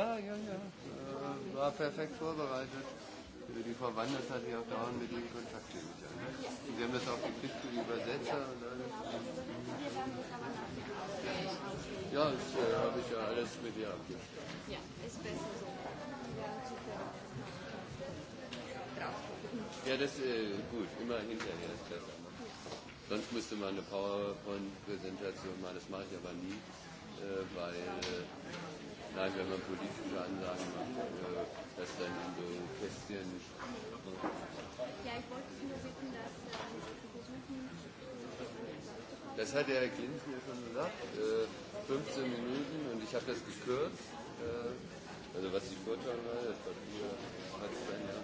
Ja, ja, ja. Äh, war perfekt vorbereitet. Die Frau Wanders hat ja auch dauernd mit ihm Kontakt nehme ich an. Sie haben das auch gekriegt für die Übersetzer und alles. Ja, das äh, habe ich ja alles mit ihr abgesprochen. Ja, ist besser so. Ja, das ist äh, gut, immer hinterher ist besser. Ne? Sonst müsste man eine PowerPoint-Präsentation machen, das mache ich aber nie, äh, weil äh, Nein, wenn man politische Ansagen macht, äh, dass dann in so Kästchen. Ja, ich wollte nur bitten, dass wir äh, versuchen. Das hat der Herr Klint mir schon gesagt. Äh, 15 Minuten und ich habe das gekürzt. Äh, Also was die Vorteile war, das Papier hat es dann ja.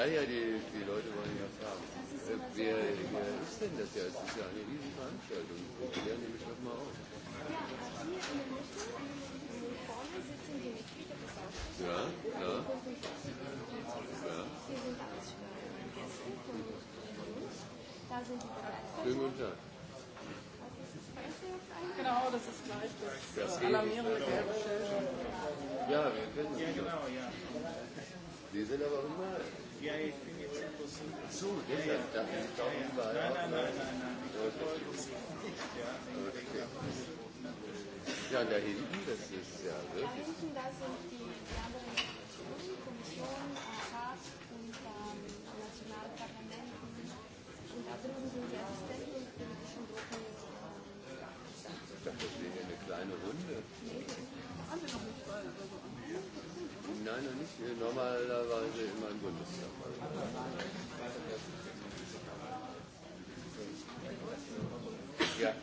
Ja, ja, die, die Leute wollen ja fragen. Äh, Wer, wer ist denn das ja? Es ist ja eine riesige Veranstaltung. Wir klären nämlich nochmal auf. Ja, ja. ja. Schönen guten Tag. Genau, das ist gleich das, das äh, alarmierende gelbe Schild. Ja, wir kennen das. Ja, genau, ja. Die sind aber normal. Ja, ich bin jetzt im Bus. So, deshalb ja, ja. dachte ich, ich glaube, überall. Nein, nein, nein, nein, nein. Ich wollte es nicht. Ja, okay. Ja, da hinten, das ist ja wirklich. Da hinten, da sind die, die anderen Institutionen, Kommission, Rat und ähm, nationale Parlamenten. Und da bilden sie sehr Assistenten und politischen Gruppen. Ähm, ich dachte, das wäre hier eine kleine Runde. Nee, haben wir noch nicht mal. Nein, noch nicht. Normalerweise immer im Bundestag. Ja.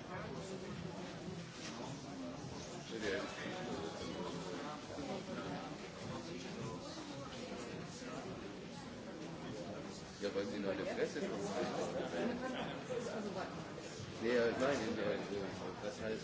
Ja, weil sie neue Fresse kommt. Nee, nein, das heißt,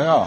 Ja,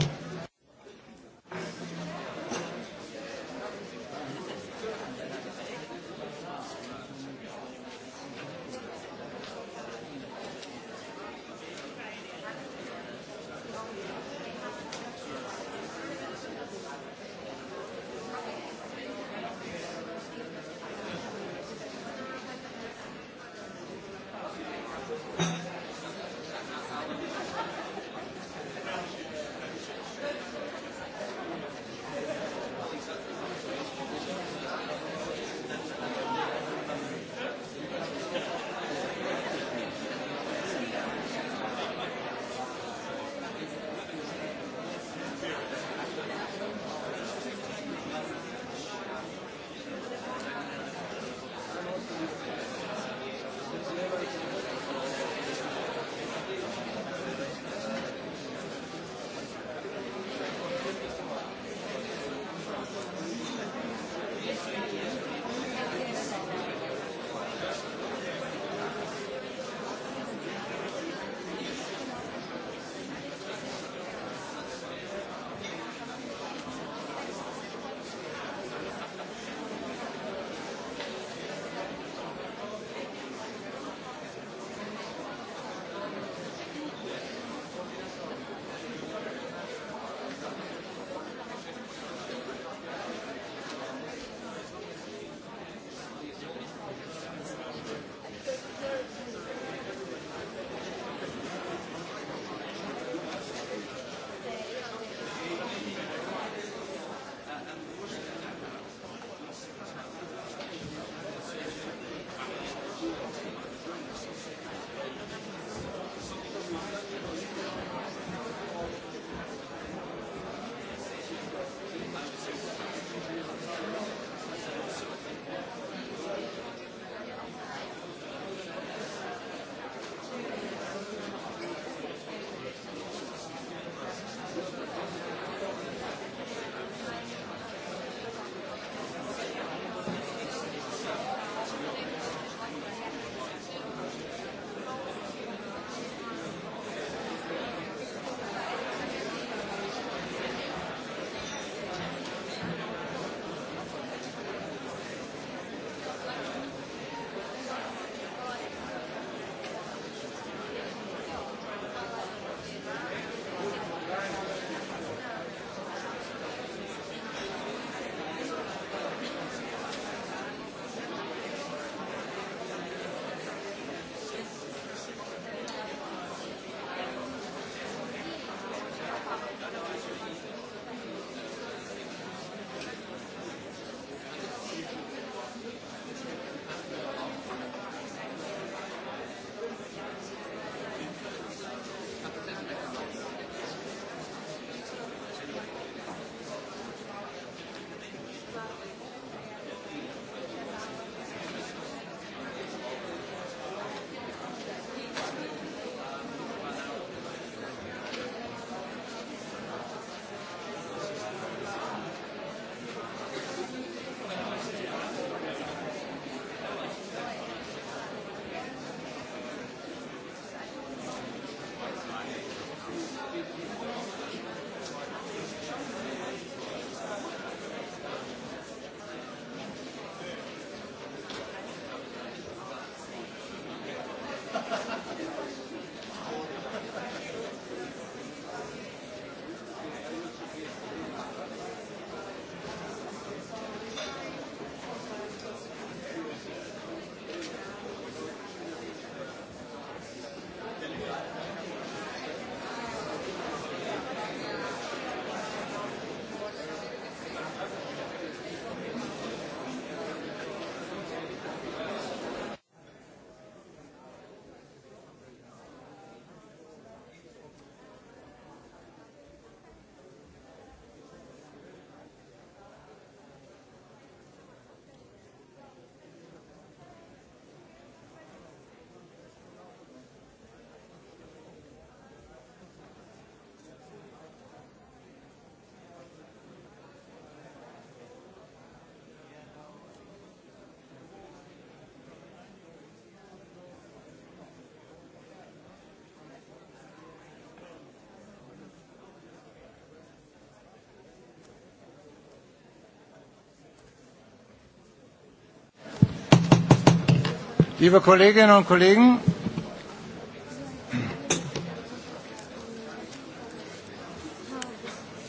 Liebe Kolleginnen und Kollegen,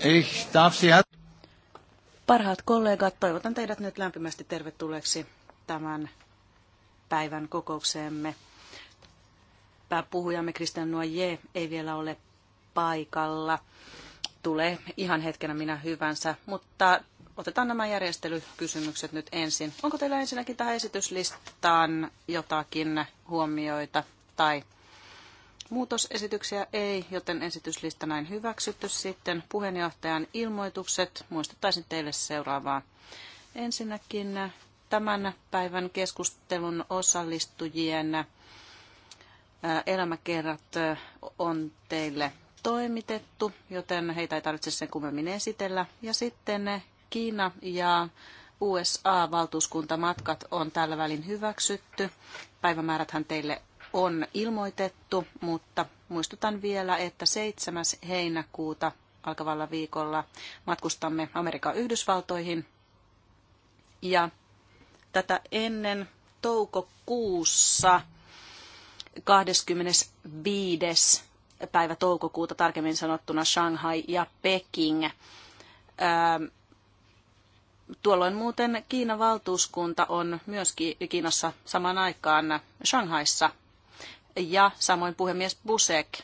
ich darf Sie Parhaat kollegat, toivotan teidät nyt lämpimästi tervetulleeksi tämän päivän kokoukseemme. Pääpuhujamme Christian Noyer ei vielä ole paikalla. Tulee ihan hetkenä minä hyvänsä, mutta otetaan nämä järjestelykysymykset nyt ensin. Onko teillä ensinnäkin tähän esityslistaan jotakin huomioita tai Muutosesityksiä ei, joten esityslista näin hyväksytty. Sitten puheenjohtajan ilmoitukset. Muistuttaisin teille seuraavaa. Ensinnäkin tämän päivän keskustelun osallistujien elämäkerrat on teille toimitettu, joten heitä ei tarvitse sen kummemmin esitellä. Ja sitten Kiina ja USA-valtuuskuntamatkat on tällä välin hyväksytty. Päivämääräthän teille on ilmoitettu, mutta muistutan vielä, että 7. heinäkuuta alkavalla viikolla matkustamme Amerikan Yhdysvaltoihin. Ja tätä ennen toukokuussa 25. päivä toukokuuta, tarkemmin sanottuna Shanghai ja Peking Tuolloin muuten Kiinan valtuuskunta on myös Kiinassa samaan aikaan Shanghaissa ja samoin puhemies Busek.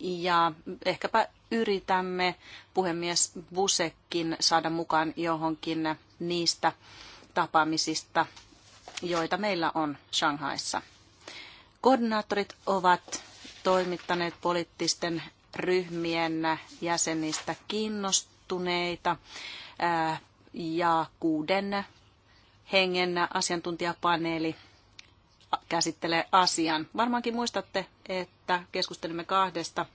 Ja ehkäpä yritämme puhemies Busekkin saada mukaan johonkin niistä tapaamisista, joita meillä on Shanghaissa. Koordinaattorit ovat toimittaneet poliittisten ryhmien jäsenistä kiinnostuneita ja kuuden hengen asiantuntijapaneeli käsittelee asian. Varmaankin muistatte, että keskustelimme kahdesta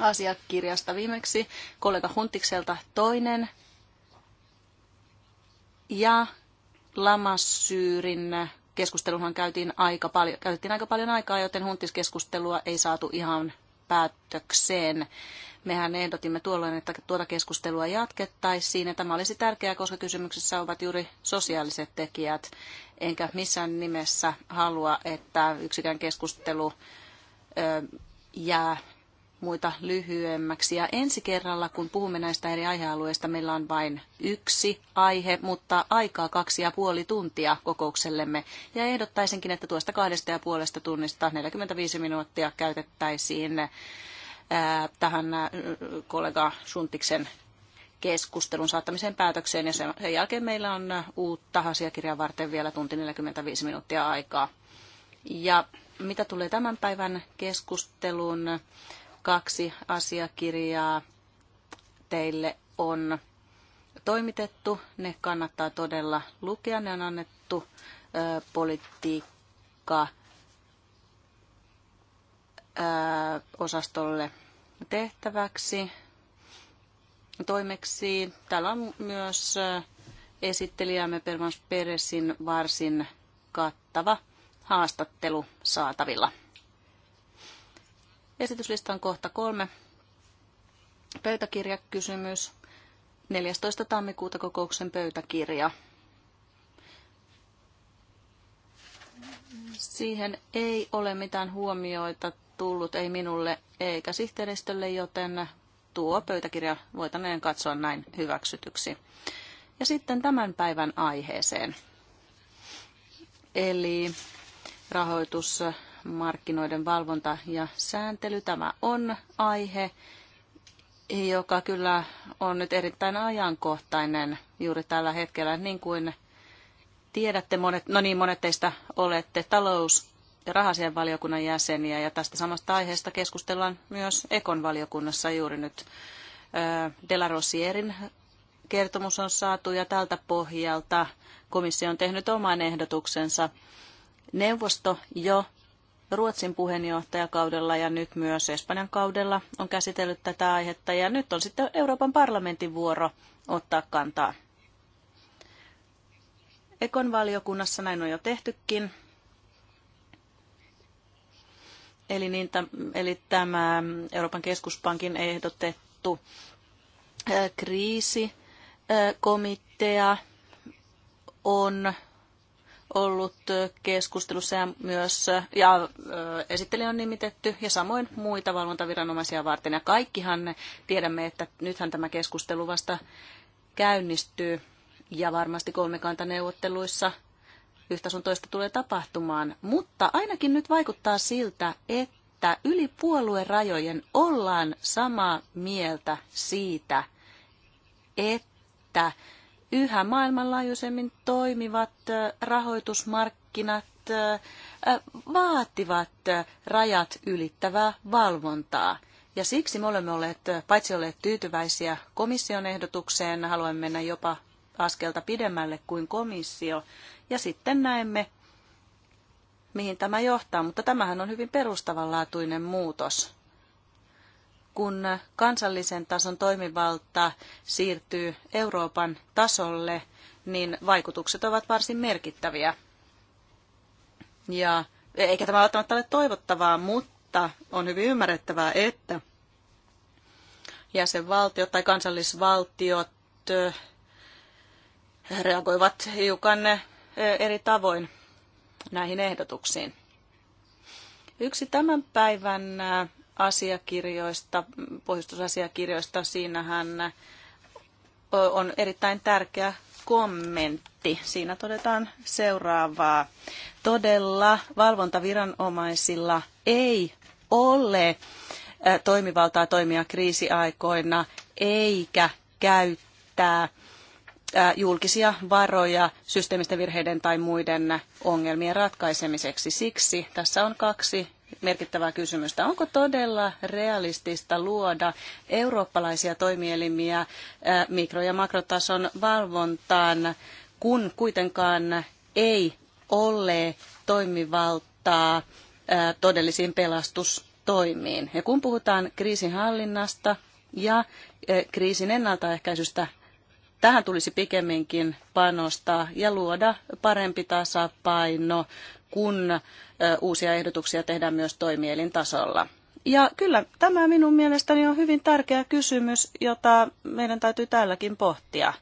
asiakirjasta viimeksi kollega Huntikselta toinen ja Lamassyyrin keskusteluhan käytiin aika paljon, käytettiin aika paljon aikaa, joten huntiskeskustelua ei saatu ihan päätökseen. Mehän ehdotimme tuolloin, että tuota keskustelua jatkettaisiin. Ja tämä olisi tärkeää, koska kysymyksessä ovat juuri sosiaaliset tekijät. Enkä missään nimessä halua, että yksikään keskustelu jää muita lyhyemmäksi. Ja ensi kerralla, kun puhumme näistä eri aihealueista, meillä on vain yksi aihe, mutta aikaa kaksi ja puoli tuntia kokouksellemme. Ja ehdottaisinkin, että tuosta kahdesta ja puolesta tunnista 45 minuuttia käytettäisiin äh, tähän äh, kollega Suntiksen keskustelun saattamiseen päätökseen ja sen jälkeen meillä on äh, uutta asiakirjaa varten vielä tunti 45 minuuttia aikaa. Ja mitä tulee tämän päivän keskusteluun, kaksi asiakirjaa teille on toimitettu. Ne kannattaa todella lukea. Ne on annettu politiikka osastolle tehtäväksi toimeksi. Täällä on myös esittelijämme Permans Peresin varsin kattava haastattelu saatavilla. Esityslistan kohta kolme. Pöytäkirjakysymys. 14. tammikuuta kokouksen pöytäkirja. Siihen ei ole mitään huomioita tullut, ei minulle eikä sihteeristölle, joten tuo pöytäkirja voitaneen katsoa näin hyväksytyksi. Ja sitten tämän päivän aiheeseen, eli rahoitus markkinoiden valvonta ja sääntely. Tämä on aihe, joka kyllä on nyt erittäin ajankohtainen juuri tällä hetkellä, niin kuin tiedätte, monet, no niin, monet teistä olette talous- ja rahasien valiokunnan jäseniä, ja tästä samasta aiheesta keskustellaan myös Ekon valiokunnassa juuri nyt. Delarosierin kertomus on saatu, ja tältä pohjalta komissio on tehnyt oman ehdotuksensa. Neuvosto jo Ruotsin puheenjohtajakaudella ja nyt myös Espanjan kaudella on käsitellyt tätä aihetta ja nyt on sitten Euroopan parlamentin vuoro ottaa kantaa. Ekon valiokunnassa näin on jo tehtykin. Eli, niin, eli tämä Euroopan keskuspankin ehdotettu kriisikomitea on ollut keskustelussa ja myös ja esittelijä on nimitetty ja samoin muita valvontaviranomaisia varten. Ja kaikkihan tiedämme, että nythän tämä keskustelu vasta käynnistyy ja varmasti kolmikantaneuvotteluissa yhtä sun toista tulee tapahtumaan. Mutta ainakin nyt vaikuttaa siltä, että yli puolue-rajojen ollaan samaa mieltä siitä, että yhä maailmanlaajuisemmin toimivat rahoitusmarkkinat vaativat rajat ylittävää valvontaa. Ja siksi me olemme olleet, paitsi olleet tyytyväisiä komission ehdotukseen, haluamme mennä jopa askelta pidemmälle kuin komissio. Ja sitten näemme, mihin tämä johtaa. Mutta tämähän on hyvin perustavanlaatuinen muutos kun kansallisen tason toimivalta siirtyy Euroopan tasolle, niin vaikutukset ovat varsin merkittäviä. Ja eikä tämä välttämättä ole toivottavaa, mutta on hyvin ymmärrettävää, että jäsenvaltiot tai kansallisvaltiot eh, reagoivat hiukan eh, eri tavoin näihin ehdotuksiin. Yksi tämän päivän eh, asiakirjoista, pohjustusasiakirjoista. Siinähän on erittäin tärkeä kommentti. Siinä todetaan seuraavaa. Todella valvontaviranomaisilla ei ole toimivaltaa toimia kriisiaikoina eikä käyttää julkisia varoja systeemisten virheiden tai muiden ongelmien ratkaisemiseksi. Siksi tässä on kaksi merkittävää kysymystä. Onko todella realistista luoda eurooppalaisia toimielimiä mikro- ja makrotason valvontaan, kun kuitenkaan ei ole toimivaltaa todellisiin pelastustoimiin? Ja kun puhutaan kriisinhallinnasta ja kriisin ennaltaehkäisystä, tähän tulisi pikemminkin panostaa ja luoda parempi tasapaino kun uusia ehdotuksia tehdään myös toimielintasolla. Ja kyllä tämä minun mielestäni on hyvin tärkeä kysymys, jota meidän täytyy täälläkin pohtia.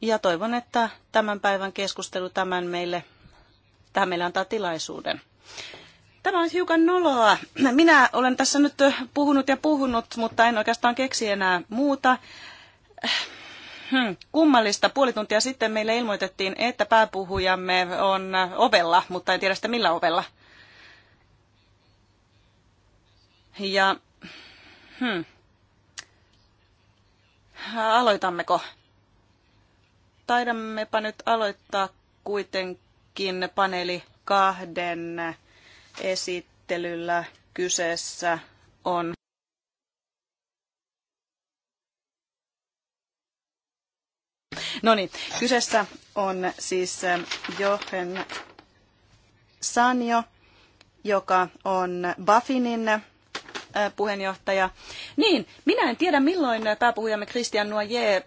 Ja toivon, että tämän päivän keskustelu tämän meille, tähän meille antaa tilaisuuden. Tämä on hiukan noloa. Minä olen tässä nyt puhunut ja puhunut, mutta en oikeastaan keksi enää muuta. Hmm, kummallista. Puoli tuntia sitten meille ilmoitettiin, että pääpuhujamme on ovella, mutta en tiedä sitä millä ovella. Ja hmm, aloitammeko? Taidammepa nyt aloittaa kuitenkin paneeli kahden esittelyllä kyseessä on No niin, kyseessä on siis ähm, Jochen Sanjo, joka on Buffinin äh, puheenjohtaja. Niin, minä en tiedä milloin pääpuhujamme Christian Noyer,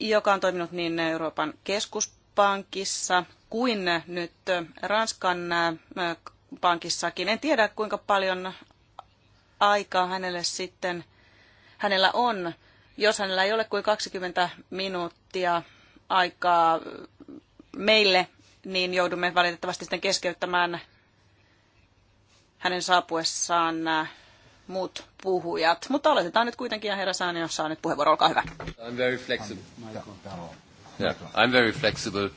joka on toiminut niin Euroopan keskuspankissa kuin nyt äh, Ranskan äh, pankissakin. En tiedä kuinka paljon aikaa hänelle sitten hänellä on jos hänellä ei ole kuin 20 minuuttia aikaa meille, niin joudumme valitettavasti sitten keskeyttämään hänen saapuessaan äh, muut puhujat. Mutta oletetaan nyt kuitenkin, ja herra Saani, jos saa nyt puheenvuoro, olkaa hyvä. I'm very flexible. Yeah, I'm very flexible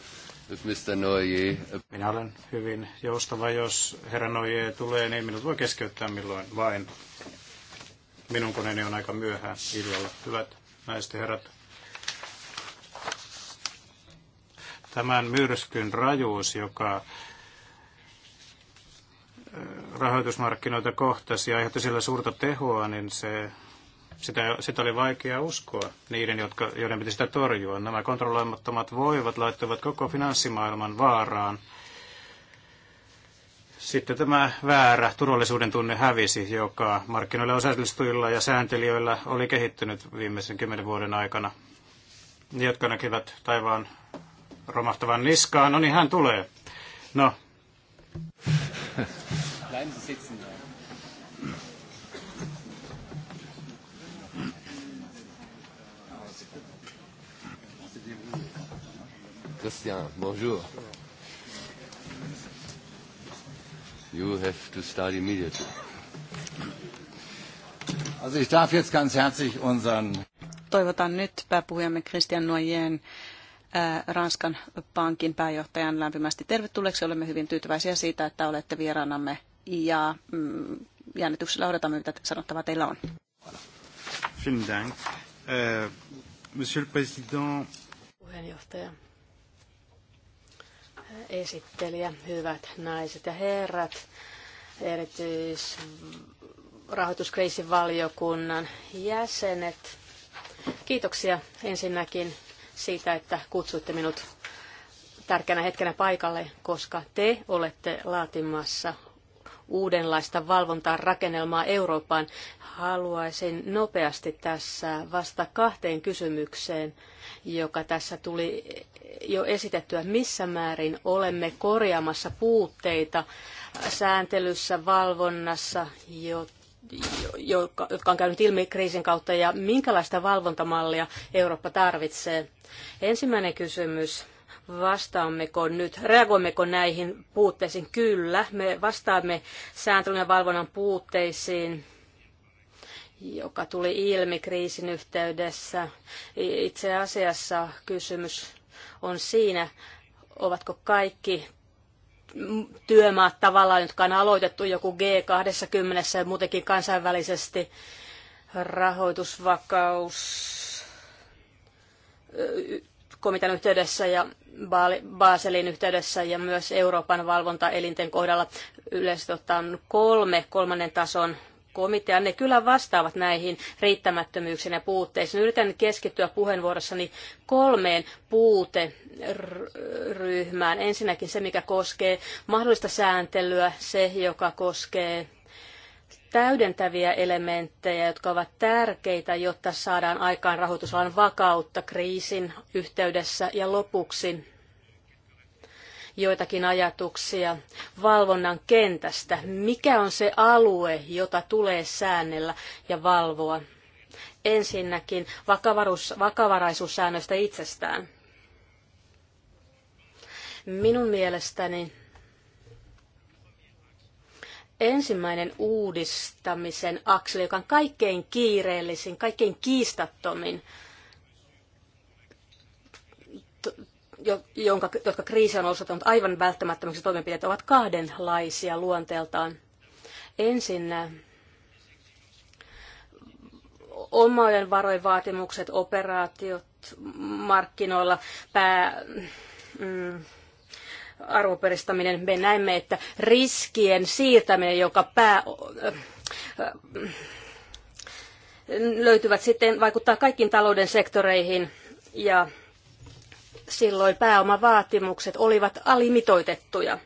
with Mr. Noye. Minä olen hyvin joustava. Jos herra Noye tulee, niin minut voi keskeyttää milloin vain. Minun koneeni on aika myöhään illalla. Hyvät naiset ja herrat. Tämän myrskyn rajuus, joka rahoitusmarkkinoita kohtasi ja aiheutti sillä suurta tehoa, niin se, sitä, sitä oli vaikea uskoa niiden, jotka, joiden piti sitä torjua. Nämä kontrolloimattomat voivat laittavat koko finanssimaailman vaaraan sitten tämä väärä turvallisuuden tunne hävisi, joka markkinoilla osallistujilla ja sääntelijöillä oli kehittynyt viimeisen kymmenen vuoden aikana. Ne, jotka näkivät taivaan romahtavan niskaan, no niin hän tulee. No. Christian, bonjour. You have to start immediately. Also ich darf jetzt ganz herzlich unseren Toivotan nyt pääpuhujamme Christian Noyen äh, Ranskan pankin pääjohtajan lämpimästi tervetulleeksi. Olemme hyvin tyytyväisiä siitä, että olette vieraanamme ja mm, jännityksellä odotamme, mitä sanottavaa teillä on. Dank. Äh, Monsieur le Président. Puheenjohtaja, esittelijä, hyvät naiset ja herrat, erityisrahoituskriisin valiokunnan jäsenet. Kiitoksia ensinnäkin siitä, että kutsuitte minut tärkeänä hetkenä paikalle, koska te olette laatimassa uudenlaista valvontaa rakennelmaa Eurooppaan. Haluaisin nopeasti tässä vasta kahteen kysymykseen, joka tässä tuli jo esitettyä, missä määrin olemme korjaamassa puutteita sääntelyssä, valvonnassa, jotka on käynyt ilmi kriisin kautta ja minkälaista valvontamallia Eurooppa tarvitsee. Ensimmäinen kysymys vastaammeko nyt, reagoimmeko näihin puutteisiin? Kyllä, me vastaamme sääntelyn ja valvonnan puutteisiin joka tuli ilmi kriisin yhteydessä. Itse asiassa kysymys on siinä, ovatko kaikki työmaat tavallaan, jotka on aloitettu joku G20 ja muutenkin kansainvälisesti rahoitusvakaus komitean yhteydessä ja Baselin yhteydessä ja myös Euroopan valvontaelinten kohdalla yleisesti ottaen kolme kolmannen tason komitea, ne kyllä vastaavat näihin riittämättömyyksiin ja puutteisiin. Yritän keskittyä puheenvuorossani kolmeen puuteryhmään. Ensinnäkin se, mikä koskee mahdollista sääntelyä, se, joka koskee täydentäviä elementtejä, jotka ovat tärkeitä, jotta saadaan aikaan rahoitusalan vakautta kriisin yhteydessä. Ja lopuksi joitakin ajatuksia valvonnan kentästä. Mikä on se alue, jota tulee säännellä ja valvoa? Ensinnäkin vakavaraisuussäännöistä itsestään. Minun mielestäni ensimmäinen uudistamisen akseli, joka on kaikkein kiireellisin, kaikkein kiistattomin, jonka, jotka kriisi on osoittanut aivan välttämättömäksi toimenpiteet, ovat kahdenlaisia luonteeltaan. Ensin äh, omoiden varojen vaatimukset, operaatiot markkinoilla, pää, mm, arvoperistaminen. Me näemme, että riskien siirtäminen, joka pää, löytyvät sitten, vaikuttaa kaikkiin talouden sektoreihin ja silloin pääomavaatimukset olivat alimitoitettuja.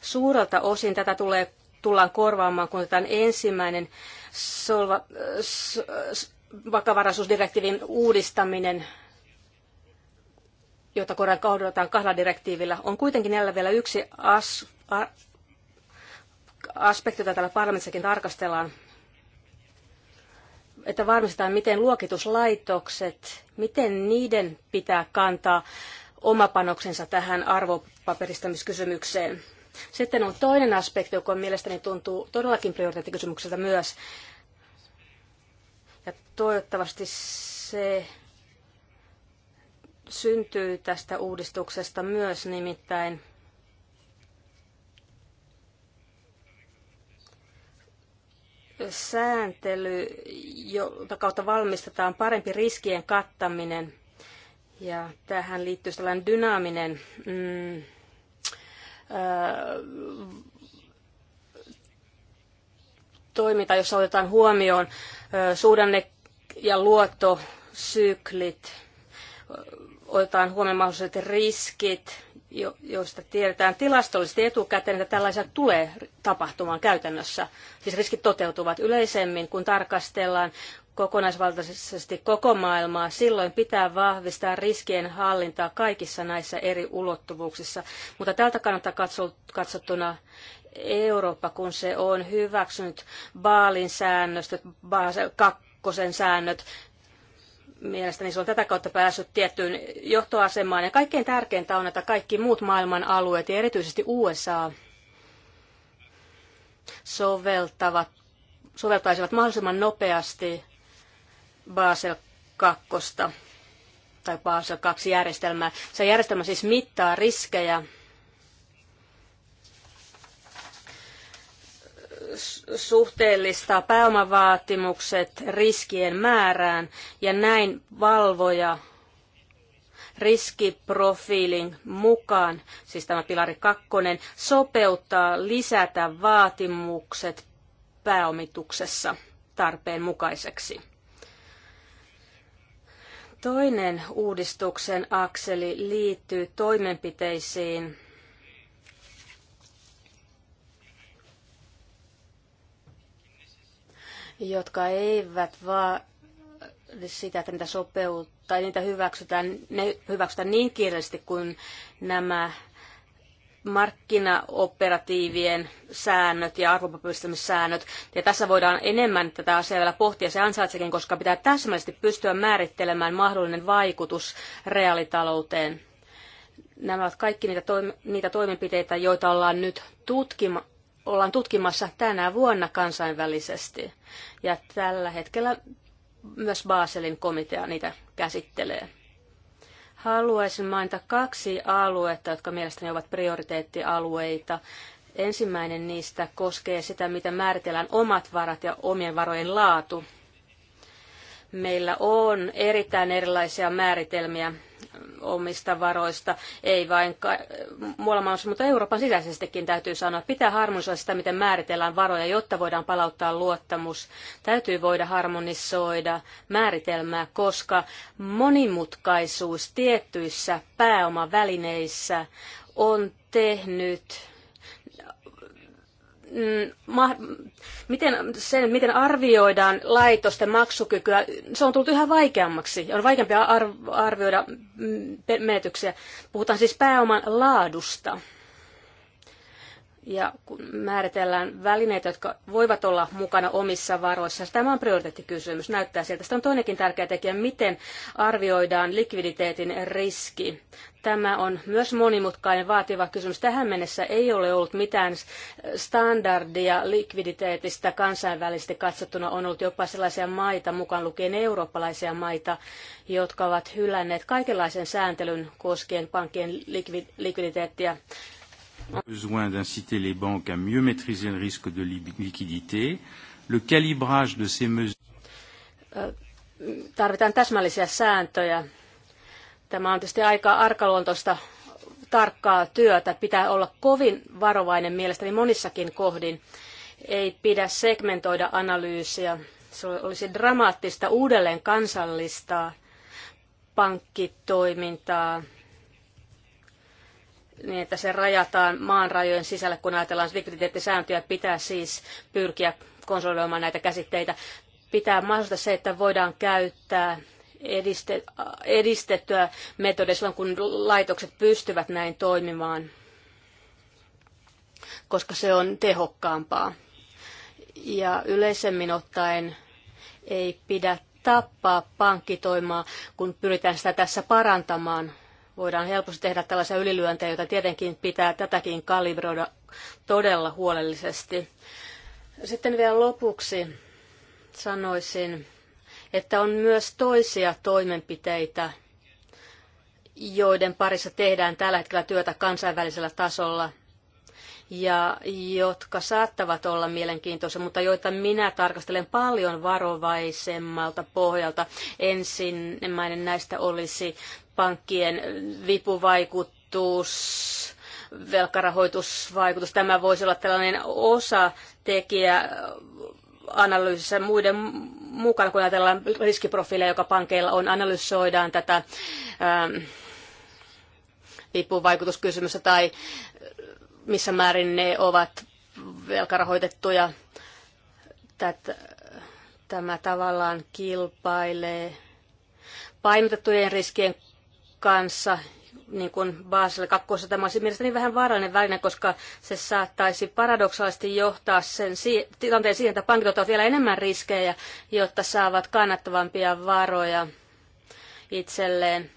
Suurelta osin tätä tulee, tullaan korvaamaan, kun otetaan ensimmäinen solva, s, s, vakavaraisuusdirektiivin uudistaminen jota kohdataan kahdella direktiivillä. On kuitenkin jäljellä vielä yksi as, a, aspekti, jota täällä parlamentissakin tarkastellaan, että varmistetaan, miten luokituslaitokset, miten niiden pitää kantaa oma panoksensa tähän arvopaperistamiskysymykseen. Sitten on toinen aspekti, joka mielestäni tuntuu todellakin prioriteettikysymykseltä myös. Ja toivottavasti se syntyy tästä uudistuksesta myös nimittäin sääntely, jota kautta valmistetaan parempi riskien kattaminen. Ja tähän liittyy sellainen dynaaminen mm, toiminta, jossa otetaan huomioon suhdanne- ja luottosyklit otetaan huomioon mahdolliset riskit, joista tiedetään tilastollisesti etukäteen, että tällaisia tulee tapahtumaan käytännössä. Siis riskit toteutuvat yleisemmin, kun tarkastellaan kokonaisvaltaisesti koko maailmaa, silloin pitää vahvistaa riskien hallintaa kaikissa näissä eri ulottuvuuksissa. Mutta tältä kannalta katsottuna Eurooppa, kun se on hyväksynyt Baalin säännöstöt, Basel kakkosen säännöt, mielestäni se on tätä kautta päässyt tiettyyn johtoasemaan. Ja kaikkein tärkeintä on, että kaikki muut maailman alueet ja erityisesti USA soveltavat, soveltaisivat mahdollisimman nopeasti Basel 2 tai Basel 2 järjestelmää. Se järjestelmä siis mittaa riskejä suhteellistaa pääomavaatimukset riskien määrään ja näin valvoja riskiprofiilin mukaan, siis tämä pilari kakkonen, sopeuttaa, lisätä vaatimukset pääomituksessa tarpeen mukaiseksi. Toinen uudistuksen akseli liittyy toimenpiteisiin, jotka eivät vaan sitä, että niitä sopeutuu tai niitä hyväksytään, ne hyväksytään niin kiireellisesti kuin nämä markkinaoperatiivien säännöt ja arvopaperistämissäännöt. Ja tässä voidaan enemmän tätä asiaa vielä pohtia. Se ansaitsekin, koska pitää täsmällisesti pystyä määrittelemään mahdollinen vaikutus reaalitalouteen. Nämä ovat kaikki niitä, toim- niitä toimenpiteitä, joita ollaan nyt tutkima- ollaan tutkimassa tänä vuonna kansainvälisesti. Ja tällä hetkellä myös Baselin komitea niitä käsittelee. Haluaisin mainita kaksi aluetta, jotka mielestäni ovat prioriteettialueita. Ensimmäinen niistä koskee sitä, miten määritellään omat varat ja omien varojen laatu meillä on erittäin erilaisia määritelmiä omista varoista, ei vain ka- muualla maailmassa, mutta Euroopan sisäisestikin täytyy sanoa, että pitää harmonisoida sitä, miten määritellään varoja, jotta voidaan palauttaa luottamus. Täytyy voida harmonisoida määritelmää, koska monimutkaisuus tiettyissä pääomavälineissä on tehnyt Mm, miten, sen, miten arvioidaan laitosten maksukykyä, se on tullut yhä vaikeammaksi. On vaikeampia arvioida mm, menetyksiä. Puhutaan siis pääoman laadusta ja määritellään välineitä, jotka voivat olla mukana omissa varoissa. Tämä on prioriteettikysymys, näyttää sieltä. Sitten on toinenkin tärkeä tekijä, miten arvioidaan likviditeetin riski. Tämä on myös monimutkainen vaativa kysymys. Tähän mennessä ei ole ollut mitään standardia likviditeetistä kansainvälisesti katsottuna. On ollut jopa sellaisia maita, mukaan lukien eurooppalaisia maita, jotka ovat hylänneet kaikenlaisen sääntelyn koskien pankkien likviditeettiä besoin d'inciter les banques à mieux maîtriser le risque de liquidité. Le calibrage de ces mesures... Tarvitaan täsmällisiä sääntöjä. Tämä on tietysti aika arkaluontoista tarkkaa työtä. Pitää olla kovin varovainen mielestäni monissakin kohdin. Ei pidä segmentoida analyysiä. Se olisi dramaattista uudelleen kansallistaa pankkitoimintaa niin, että se rajataan maan rajojen sisälle, kun ajatellaan likviditeettisääntöjä, pitää siis pyrkiä konsolidoimaan näitä käsitteitä. Pitää mahdollista se, että voidaan käyttää edistettyä metodia silloin, kun laitokset pystyvät näin toimimaan, koska se on tehokkaampaa. Ja yleisemmin ottaen ei pidä tappaa pankkitoimaa, kun pyritään sitä tässä parantamaan – voidaan helposti tehdä tällaisia ylilyöntejä, joita tietenkin pitää tätäkin kalibroida todella huolellisesti. Sitten vielä lopuksi sanoisin, että on myös toisia toimenpiteitä, joiden parissa tehdään tällä hetkellä työtä kansainvälisellä tasolla ja jotka saattavat olla mielenkiintoisia, mutta joita minä tarkastelen paljon varovaisemmalta pohjalta. Ensimmäinen näistä olisi pankkien vipuvaikutus, velkarahoitusvaikutus. Tämä voisi olla tällainen osatekijä analyysissä muiden mukana, kun ajatellaan riskiprofiileja, joka pankeilla on, analysoidaan tätä ähm, vipuvaikutuskysymystä tai missä määrin ne ovat velkarahoitettuja. Tätä, tämä tavallaan kilpailee painotettujen riskien kanssa, niin kuin Basel kakkossa Tämä olisi mielestäni vähän vaarallinen väline, koska se saattaisi paradoksaalisesti johtaa sen tilanteen siihen, että pankit ottavat vielä enemmän riskejä, jotta saavat kannattavampia varoja itselleen.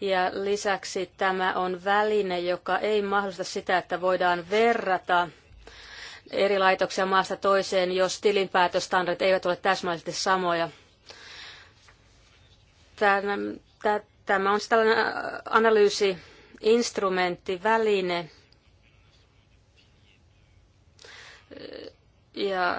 Ja lisäksi tämä on väline, joka ei mahdollista sitä, että voidaan verrata eri laitoksia maasta toiseen, jos tilinpäätöstandardit eivät ole täsmällisesti samoja. Tämä, tämä Tämä on tällainen äh, analyysi, instrumentti, väline. Ja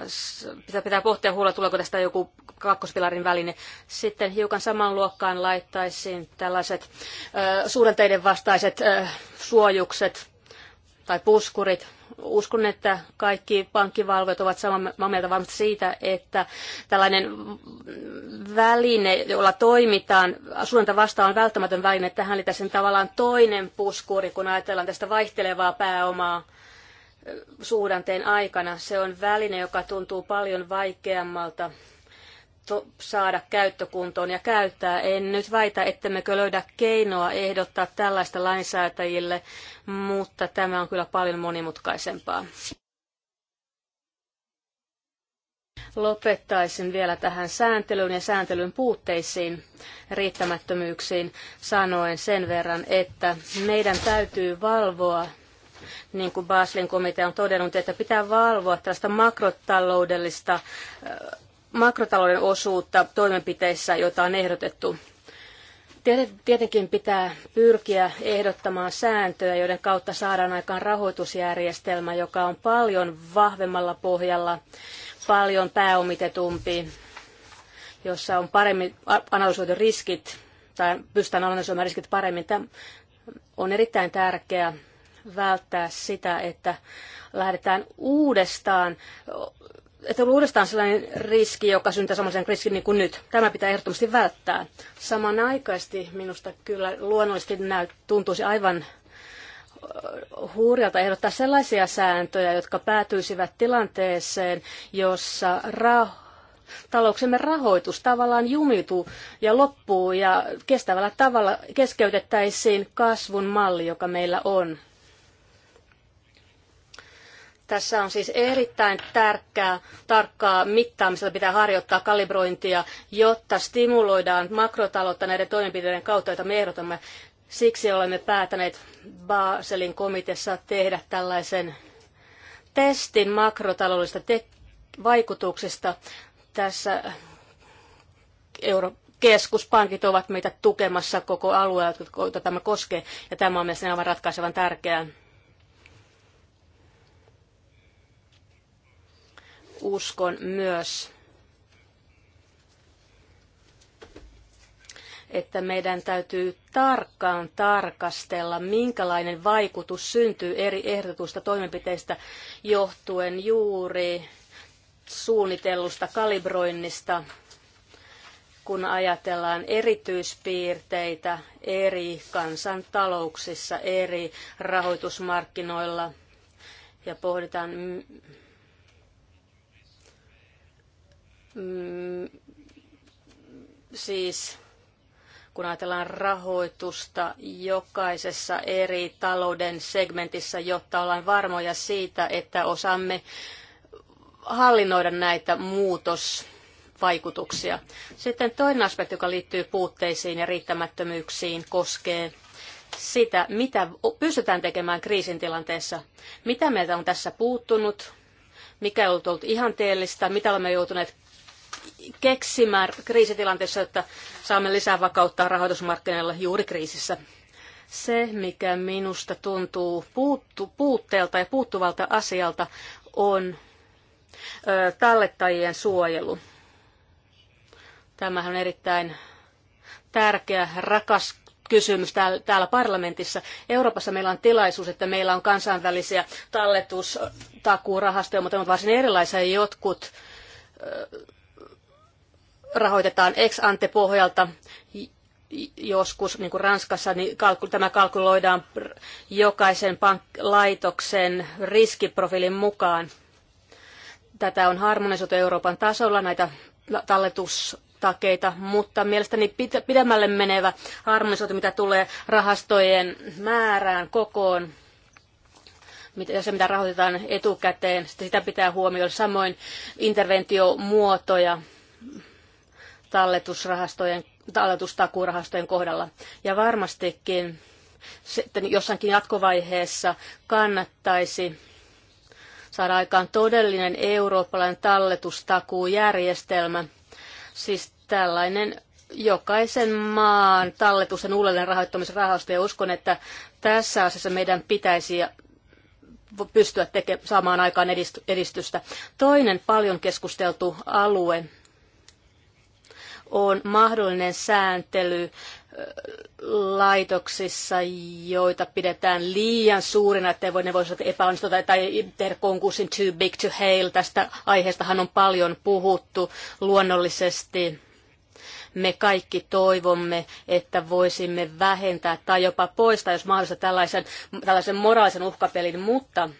pitää, pitää pohtia huolella, tuleeko tästä joku kakkospilarin väline. Sitten hiukan saman luokkaan laittaisin tällaiset äh, suhdanteiden vastaiset äh, suojukset, tai puskurit. Uskon, että kaikki pankkivalvojat ovat samaa mieltä varmasti siitä, että tällainen väline, jolla toimitaan suunta vastaan on välttämätön väline. Tähän oli tässä tavallaan toinen puskuri, kun ajatellaan tästä vaihtelevaa pääomaa eh, suhdanteen aikana. Se on väline, joka tuntuu paljon vaikeammalta saada käyttökuntoon ja käyttää. En nyt väitä, ettemmekö löydä keinoa ehdottaa tällaista lainsäätäjille, mutta tämä on kyllä paljon monimutkaisempaa. Lopettaisin vielä tähän sääntelyyn ja sääntelyn puutteisiin, riittämättömyyksiin, sanoen sen verran, että meidän täytyy valvoa niin kuin Baslin komitea on todennut, että pitää valvoa tällaista makrotaloudellista makrotalouden osuutta toimenpiteissä, joita on ehdotettu. Tietenkin pitää pyrkiä ehdottamaan sääntöjä, joiden kautta saadaan aikaan rahoitusjärjestelmä, joka on paljon vahvemmalla pohjalla, paljon pääomitetumpi, jossa on paremmin analysoitu riskit tai pystytään analysoimaan riskit paremmin. Tämä on erittäin tärkeää välttää sitä, että lähdetään uudestaan että uudestaan sellainen riski, joka syntää samanlaisen riskin niin kuin nyt. Tämä pitää ehdottomasti välttää. Samanaikaisesti minusta kyllä luonnollisesti näyt, tuntuisi aivan huurilta ehdottaa sellaisia sääntöjä, jotka päätyisivät tilanteeseen, jossa ra- talouksemme rahoitus tavallaan jumituu ja loppuu ja kestävällä tavalla keskeytettäisiin kasvun malli, joka meillä on tässä on siis erittäin tärkeää, tarkkaa mittaamista pitää harjoittaa kalibrointia, jotta stimuloidaan makrotaloutta näiden toimenpiteiden kautta, joita me ehdotamme. Siksi olemme päätäneet Baselin komiteassa tehdä tällaisen testin makrotaloudellisista vaikutuksista. Tässä euro- keskuspankit ovat meitä tukemassa koko alueella, jota tämä koskee, ja tämä on mielestäni aivan ratkaisevan tärkeää. uskon myös, että meidän täytyy tarkkaan tarkastella, minkälainen vaikutus syntyy eri ehdotusta toimenpiteistä johtuen juuri suunnitellusta kalibroinnista, kun ajatellaan erityispiirteitä eri kansantalouksissa, eri rahoitusmarkkinoilla ja pohditaan, Mm, siis kun ajatellaan rahoitusta jokaisessa eri talouden segmentissä, jotta ollaan varmoja siitä, että osaamme hallinnoida näitä muutosvaikutuksia. Sitten toinen aspekti, joka liittyy puutteisiin ja riittämättömyyksiin, koskee sitä, mitä pystytään tekemään kriisin tilanteessa. Mitä meiltä on tässä puuttunut, mikä on ollut ihanteellista, mitä olemme joutuneet keksimään kriisitilanteessa, että saamme lisää vakautta rahoitusmarkkinoilla juuri kriisissä. Se, mikä minusta tuntuu puuttu, puutteelta ja puuttuvalta asialta, on ö, tallettajien suojelu. Tämähän on erittäin tärkeä, rakas kysymys täällä parlamentissa. Euroopassa meillä on tilaisuus, että meillä on kansainvälisiä talletustakuurahastoja, mutta on varsin erilaisia. Jotkut rahoitetaan ex ante pohjalta joskus, niin kuin Ranskassa, niin tämä kalkuloidaan jokaisen pank- laitoksen riskiprofiilin mukaan. Tätä on harmonisoitu Euroopan tasolla, näitä talletustakeita, mutta mielestäni pidemmälle menevä harmonisoitu, mitä tulee rahastojen määrään, kokoon, ja se, mitä rahoitetaan etukäteen, sitä pitää huomioida. Samoin interventiomuotoja, talletusrahastojen, talletustakuurahastojen kohdalla. Ja varmastikin sitten jossakin jatkovaiheessa kannattaisi saada aikaan todellinen eurooppalainen talletustakuujärjestelmä, siis tällainen jokaisen maan talletusten uudelleen rahoittamisrahasto ja uskon, että tässä asiassa meidän pitäisi pystyä teke- saamaan aikaan edistystä. Toinen paljon keskusteltu alue on mahdollinen sääntely laitoksissa, joita pidetään liian suurina, että ne voisivat epäonnistua tai, tai tehdä konkurssin too big to hail. Tästä aiheestahan on paljon puhuttu luonnollisesti. Me kaikki toivomme, että voisimme vähentää tai jopa poistaa, jos mahdollista, tällaisen, tällaisen moraalisen uhkapelin, mutta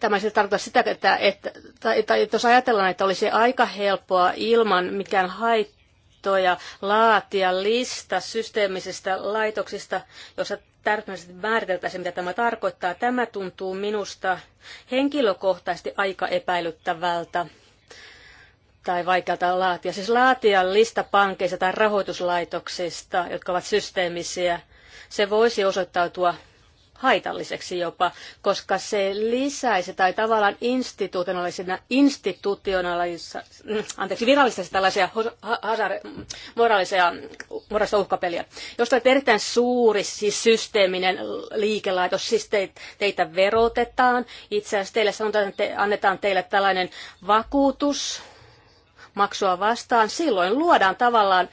Tämä ei siis tarkoita sitä, että, että tai, tai, jos ajatellaan, että olisi aika helppoa ilman mikään haittoja laatia lista systeemisistä laitoksista, jossa täsmällisesti määriteltäisiin, mitä tämä tarkoittaa. Tämä tuntuu minusta henkilökohtaisesti aika epäilyttävältä tai vaikealta laatia. Siis laatia lista pankeista tai rahoituslaitoksista, jotka ovat systeemisiä. Se voisi osoittautua haitalliseksi jopa, koska se lisäisi tai tavallaan institutionaalisena, institutionaalissa, mm, anteeksi, virallistaisi tällaisia hazard, moraalisia, moraalista uhkapeliä. Jos olet erittäin suuri, siis systeeminen liikelaitos, siis te, teitä verotetaan, itse asiassa teille sanotaan, että te, annetaan teille tällainen vakuutus, maksua vastaan, silloin luodaan tavallaan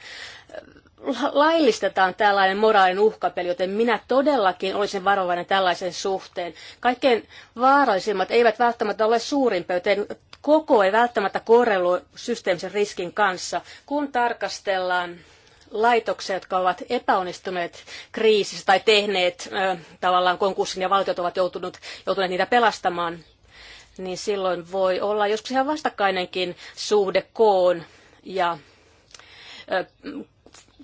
laillistetaan tällainen moraalin uhkapeli, joten minä todellakin olisin varovainen tällaisen suhteen. Kaikkein vaarallisimmat eivät välttämättä ole suurimpia, joten koko ei välttämättä korreloi systeemisen riskin kanssa. Kun tarkastellaan laitoksia, jotka ovat epäonnistuneet kriisissä tai tehneet ö, tavallaan konkurssin ja valtiot ovat joutunut, joutuneet niitä pelastamaan, niin silloin voi olla joskus ihan vastakkainenkin suhde koon ja ö,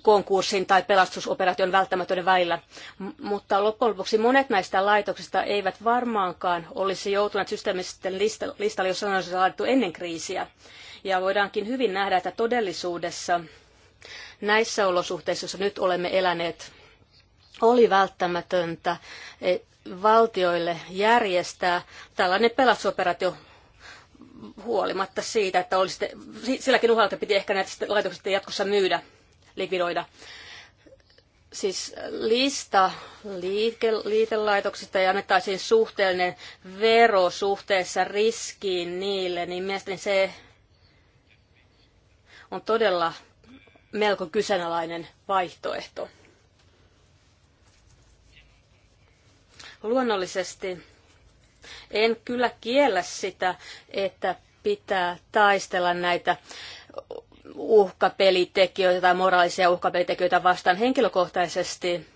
konkurssin tai pelastusoperaation välttämättöiden välillä. mutta loppujen lopuksi monet näistä laitoksista eivät varmaankaan olisi joutuneet systeemisten listalle, jos ne olisi laadittu ennen kriisiä. Ja voidaankin hyvin nähdä, että todellisuudessa näissä olosuhteissa, joissa nyt olemme eläneet, oli välttämätöntä e, valtioille järjestää tällainen pelastusoperaatio huolimatta siitä, että olisi silläkin uhalla, piti ehkä näitä laitoksia jatkossa myydä likvidoida. Siis lista liike, liitelaitoksista ja annettaisiin suhteellinen vero suhteessa riskiin niille, niin mielestäni se on todella melko kyseenalainen vaihtoehto. Luonnollisesti en kyllä kiellä sitä, että pitää taistella näitä uhkapelitekijöitä tai moraalisia uhkapelitekijöitä vastaan henkilökohtaisesti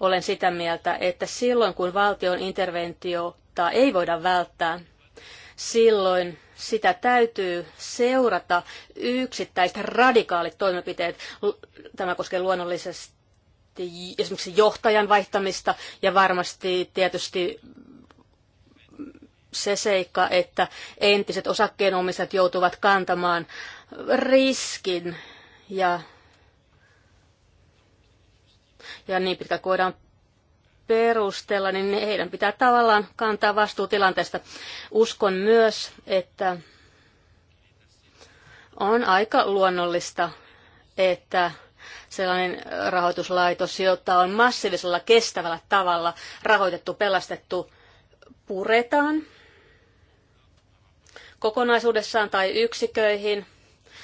olen sitä mieltä, että silloin kun valtion interventiota ei voida välttää, silloin sitä täytyy seurata yksittäiset radikaalit toimenpiteet. Tämä koskee luonnollisesti esimerkiksi johtajan vaihtamista ja varmasti tietysti se seikka, että entiset osakkeenomistajat joutuvat kantamaan riskin ja, ja niin pitkä koidaan perustella, niin heidän pitää tavallaan kantaa vastuu tilanteesta. Uskon myös, että on aika luonnollista, että sellainen rahoituslaitos, jota on massiivisella kestävällä tavalla rahoitettu, pelastettu, puretaan kokonaisuudessaan tai yksiköihin,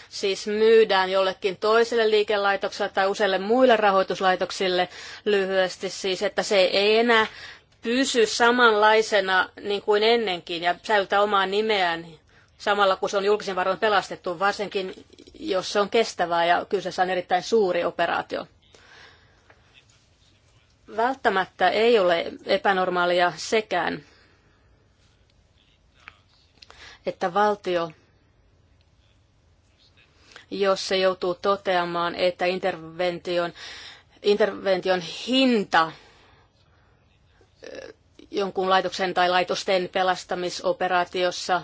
siis myydään jollekin toiselle liikelaitokselle tai useille muille rahoituslaitoksille lyhyesti siis, että se ei enää pysy samanlaisena niin kuin ennenkin ja säilytä omaa nimeään samalla kun se on julkisen varoin pelastettu, varsinkin jos se on kestävää ja kyseessä on erittäin suuri operaatio. Välttämättä ei ole epänormaalia sekään, että valtio, jos se joutuu toteamaan, että intervention, intervention hinta jonkun laitoksen tai laitosten pelastamisoperaatiossa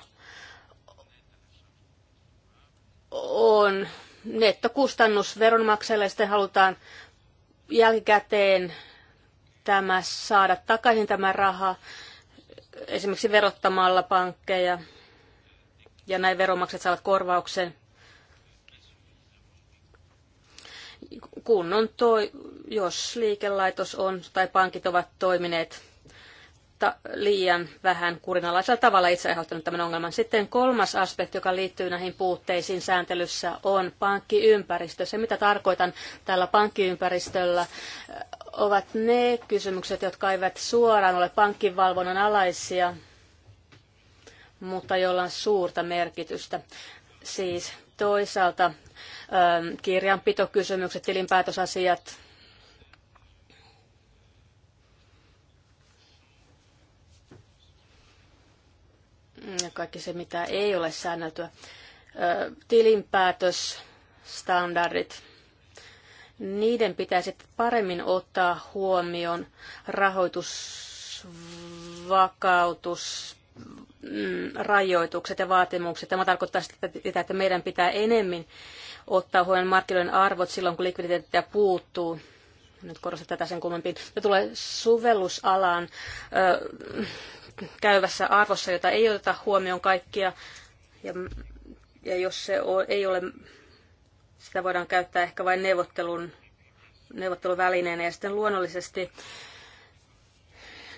on nettokustannus veronmaksajalle ja sitten halutaan jälkikäteen tämä saada takaisin tämä raha esimerkiksi verottamalla pankkeja ja näin veronmaksajat saavat korvauksen kunnon toi, jos liikelaitos on tai pankit ovat toimineet ta- liian vähän kurinalaisella tavalla itse aiheuttanut tämän ongelman. Sitten kolmas aspekti, joka liittyy näihin puutteisiin sääntelyssä, on pankkiympäristö. Se, mitä tarkoitan tällä pankkiympäristöllä, ovat ne kysymykset, jotka eivät suoraan ole pankkivalvonnan alaisia, mutta jolla on suurta merkitystä. Siis toisaalta ähm, kirjanpitokysymykset, tilinpäätösasiat, kaikki se, mitä ei ole säänneltyä. Äh, tilinpäätösstandardit, niiden pitäisi paremmin ottaa huomioon rahoitusvakautus, Mm, rajoitukset ja vaatimukset. Tämä tarkoittaa sitä, että meidän pitää enemmän ottaa huomioon markkinoiden arvot silloin, kun likviditeettiä puuttuu. Nyt korostan tätä sen kummempiin. Ja tulee sovellusalaan ö, käyvässä arvossa, jota ei oteta huomioon kaikkia. Ja, ja jos se ei ole, sitä voidaan käyttää ehkä vain neuvottelun, neuvotteluvälineenä. Ja sitten luonnollisesti,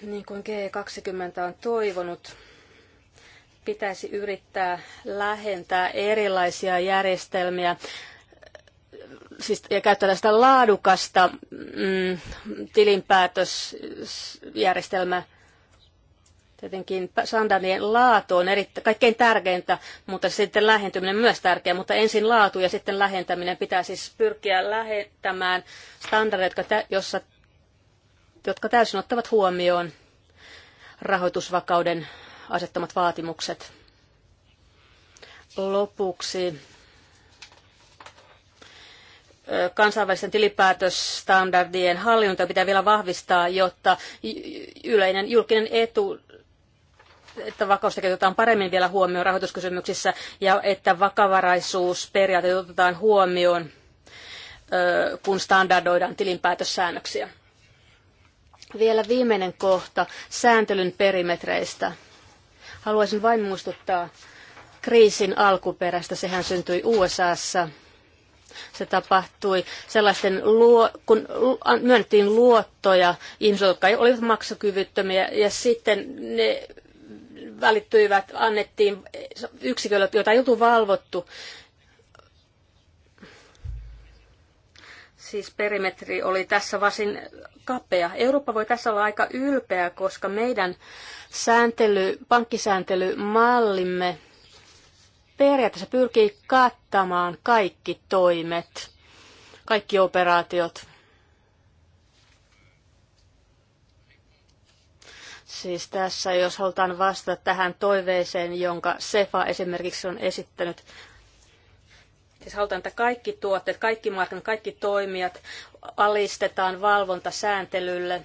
niin kuin G20 on toivonut, pitäisi yrittää lähentää erilaisia järjestelmiä siis, ja käyttää tästä laadukasta mm, tilinpäätösjärjestelmää. Tietenkin standardien laatu on erittäin, kaikkein tärkeintä, mutta sitten lähentyminen myös tärkeää, mutta ensin laatu ja sitten lähentäminen pitää siis pyrkiä lähentämään standardeja, jotka, tä, jossa, jotka täysin ottavat huomioon rahoitusvakauden asettamat vaatimukset. Lopuksi kansainvälisten tilipäätösstandardien hallinta pitää vielä vahvistaa, jotta yleinen julkinen etu että vakaustekijät otetaan paremmin vielä huomioon rahoituskysymyksissä ja että vakavaraisuusperiaate otetaan huomioon, kun standardoidaan tilinpäätössäännöksiä. Vielä viimeinen kohta sääntelyn perimetreistä. Haluaisin vain muistuttaa kriisin alkuperästä. Sehän syntyi USAssa. Se tapahtui sellaisten, luo, kun myönnettiin luottoja ihmisille, jotka olivat maksukyvyttömiä, ja sitten ne välittyivät, annettiin yksiköille, joita ei oltu valvottu, Siis perimetri oli tässä varsin kapea. Eurooppa voi tässä olla aika ylpeä, koska meidän sääntely, pankkisääntelymallimme periaatteessa pyrkii kattamaan kaikki toimet, kaikki operaatiot. Siis tässä, jos halutaan vastata tähän toiveeseen, jonka Sefa esimerkiksi on esittänyt Siis halutaan, että kaikki tuotteet, kaikki markkinat, kaikki toimijat alistetaan valvontasääntelylle,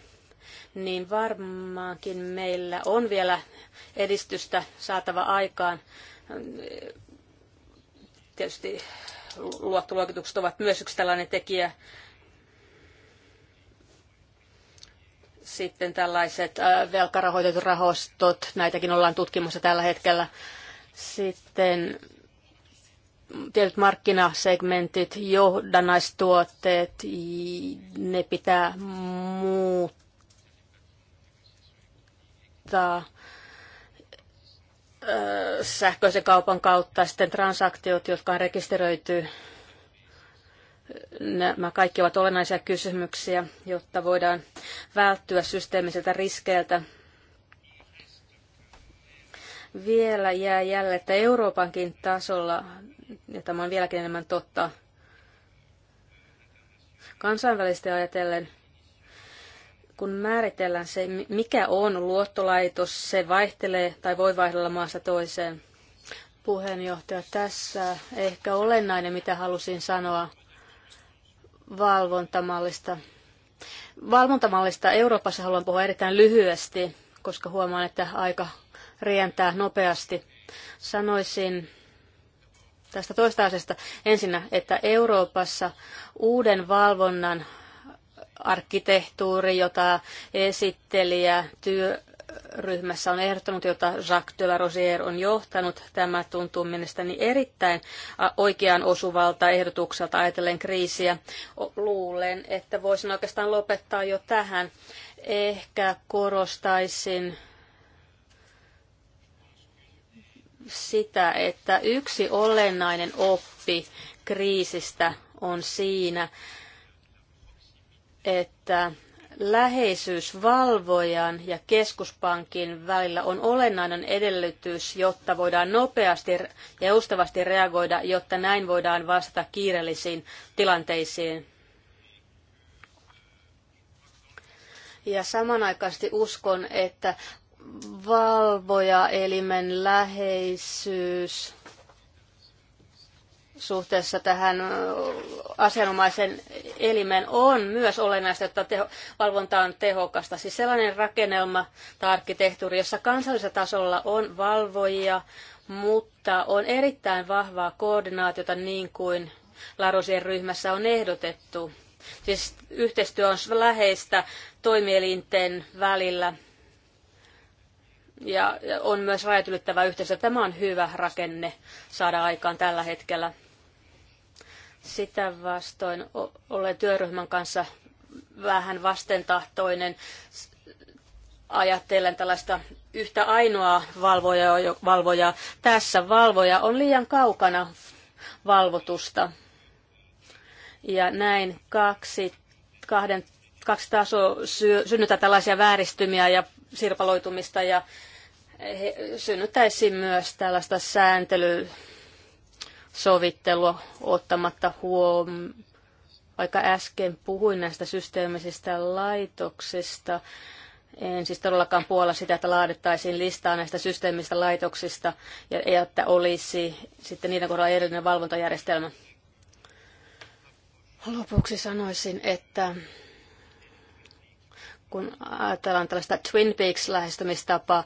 niin varmaankin meillä on vielä edistystä saatava aikaan. Tietysti luottoluokitukset ovat myös yksi tällainen tekijä. Sitten tällaiset äh, velkarahoitetut rahastot, näitäkin ollaan tutkimassa tällä hetkellä. Sitten tietyt markkinasegmentit, johdannaistuotteet, ne pitää muuttaa sähköisen kaupan kautta, sitten transaktiot, jotka on rekisteröity. Nämä kaikki ovat olennaisia kysymyksiä, jotta voidaan välttyä systeemiseltä riskeiltä. Vielä jää jäljellä, että Euroopankin tasolla ja tämä on vieläkin enemmän totta kansainvälisesti ajatellen, kun määritellään se, mikä on luottolaitos, se vaihtelee tai voi vaihdella maasta toiseen. Puheenjohtaja, tässä ehkä olennainen, mitä halusin sanoa valvontamallista. Valvontamallista Euroopassa haluan puhua erittäin lyhyesti, koska huomaan, että aika rientää nopeasti. Sanoisin, tästä toista asiasta. Ensinnä, että Euroopassa uuden valvonnan arkkitehtuuri, jota esittelijä työryhmässä on ehdottanut, jota Jacques de la Rosière on johtanut. Tämä tuntuu mielestäni erittäin oikeaan osuvalta ehdotukselta ajatellen kriisiä. Luulen, että voisin oikeastaan lopettaa jo tähän. Ehkä korostaisin sitä, että yksi olennainen oppi kriisistä on siinä, että läheisyys valvojan ja keskuspankin välillä on olennainen edellytys, jotta voidaan nopeasti ja joustavasti reagoida, jotta näin voidaan vastata kiireellisiin tilanteisiin. Ja samanaikaisesti uskon, että valvojaelimen läheisyys suhteessa tähän asianomaisen elimen on myös olennaista, että teho, valvonta on tehokasta. Siis sellainen rakennelma tai arkkitehtuuri, jossa kansallisella tasolla on valvojia, mutta on erittäin vahvaa koordinaatiota niin kuin Larosien ryhmässä on ehdotettu. Siis yhteistyö on läheistä toimielinten välillä ja on myös rajat ylittävä yhteistyö. Tämä on hyvä rakenne saada aikaan tällä hetkellä. Sitä vastoin olen työryhmän kanssa vähän vastentahtoinen ajattelen tällaista yhtä ainoaa valvoja valvoja Tässä valvoja on liian kaukana valvotusta. Ja näin kaksi, kahden, kaksi taso synnytä tällaisia vääristymiä ja sirpaloitumista ja he, myös tällaista sääntelysovittelua ottamatta huomioon. Vaikka äsken puhuin näistä systeemisistä laitoksista, en siis todellakaan puolla sitä, että laadettaisiin listaa näistä systeemisistä laitoksista ja että olisi sitten niiden kohdalla erillinen valvontajärjestelmä. Lopuksi sanoisin, että kun ajatellaan tällaista Twin Peaks-lähestymistapaa,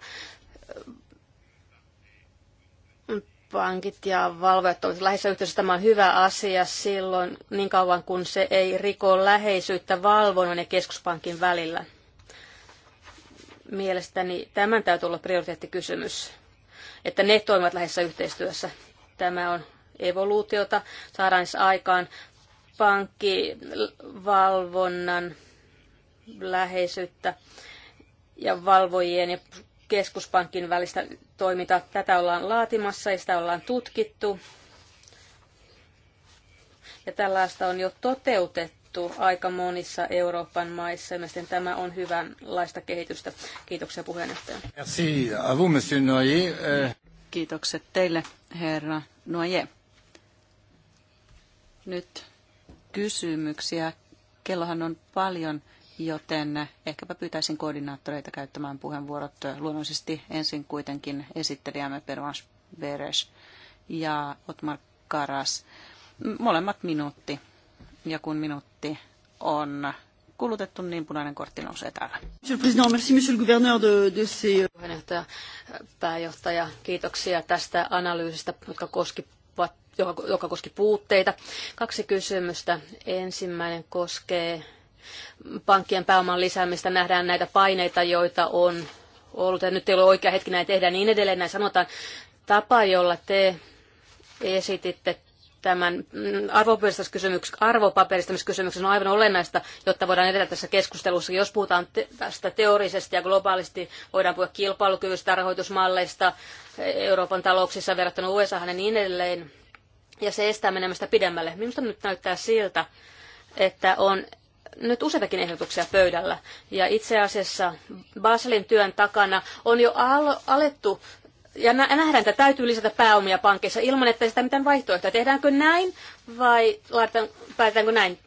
pankit ja valvojat ovat lähes yhteydessä. Tämä on hyvä asia silloin niin kauan, kun se ei riko läheisyyttä valvonnan ja keskuspankin välillä. Mielestäni tämän täytyy olla prioriteettikysymys, että ne toimivat lähes yhteistyössä. Tämä on evoluutiota, saadaan siis aikaan pankkivalvonnan läheisyyttä ja valvojien ja keskuspankin välistä toimintaa. Tätä ollaan laatimassa ja sitä ollaan tutkittu. Ja tällaista on jo toteutettu aika monissa Euroopan maissa. Mielestäni tämä on hyvänlaista kehitystä. Kiitoksia puheenjohtaja. Merci vous, monsieur eh. Kiitokset teille, herra Noyer. Nyt kysymyksiä. Kellohan on paljon joten ehkäpä pyytäisin koordinaattoreita käyttämään puheenvuorot luonnollisesti ensin kuitenkin esittelijämme Pervans Beres ja Otmar Karas. Molemmat minuutti. Ja kun minuutti on kulutettu, niin punainen kortti nousee täällä. Monsieur le Président, merci Monsieur le Gouverneur de, de ces... Euh, Puheenjohtaja, pääjohtaja, kiitoksia tästä analyysistä, jotka koski joka, joka koski puutteita. Kaksi kysymystä. Ensimmäinen koskee pankkien pääoman lisäämistä, nähdään näitä paineita, joita on ollut, ja nyt ei ole oikea hetki näin tehdä, niin edelleen näin sanotaan. Tapa, jolla te esititte tämän mm, arvopaperistamiskysymyksen on aivan olennaista, jotta voidaan edetä tässä keskustelussa. Jos puhutaan te- tästä teorisesti ja globaalisti, voidaan puhua kilpailukyvystä, rahoitusmalleista, Euroopan talouksissa verrattuna USA ja niin edelleen. Ja se estää menemästä pidemmälle. Minusta nyt näyttää siltä, että on nyt useitakin ehdotuksia pöydällä. Ja itse asiassa Baselin työn takana on jo alettu ja nähdään, että täytyy lisätä pääomia pankeissa ilman, että sitä mitään vaihtoehtoja. Tehdäänkö näin vai päätetäänkö näin?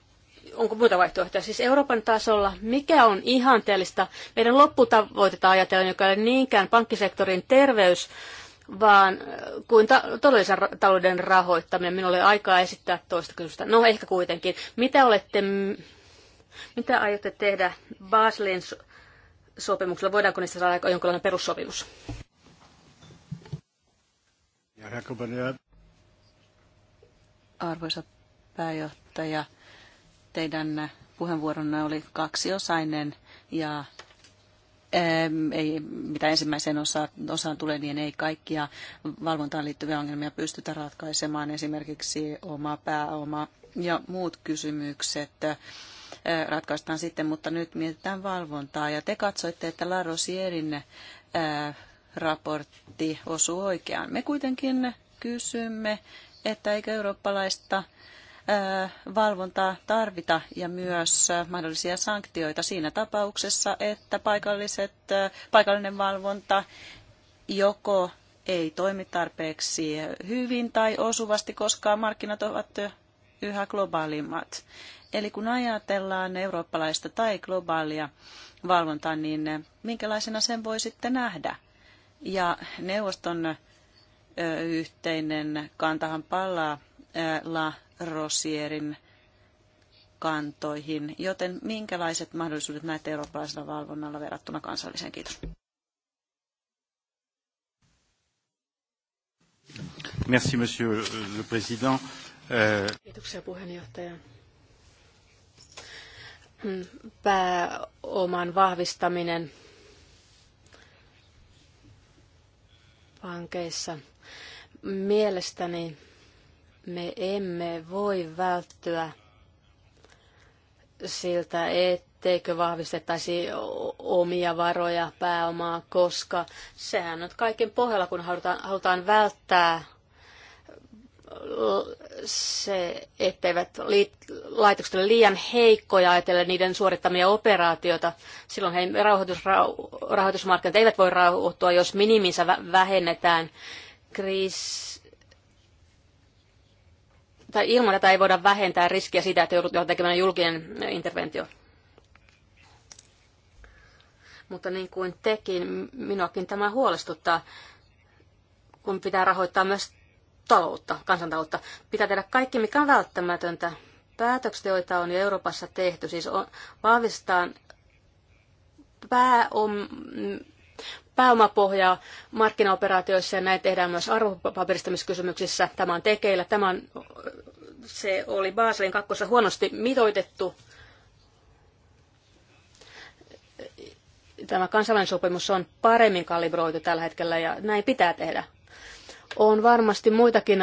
Onko muita vaihtoehtoja? Siis Euroopan tasolla, mikä on ihanteellista meidän lopputavoitetta ajatellen, joka ei ole niinkään pankkisektorin terveys, vaan äh, kuin ta- todellisen ra- talouden rahoittaminen. Minulla ei aikaa esittää toista kysymystä. No ehkä kuitenkin. Mitä olette mitä aiotte tehdä Baselin sopimuksella? Voidaanko niistä saada jonkinlainen perussopimus? Arvoisa pääjohtaja, teidän puheenvuoronne oli kaksiosainen ja ei, mitä ensimmäiseen osaan, osaan tulee, niin ei kaikkia valvontaan liittyviä ongelmia pystytä ratkaisemaan, esimerkiksi oma pääoma ja muut kysymykset ratkaistaan sitten, mutta nyt mietitään valvontaa. Ja te katsoitte, että La Rosierin raportti osuu oikeaan. Me kuitenkin kysymme, että eikö eurooppalaista valvontaa tarvita ja myös mahdollisia sanktioita siinä tapauksessa, että paikalliset, paikallinen valvonta joko ei toimi tarpeeksi hyvin tai osuvasti, koska markkinat ovat yhä globaalimmat. Eli kun ajatellaan eurooppalaista tai globaalia valvontaa, niin minkälaisena sen voi sitten nähdä? Ja neuvoston yhteinen kantahan palaa La Rosierin kantoihin, joten minkälaiset mahdollisuudet näette eurooppalaisella valvonnalla verrattuna kansalliseen? Kiitos. Merci, monsieur le président. Euh, Kiitoksia puheenjohtaja pääoman vahvistaminen pankeissa. Mielestäni me emme voi välttyä siltä, etteikö vahvistettaisi omia varoja, pääomaa, koska sehän on kaiken pohjalla, kun halutaan, halutaan välttää se, etteivät laitokset ole liian heikkoja ajatellen niiden suorittamia operaatioita. Silloin he rauhoitus, rahoitusmarkkinat eivät voi rauhoittua, jos miniminsä vähennetään. Kriis, tai ilman tätä ei voida vähentää riskiä siitä, että joudutaan tekemään julkinen eh, interventio. Mutta niin kuin tekin, minuakin tämä huolestuttaa, kun pitää rahoittaa myös taloutta, kansantaloutta. Pitää tehdä kaikki, mikä on välttämätöntä. Päätökset, joita on jo Euroopassa tehty, siis on, vahvistaa pääom, pääomapohjaa markkinaoperaatioissa ja näin tehdään myös arvopaperistamiskysymyksissä. Tämä on tekeillä. Tämä on, se oli Baselin kakkossa huonosti mitoitettu. Tämä kansainvälinen sopimus on paremmin kalibroitu tällä hetkellä ja näin pitää tehdä. On varmasti muitakin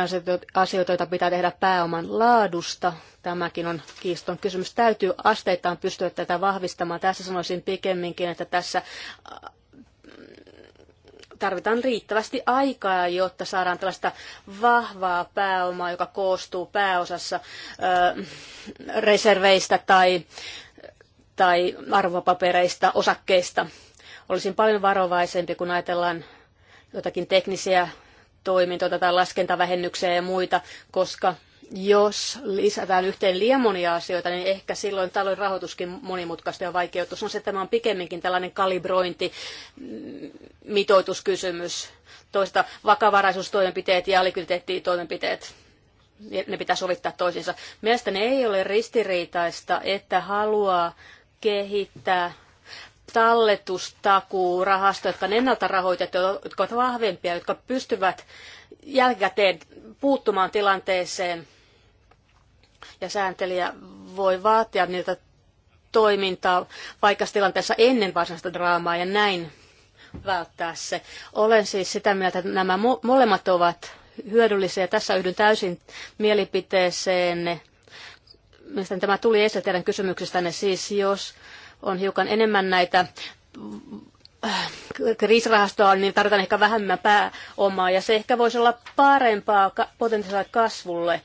asioita, joita pitää tehdä pääoman laadusta. Tämäkin on kiiston kysymys. Täytyy asteittain pystyä tätä vahvistamaan. Tässä sanoisin pikemminkin, että tässä äh, tarvitaan riittävästi aikaa, jotta saadaan tällaista vahvaa pääomaa, joka koostuu pääosassa ö, äh, reserveistä tai, tai arvopapereista, osakkeista. Olisin paljon varovaisempi, kun ajatellaan jotakin teknisiä toimintoja tai laskentavähennyksiä ja muita, koska jos lisätään yhteen liian monia asioita, niin ehkä silloin talouden rahoituskin monimutkaista ja vaikeuttuu. Se on se, että tämä on pikemminkin tällainen kalibrointi, mm, mitoituskysymys. Toista vakavaraisuustoimenpiteet ja toimenpiteet ne pitää sovittaa toisiinsa. Mielestäni ei ole ristiriitaista, että haluaa kehittää talletustakuu rahasto, jotka on ennalta rahoitettu, jotka ovat vahvempia, jotka pystyvät jälkikäteen puuttumaan tilanteeseen. Ja sääntelijä voi vaatia niiltä toimintaa vaikassa tilanteessa ennen varsinaista draamaa ja näin välttää se. Olen siis sitä mieltä, että nämä molemmat ovat hyödyllisiä. Tässä yhdyn täysin mielipiteeseenne. Mielestäni tämä tuli esille teidän kysymyksestänne. Siis jos on hiukan enemmän näitä äh, kriisirahastoa, niin tarvitaan ehkä vähemmän pääomaa, ja se ehkä voisi olla parempaa potentiaalille kasvulle.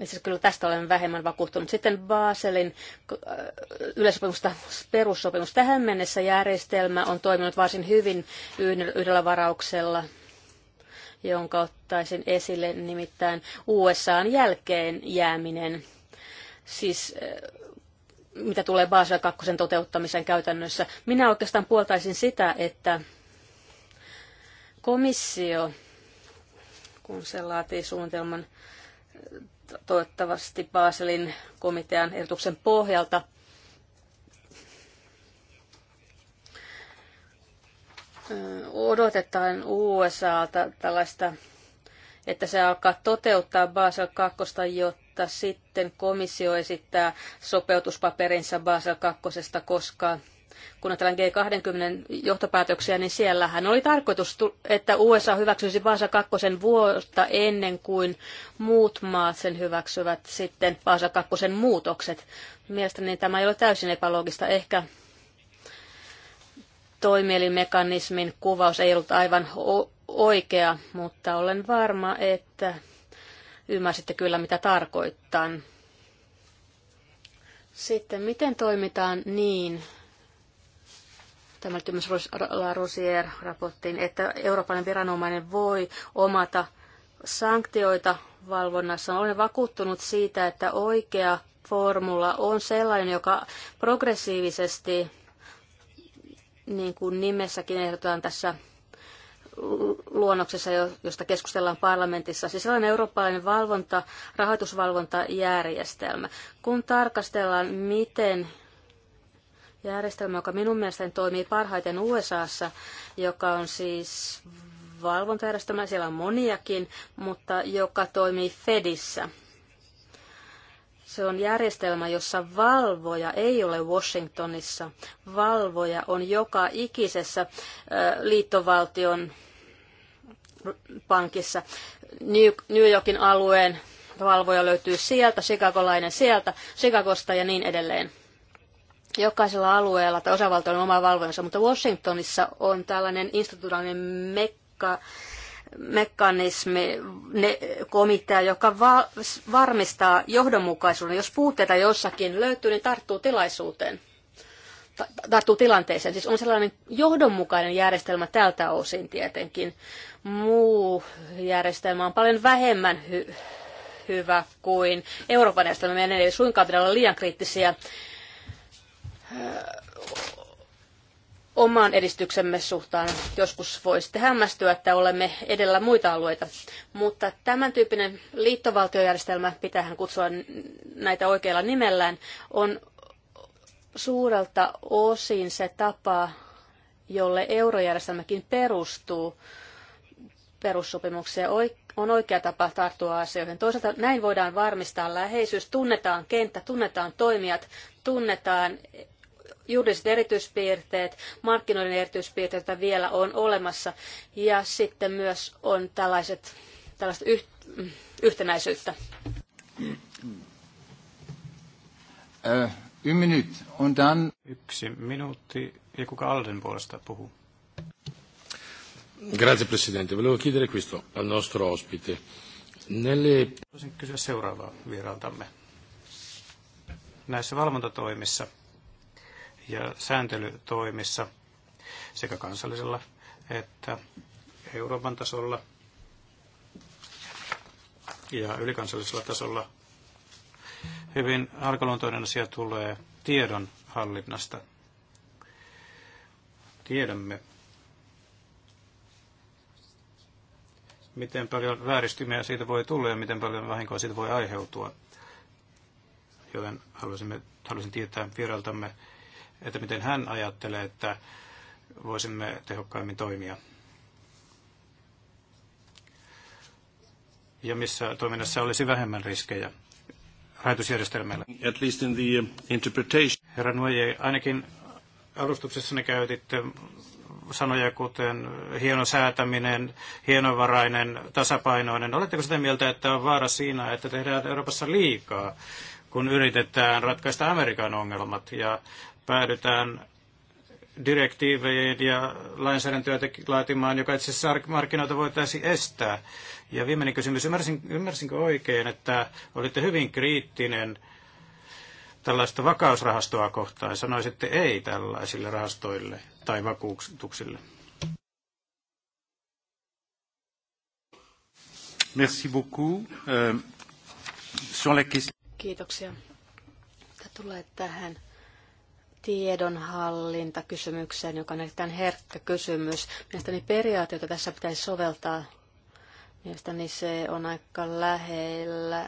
Itse asiassa kyllä tästä olen vähemmän vakuuttunut. Sitten Baselin äh, yleissopimusta, perussopimus. Tähän mennessä järjestelmä on toiminut varsin hyvin yhdellä varauksella, jonka ottaisin esille, nimittäin USAn jälkeen jääminen. Siis äh, mitä tulee Basel 2 toteuttamisen käytännössä. Minä oikeastaan puoltaisin sitä, että komissio, kun se laatii suunnitelman toivottavasti Baselin komitean ehdotuksen pohjalta, odotetaan USAlta tällaista, että se alkaa toteuttaa Basel 2, jotta mutta sitten komissio esittää sopeutuspaperinsa Basel 2, koska kun ajatellaan G20 johtopäätöksiä, niin siellähän oli tarkoitus, että USA hyväksyisi Vaasa 2 vuotta ennen kuin muut maat sen hyväksyvät sitten Vaasa 2 muutokset. Mielestäni tämä ei ole täysin epäloogista. Ehkä toimielimekanismin kuvaus ei ollut aivan oikea, mutta olen varma, että ymmärsitte kyllä, mitä tarkoittan. Sitten, miten toimitaan niin, tämä myös La Rosier-raporttiin, että Euroopan viranomainen voi omata sanktioita valvonnassa. Olen vakuuttunut siitä, että oikea formula on sellainen, joka progressiivisesti, niin kuin nimessäkin ehdotetaan tässä luonnoksessa, josta keskustellaan parlamentissa, siis sellainen eurooppalainen valvonta, rahoitusvalvontajärjestelmä. Kun tarkastellaan, miten järjestelmä, joka minun mielestäni toimii parhaiten USAssa, joka on siis valvontajärjestelmä, siellä on moniakin, mutta joka toimii Fedissä. Se on järjestelmä, jossa valvoja ei ole Washingtonissa. Valvoja on joka ikisessä liittovaltion pankissa. New Yorkin alueen valvoja löytyy sieltä, chicagolainen sieltä, Chicagosta ja niin edelleen. Jokaisella alueella tai osavaltiolla on oma valvojansa, mutta Washingtonissa on tällainen institutionaalinen mekka, mekanismi, ne, komitea, joka va, varmistaa johdonmukaisuuden. Jos puutteita jossakin löytyy, niin tarttuu tilaisuuteen tarttuu tilanteeseen. Siis on sellainen johdonmukainen järjestelmä tältä osin tietenkin. Muu järjestelmä on paljon vähemmän hy- hyvä kuin Euroopan järjestelmä. Meidän ei suinkaan pidä olla liian kriittisiä oman edistyksemme suhtaan. Joskus voisi hämmästyä, että olemme edellä muita alueita, mutta tämän tyyppinen liittovaltiojärjestelmä, pitäähän kutsua näitä oikeilla nimellään, on suurelta osin se tapa, jolle eurojärjestelmäkin perustuu perussopimukseen, on oikea tapa tarttua asioihin. Toisaalta näin voidaan varmistaa läheisyys, tunnetaan kenttä, tunnetaan toimijat, tunnetaan juridiset erityispiirteet, markkinoiden erityispiirteet, joita vielä on olemassa, ja sitten myös on tällaiset, tällaista yht, yhtenäisyyttä. Äh. Yksi minuutti. Ja kuka Alden puolesta puhuu? Grazie Presidente. Volevo chiedere questo al nostro ospite. Nelle... Voisin kysyä seuraavaa vieraltamme. Näissä valvontatoimissa ja sääntelytoimissa sekä kansallisella että Euroopan tasolla ja ylikansallisella tasolla hyvin arkaluontoinen asia tulee tiedon hallinnasta. Tiedämme, miten paljon vääristymiä siitä voi tulla ja miten paljon vahinkoa siitä voi aiheutua. Joten haluaisin halusin tietää vierailtamme, että miten hän ajattelee, että voisimme tehokkaimmin toimia. Ja missä toiminnassa olisi vähemmän riskejä rahoitusjärjestelmällä. At least in the uh, interpretation. Herra Nuoje, ainakin alustuksessanne käytitte sanoja kuten hieno säätäminen, hienovarainen, tasapainoinen. Oletteko sitä mieltä, että on vaara siinä, että tehdään Euroopassa liikaa, kun yritetään ratkaista Amerikan ongelmat ja päädytään direktiivejä ja lainsäädäntöä laatimaan, joka itse asiassa markkinoita voitaisiin estää. Ja viimeinen kysymys, ymmärsin, ymmärsinkö oikein, että olitte hyvin kriittinen tällaista vakausrahastoa kohtaan, sanoisitte ei tällaisille rahastoille tai vakuutuksille? Merci beaucoup. Euh, Kiitoksia. Tämä tulee tähän tiedonhallintakysymykseen, joka on erittäin herkkä kysymys. Mielestäni jota tässä pitäisi soveltaa. Mielestäni se on aika lähellä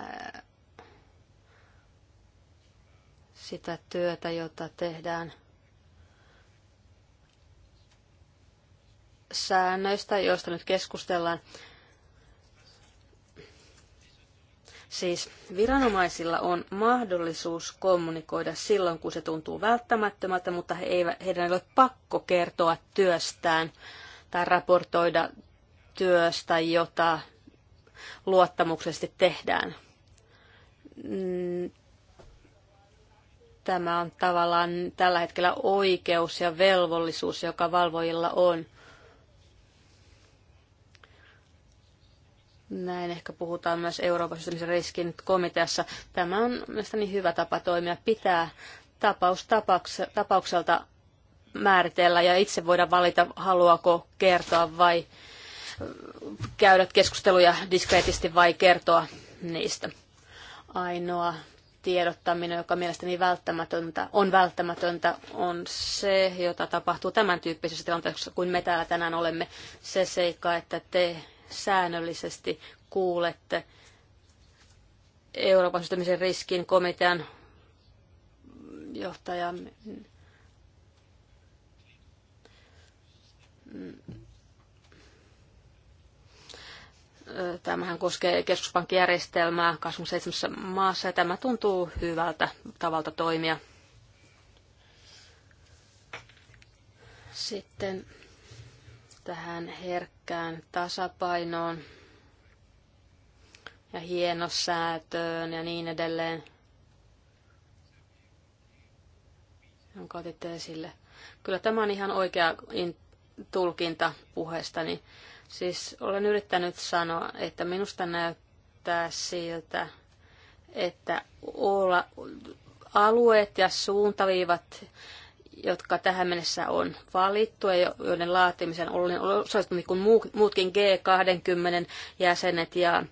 sitä työtä, jota tehdään säännöistä, joista nyt keskustellaan. Siis viranomaisilla on mahdollisuus kommunikoida silloin, kun se tuntuu välttämättömältä, mutta he eivät, heidän ei ole pakko kertoa työstään tai raportoida työstä, jota luottamuksellisesti tehdään. Mm, tämä on tavallaan tällä hetkellä oikeus ja velvollisuus, joka valvojilla on – Näin ehkä puhutaan myös Euroopan riskin komiteassa. Tämä on mielestäni hyvä tapa toimia. Pitää tapaus tapaukselta määritellä ja itse voida valita, haluaako kertoa vai käydä keskusteluja diskreetisti vai kertoa niistä. Ainoa tiedottaminen, joka mielestäni välttämätöntä, on välttämätöntä, on se, jota tapahtuu tämän tyyppisessä tilanteessa, kun me täällä tänään olemme. Se seikka, että te säännöllisesti kuulette Euroopan systeemisen riskin komitean johtajan Tämähän koskee keskuspankkijärjestelmää 27 maassa ja tämä tuntuu hyvältä tavalta toimia. Sitten tähän herkkään tasapainoon ja hienosäätöön ja niin edelleen, jonka otitte esille. Kyllä tämä on ihan oikea tulkinta puheestani. Siis olen yrittänyt sanoa, että minusta näyttää siltä, että olla, alueet ja suuntaviivat, jotka tähän mennessä on valittu ja joiden laatimisen olen niin osallistunut kuin muutkin G20 jäsenet ja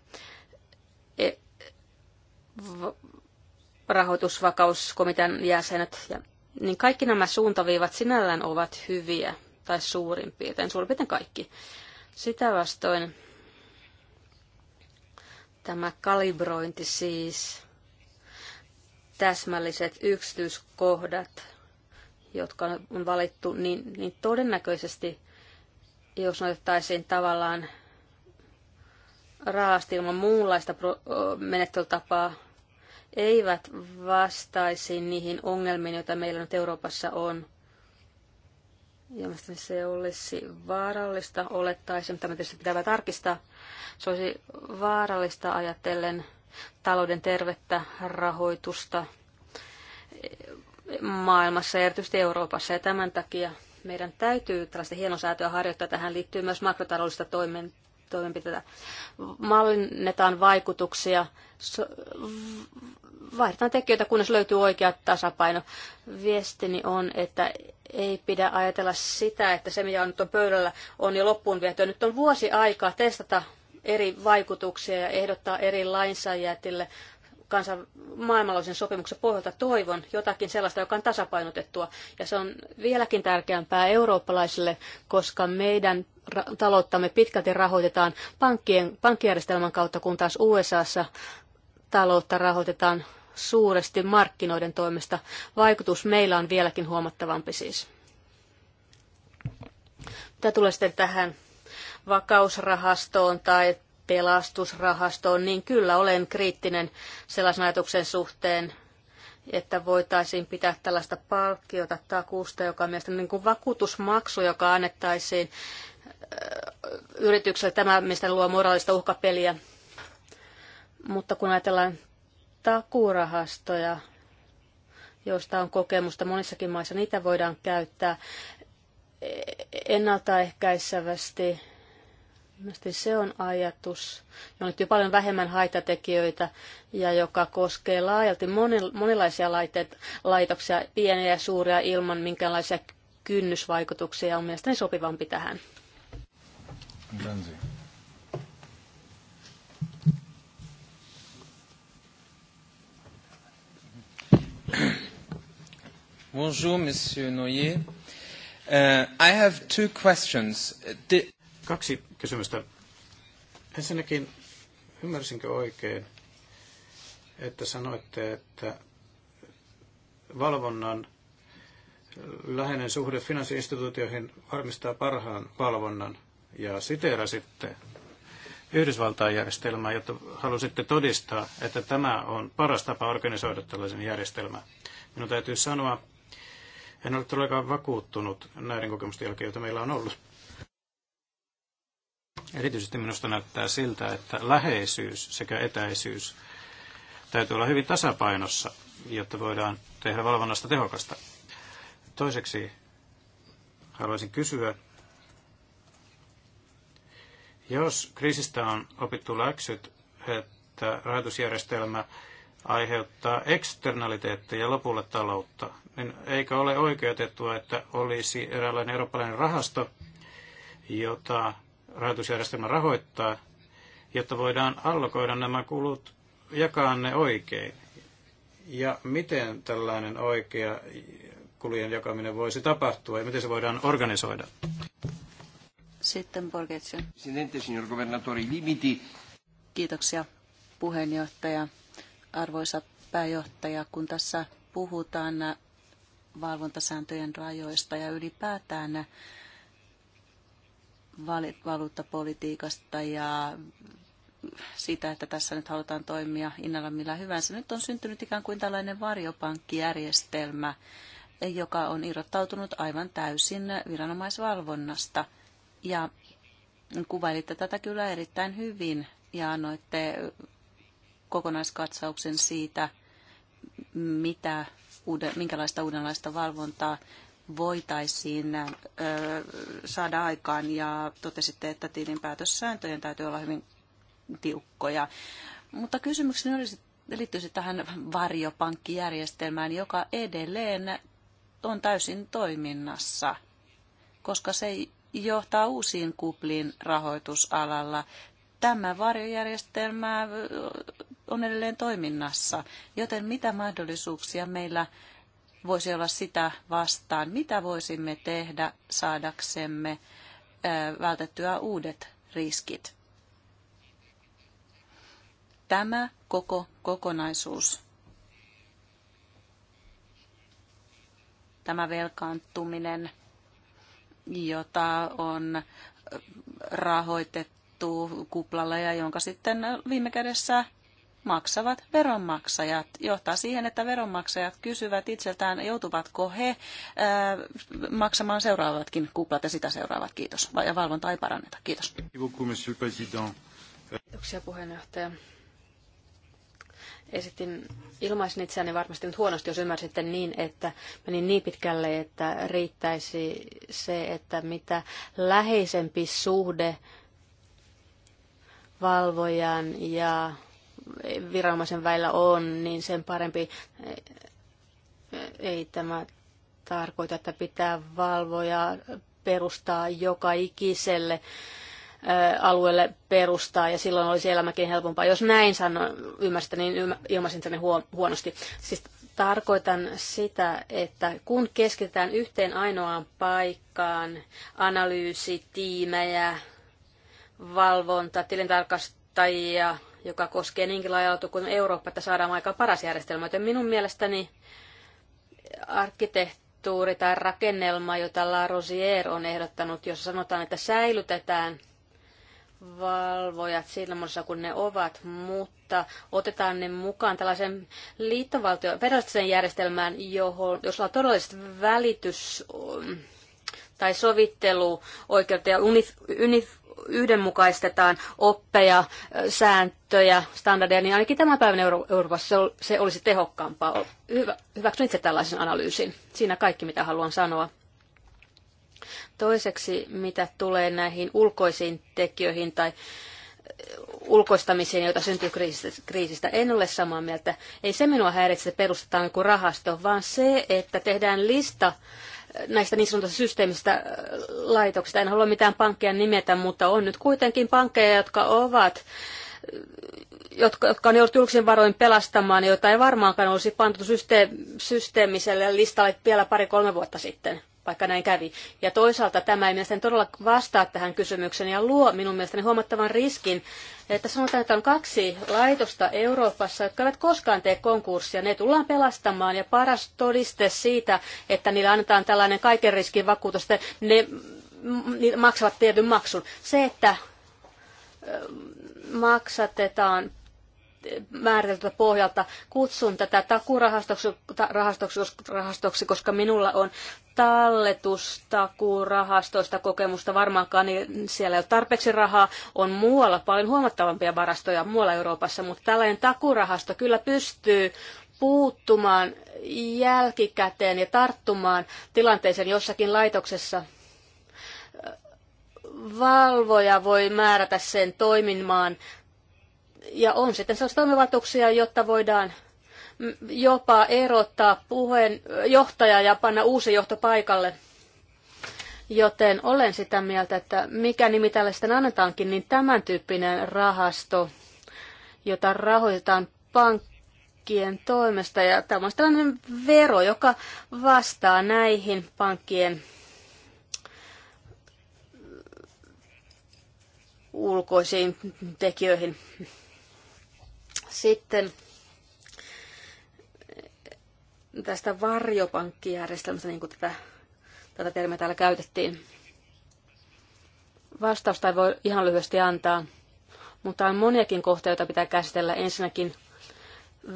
e, rahoitusvakauskomitean jäsenet. Ja, niin kaikki nämä suuntaviivat sinällään ovat hyviä tai suurin piirtein, suurin piirtein kaikki. Sitä vastoin tämä kalibrointi siis, täsmälliset yksityiskohdat, jotka on valittu, niin, niin todennäköisesti, jos otettaisiin tavallaan raasti ilman muunlaista menettelytapaa, eivät vastaisi niihin ongelmiin, joita meillä nyt Euroopassa on. Ja mielestäni se olisi vaarallista, olettaisiin, mutta tietysti pitää tarkistaa. Se olisi vaarallista ajatellen talouden tervettä rahoitusta, maailmassa ja erityisesti Euroopassa. Ja tämän takia meidän täytyy tällaista hienosäätöä harjoittaa. Tähän liittyy myös makrotaloudellista toimen, toimenpiteitä. Mallinnetaan vaikutuksia, so, vaihdetaan tekijöitä, kunnes löytyy oikea tasapaino. Viestini on, että ei pidä ajatella sitä, että se mitä on nyt on pöydällä on jo loppuun viety. Nyt on vuosi aikaa testata eri vaikutuksia ja ehdottaa eri lainsäädäntöille kansan maailmanlaisen sopimuksen pohjalta toivon jotakin sellaista, joka on tasapainotettua. Ja se on vieläkin tärkeämpää eurooppalaisille, koska meidän talouttamme pitkälti rahoitetaan pankkien, pankkijärjestelmän kautta, kun taas USAssa taloutta rahoitetaan suuresti markkinoiden toimesta. Vaikutus meillä on vieläkin huomattavampi siis. Mitä tulee sitten tähän vakausrahastoon tai pelastusrahastoon, niin kyllä olen kriittinen sellaisen ajatuksen suhteen, että voitaisiin pitää tällaista palkkiota takuusta, joka on mielestäni niin vakuutusmaksu, joka annettaisiin yritykselle tämä, mistä luo moraalista uhkapeliä. Mutta kun ajatellaan takurahastoja, joista on kokemusta monissakin maissa, niitä voidaan käyttää ennaltaehkäisevästi Mielestäni se on ajatus, jolla on jo paljon vähemmän haitatekijöitä ja joka koskee laajalti monilaisia laiteet, laitoksia, pieniä ja suuria, ilman minkäänlaisia kynnysvaikutuksia on mielestäni sopivampi tähän. Benzi. Bonjour, Monsieur Noyer. Uh, I have two questions. The uh, Kaksi kysymystä. Ensinnäkin, ymmärsinkö oikein, että sanoitte, että valvonnan läheinen suhde finanssiinstituutioihin varmistaa parhaan valvonnan ja siteerasitte Yhdysvaltain järjestelmää, jotta halusitte todistaa, että tämä on paras tapa organisoida tällaisen järjestelmän. Minun täytyy sanoa, en ole todellakaan vakuuttunut näiden kokemusten jälkeen, joita meillä on ollut. Erityisesti minusta näyttää siltä, että läheisyys sekä etäisyys täytyy olla hyvin tasapainossa, jotta voidaan tehdä valvonnasta tehokasta. Toiseksi haluaisin kysyä, jos kriisistä on opittu läksyt, että rahoitusjärjestelmä aiheuttaa eksternaliteetteja lopulle taloutta, niin eikä ole oikeutettua, että olisi eräänlainen eurooppalainen rahasto, jota rahoitusjärjestelmä rahoittaa, jotta voidaan allokoida nämä kulut, jakaa ne oikein. Ja miten tällainen oikea kulujen jakaminen voisi tapahtua ja miten se voidaan organisoida? Sitten Borgetsio. Presidente, signor governatore, limiti. Kiitoksia puheenjohtaja. Arvoisa pääjohtaja, kun tässä puhutaan valvontasääntöjen rajoista ja ylipäätään valuuttapolitiikasta ja sitä, että tässä nyt halutaan toimia innalla millä hyvänsä. Nyt on syntynyt ikään kuin tällainen varjopankkijärjestelmä, joka on irrottautunut aivan täysin viranomaisvalvonnasta. Ja kuvailitte tätä kyllä erittäin hyvin ja annoitte kokonaiskatsauksen siitä, mitä, minkälaista uudenlaista valvontaa voitaisiin saada aikaan ja totesitte, että tilinpäätössääntöjen täytyy olla hyvin tiukkoja. Mutta kysymykseni olisi, liittyisi tähän varjopankkijärjestelmään, joka edelleen on täysin toiminnassa, koska se johtaa uusiin kupliin rahoitusalalla. Tämä varjojärjestelmä on edelleen toiminnassa, joten mitä mahdollisuuksia meillä voisi olla sitä vastaan, mitä voisimme tehdä saadaksemme vältettyä uudet riskit. Tämä koko kokonaisuus, tämä velkaantuminen, jota on rahoitettu kuplalla ja jonka sitten viime kädessä maksavat veronmaksajat. Johtaa siihen, että veronmaksajat kysyvät itseltään, joutuvatko he ää, äh, maksamaan seuraavatkin kuplat ja sitä seuraavat. Kiitos. Ja valvonta ei paranneta. Kiitos. Kiitoksia puheenjohtaja esitin, ilmaisin itseäni varmasti nyt huonosti, jos ymmärsitte niin, että menin niin pitkälle, että riittäisi se, että mitä läheisempi suhde valvojan ja viranomaisen väillä on, niin sen parempi ei tämä tarkoita, että pitää valvoja perustaa joka ikiselle alueelle perustaa ja silloin olisi elämäkin helpompaa. Jos näin sanon, ymmärsit, niin ilmaisin tänne huonosti. Siis tarkoitan sitä, että kun keskitetään yhteen ainoaan paikkaan, analyysitiimejä, valvonta, tilintarkastajia, joka koskee niinkin laajautua kuin Eurooppa, että saadaan aika paras järjestelmä. Joten minun mielestäni arkkitehtuuri tai rakennelma, jota La Rosier on ehdottanut, jossa sanotaan, että säilytetään valvojat muodossa, kun ne ovat, mutta otetaan ne mukaan tällaisen liittovaltio federalistiseen järjestelmään, johon, jos on todelliset välitys tai sovittelu oikeutta ja unif, unif, yhdenmukaistetaan oppeja, sääntöjä, standardeja, niin ainakin tämän päivän Euro- Euroopassa se olisi tehokkaampaa. Oh. Hyvä, hyväksyn itse tällaisen analyysin. Siinä kaikki, mitä haluan sanoa. Toiseksi, mitä tulee näihin ulkoisiin tekijöihin tai eh, ulkoistamiseen, joita syntyy kriisistä. En ole samaa mieltä. Ei se minua häiritse, että perustetaan joku rahasto, vaan se, että tehdään lista näistä niin sanotuista systeemistä äh, laitoksista. En halua mitään pankkeja nimetä, mutta on nyt kuitenkin pankkeja, jotka ovat äh, jotka, jotka on joutunut julkisen varoin pelastamaan, joita ei varmaankaan olisi pantu systeemiselle listalle vielä pari-kolme vuotta sitten vaikka näin kävi. Ja toisaalta tämä ei mielestäni todella vastaa tähän kysymykseen ja luo minun mielestäni huomattavan riskin, että sanotaan, että on kaksi laitosta Euroopassa, jotka eivät koskaan tee konkurssia. Ne tullaan pelastamaan ja paras todiste siitä, että niille annetaan tällainen kaiken riskin vakuutus, että ne maksavat tietyn maksun. Se, että maksatetaan määriteltyltä pohjalta. Kutsun tätä takurahastoksi, koska minulla on talletustakuurahastoista kokemusta. Varmaankaan niin siellä ei ole tarpeeksi rahaa. On muualla paljon huomattavampia varastoja muualla Euroopassa, mutta tällainen takurahasto kyllä pystyy puuttumaan jälkikäteen ja tarttumaan tilanteeseen jossakin laitoksessa. Valvoja voi määrätä sen toimimaan ja on sitten sellaisia toimivaltuuksia, jotta voidaan jopa erottaa puheen johtaja ja panna uusi johto paikalle. Joten olen sitä mieltä, että mikä nimi tälle sitten annetaankin, niin tämän tyyppinen rahasto, jota rahoitetaan pankkien toimesta. Ja tämä on tällainen vero, joka vastaa näihin pankkien ulkoisiin tekijöihin. Sitten tästä varjopankkijärjestelmästä, niin kuin tätä, tätä termiä täällä käytettiin. Vastausta ei voi ihan lyhyesti antaa, mutta on moniakin kohtia, joita pitää käsitellä. Ensinnäkin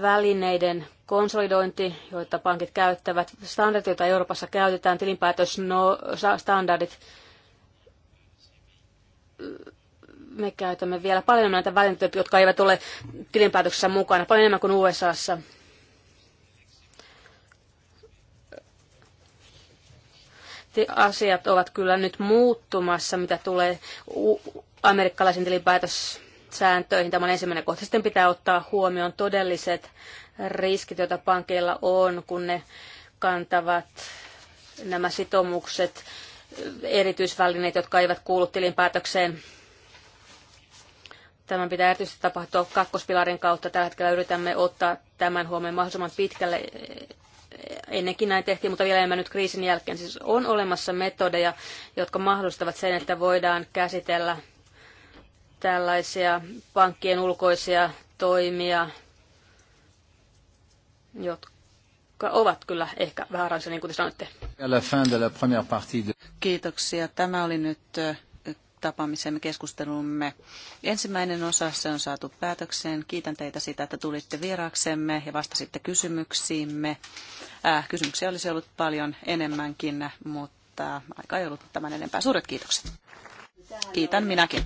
välineiden konsolidointi, joita pankit käyttävät, standardit, joita Euroopassa käytetään, tilinpäätösstandardit, no, me käytämme vielä paljon enemmän näitä välineitä, jotka eivät ole tilinpäätöksessä mukana, paljon enemmän kuin USAssa. Asiat ovat kyllä nyt muuttumassa, mitä tulee amerikkalaisen tilinpäätössääntöihin. Tämä on ensimmäinen kohta. Sitten pitää ottaa huomioon todelliset riskit, joita pankeilla on, kun ne kantavat nämä sitoumukset, erityisvälineet, jotka eivät kuulu tilinpäätökseen Tämän pitää erityisesti tapahtua kakkospilarin kautta. Tällä hetkellä yritämme ottaa tämän huomioon mahdollisimman pitkälle. Ennenkin näin tehtiin, mutta vielä enemmän nyt kriisin jälkeen. Siis on olemassa metodeja, jotka mahdollistavat sen, että voidaan käsitellä tällaisia pankkien ulkoisia toimia, jotka ovat kyllä ehkä vähän niin kuin te sanoitte. Kiitoksia. Tämä oli nyt tapaamisemme keskustelumme. Ensimmäinen osa se on saatu päätökseen. Kiitän teitä siitä, että tulitte vieraaksemme ja vastasitte kysymyksiimme. Äh, kysymyksiä olisi ollut paljon enemmänkin, mutta aika ei ollut tämän enempää. Suuret kiitokset. Kiitän minäkin.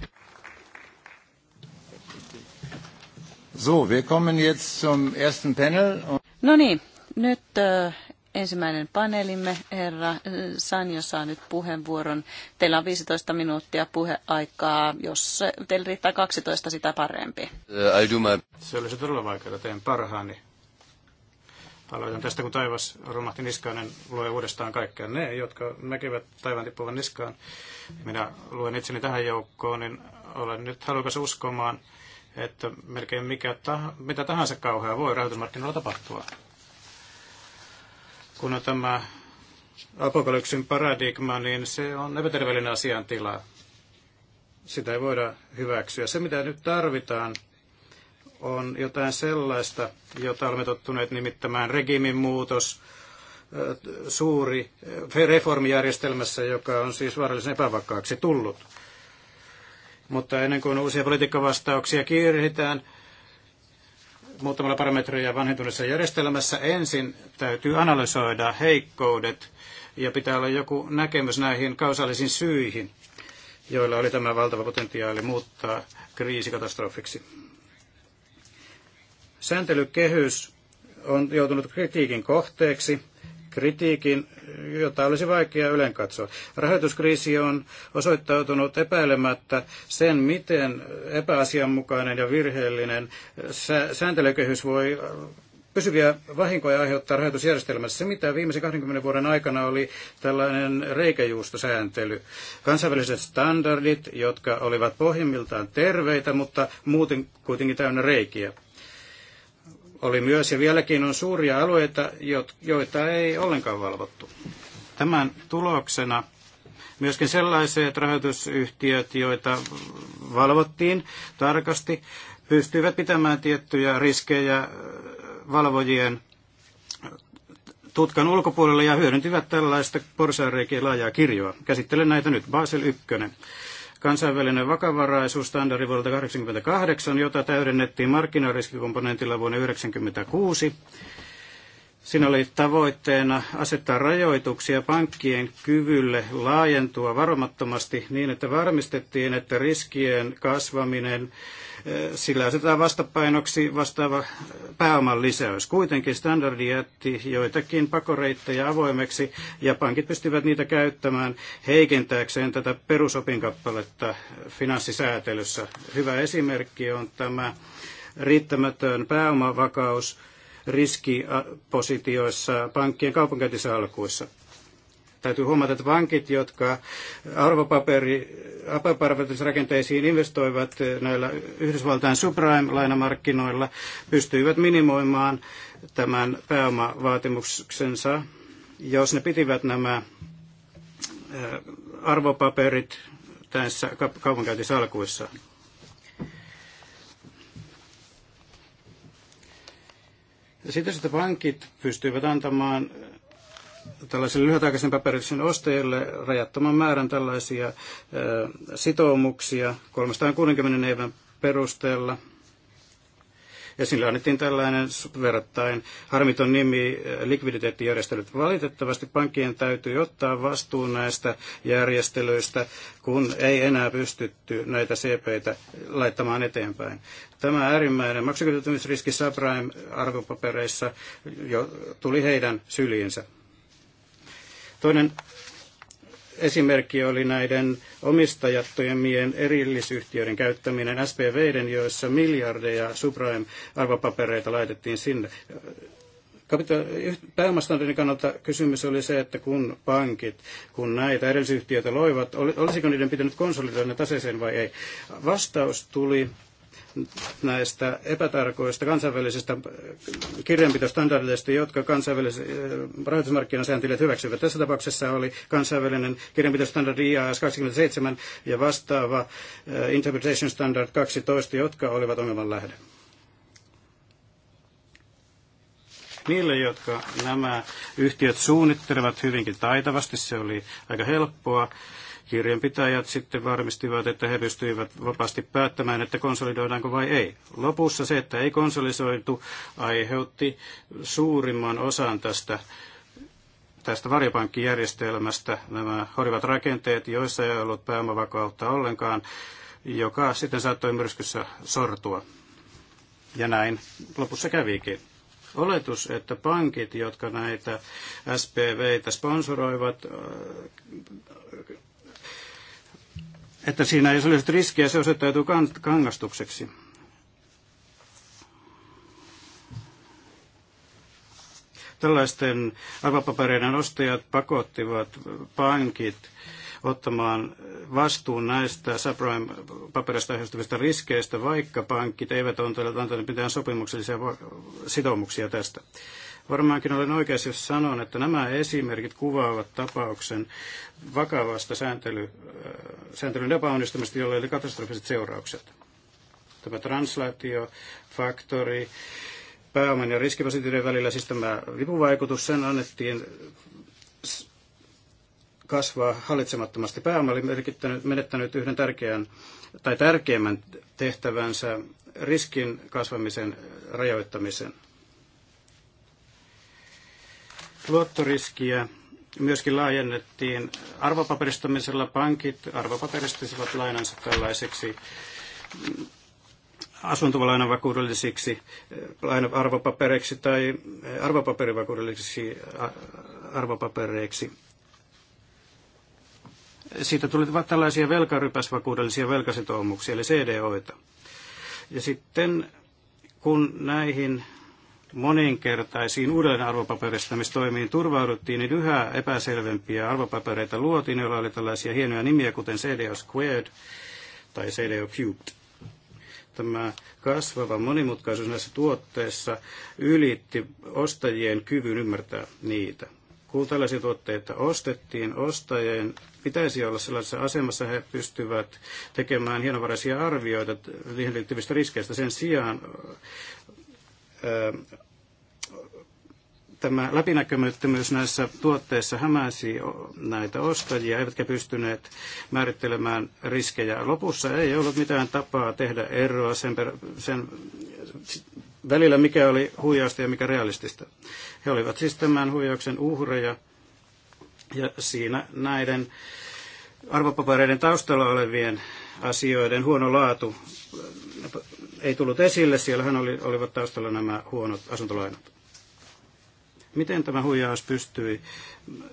So, wir kommen jetzt zum ersten Panel. No niin, nyt äh, ensimmäinen paneelimme, herra Sanjo, saa nyt puheenvuoron. Teillä on 15 minuuttia puheaikaa. Jos teillä riittää 12, sitä parempi. Äh, se olisi todella vaikeaa. Teen parhaani. Aloitan tästä, kun taivas romahti niskaan, en lue uudestaan kaikkea. Ne, jotka näkevät taivaan tippuvan niskaan, minä luen itseni tähän joukkoon, niin olen nyt halukas uskomaan, että melkein mikä tah- mitä tahansa kauheaa voi rahoitusmarkkinoilla tapahtua kun on tämä apokalypsin paradigma, niin se on epäterveellinen asiantila. Sitä ei voida hyväksyä. Se, mitä nyt tarvitaan, on jotain sellaista, jota olemme tottuneet nimittämään regimin muutos, suuri reformijärjestelmässä, joka on siis vaarallisen epävakaaksi tullut. Mutta ennen kuin uusia politiikkavastauksia kiirehditään, muutamalla parametreja vanhentuneessa järjestelmässä. Ensin täytyy analysoida heikkoudet ja pitää olla joku näkemys näihin kausaalisiin syihin, joilla oli tämä valtava potentiaali muuttaa kriisikatastrofiksi. Sääntelykehys on joutunut kritiikin kohteeksi kritiikin, jota olisi vaikea ylenkatsoa. Rahoituskriisi on osoittautunut epäilemättä sen, miten epäasianmukainen ja virheellinen sääntelykehys voi pysyviä vahinkoja aiheuttaa rahoitusjärjestelmässä. Se, mitä viimeisen 20 vuoden aikana oli tällainen reikäjuustosääntely. Kansainväliset standardit, jotka olivat pohjimmiltaan terveitä, mutta muuten kuitenkin täynnä reikiä oli myös ja vieläkin on suuria alueita, joita ei ollenkaan valvottu. Tämän tuloksena myöskin sellaiset rahoitusyhtiöt, joita valvottiin tarkasti, pystyivät pitämään tiettyjä riskejä valvojien tutkan ulkopuolella ja hyödyntivät tällaista porsaanreikien laajaa kirjoa. Käsittelen näitä nyt. Basel 1. Kansainvälinen standardi vuodelta 1988, jota täydennettiin markkinariskikomponentilla vuonna 1996. Siinä oli tavoitteena asettaa rajoituksia pankkien kyvylle laajentua varomattomasti niin, että varmistettiin, että riskien kasvaminen Eh, sillä asetetaan vastapainoksi vastaava eh, pääoman lisäys. Kuitenkin standardi jätti joitakin pakoreittejä avoimeksi ja pankit pystyvät niitä käyttämään heikentääkseen tätä perusopinkappaletta eh, finanssisäätelyssä. Hyvä esimerkki on tämä riittämätön pääomavakaus riskipositioissa pankkien kaupankäyntisalkuissa Täytyy huomata, että pankit, jotka arvopaperi, investoivat näillä Yhdysvaltain subprime-lainamarkkinoilla, pystyivät minimoimaan tämän pääomavaatimuksensa, jos ne pitivät nämä arvopaperit tässä kaupankäytisalkuissa. Sitten, että pankit pystyivät antamaan tällaisille lyhytaikaisen paperityksen ostajille rajattoman määrän tällaisia sitoumuksia 360 eivän perusteella. Ja sillä annettiin tällainen verrattain harmiton nimi likviditeettijärjestelyt. Valitettavasti pankkien täytyy ottaa vastuu näistä järjestelyistä, kun ei enää pystytty näitä CPitä laittamaan eteenpäin. Tämä äärimmäinen maksukyvyttömyysriski subprime-arvopapereissa jo tuli heidän syliinsä. Toinen esimerkki oli näiden omistajattomien erillisyhtiöiden käyttäminen SPViden, joissa miljardeja subprime-arvopapereita laitettiin sinne. Pääomastandardin kannalta kysymys oli se, että kun pankit, kun näitä edellisyhtiöitä loivat, olisiko niiden pitänyt konsolidoida ne taseeseen vai ei? Vastaus tuli näistä epätarkoista kansainvälisistä kirjanpitostandardeista, jotka kansainväliset äh, rahoitusmarkkinasääntelijät hyväksyvät. Tässä tapauksessa oli kansainvälinen kirjanpitostandardi IAS 27 ja vastaava äh, Interpretation Standard 12, jotka olivat ongelman lähde. niille, jotka nämä yhtiöt suunnittelevat hyvinkin taitavasti. Se oli aika helppoa. Kirjanpitäjät sitten varmistivat, että he pystyivät vapaasti päättämään, että konsolidoidaanko vai ei. Lopussa se, että ei konsolisoitu, aiheutti suurimman osan tästä tästä varjopankkijärjestelmästä nämä horivat rakenteet, joissa ei ollut pääomavakautta ollenkaan, joka sitten saattoi myrskyssä sortua. Ja näin lopussa kävikin. Oletus, että pankit, jotka näitä SPVitä sponsoroivat, että siinä ei olisi riskiä, se osoittautuu kangastukseksi. Tällaisten arvopapereiden ostajat pakottivat pankit ottamaan vastuun näistä subprime-paperista aiheutuvista riskeistä, vaikka pankit eivät ole antaneet mitään sopimuksellisia sitoumuksia tästä. Varmaankin olen oikeassa, jos sanon, että nämä esimerkit kuvaavat tapauksen vakavasta sääntely, äh, sääntelyn epäonnistumista, jolla oli katastrofiset seuraukset. Tämä translaatio, faktori, pääoman ja riskipositioiden välillä, siis tämä lipuvaikutus, sen annettiin kasvaa hallitsemattomasti. Pääoma oli menettänyt yhden tärkeän tai tärkeimmän tehtävänsä riskin kasvamisen rajoittamisen. Luottoriskiä myöskin laajennettiin arvopaperistamisella. Pankit arvopaperistivat lainansa tällaiseksi mm, asuntolainavakuudellisiksi eh, arvopapereiksi tai eh, arvopaperivakuudellisiksi arvopapereiksi. Siitä tuli tällaisia velkarypäsvakuudellisia velkasitoumuksia, eli CDOita. Ja sitten kun näihin moninkertaisiin uudelleen arvopaperistamistoimiin turvauduttiin, niin yhä epäselvempiä arvopapereita luotiin, joilla oli tällaisia hienoja nimiä, kuten CDO Squared tai CDO Cubed. Tämä kasvava monimutkaisuus näissä tuotteissa ylitti ostajien kyvyn ymmärtää niitä. Kun tällaisia tuotteita ostettiin, ostajien pitäisi olla sellaisessa asemassa, he pystyvät tekemään hienovaraisia arvioita niihin liittyvistä riskeistä. Sen sijaan tämä läpinäkymättömyys näissä tuotteissa hämäsi näitä ostajia, eivätkä pystyneet määrittelemään riskejä. Lopussa ei ollut mitään tapaa tehdä eroa sen, per, sen välillä, mikä oli huijausta ja mikä realistista. He olivat siis tämän huijauksen uhreja ja siinä näiden arvopapereiden taustalla olevien asioiden huono laatu ei tullut esille. Siellähän oli, olivat taustalla nämä huonot asuntolainat. Miten tämä huijaus pystyi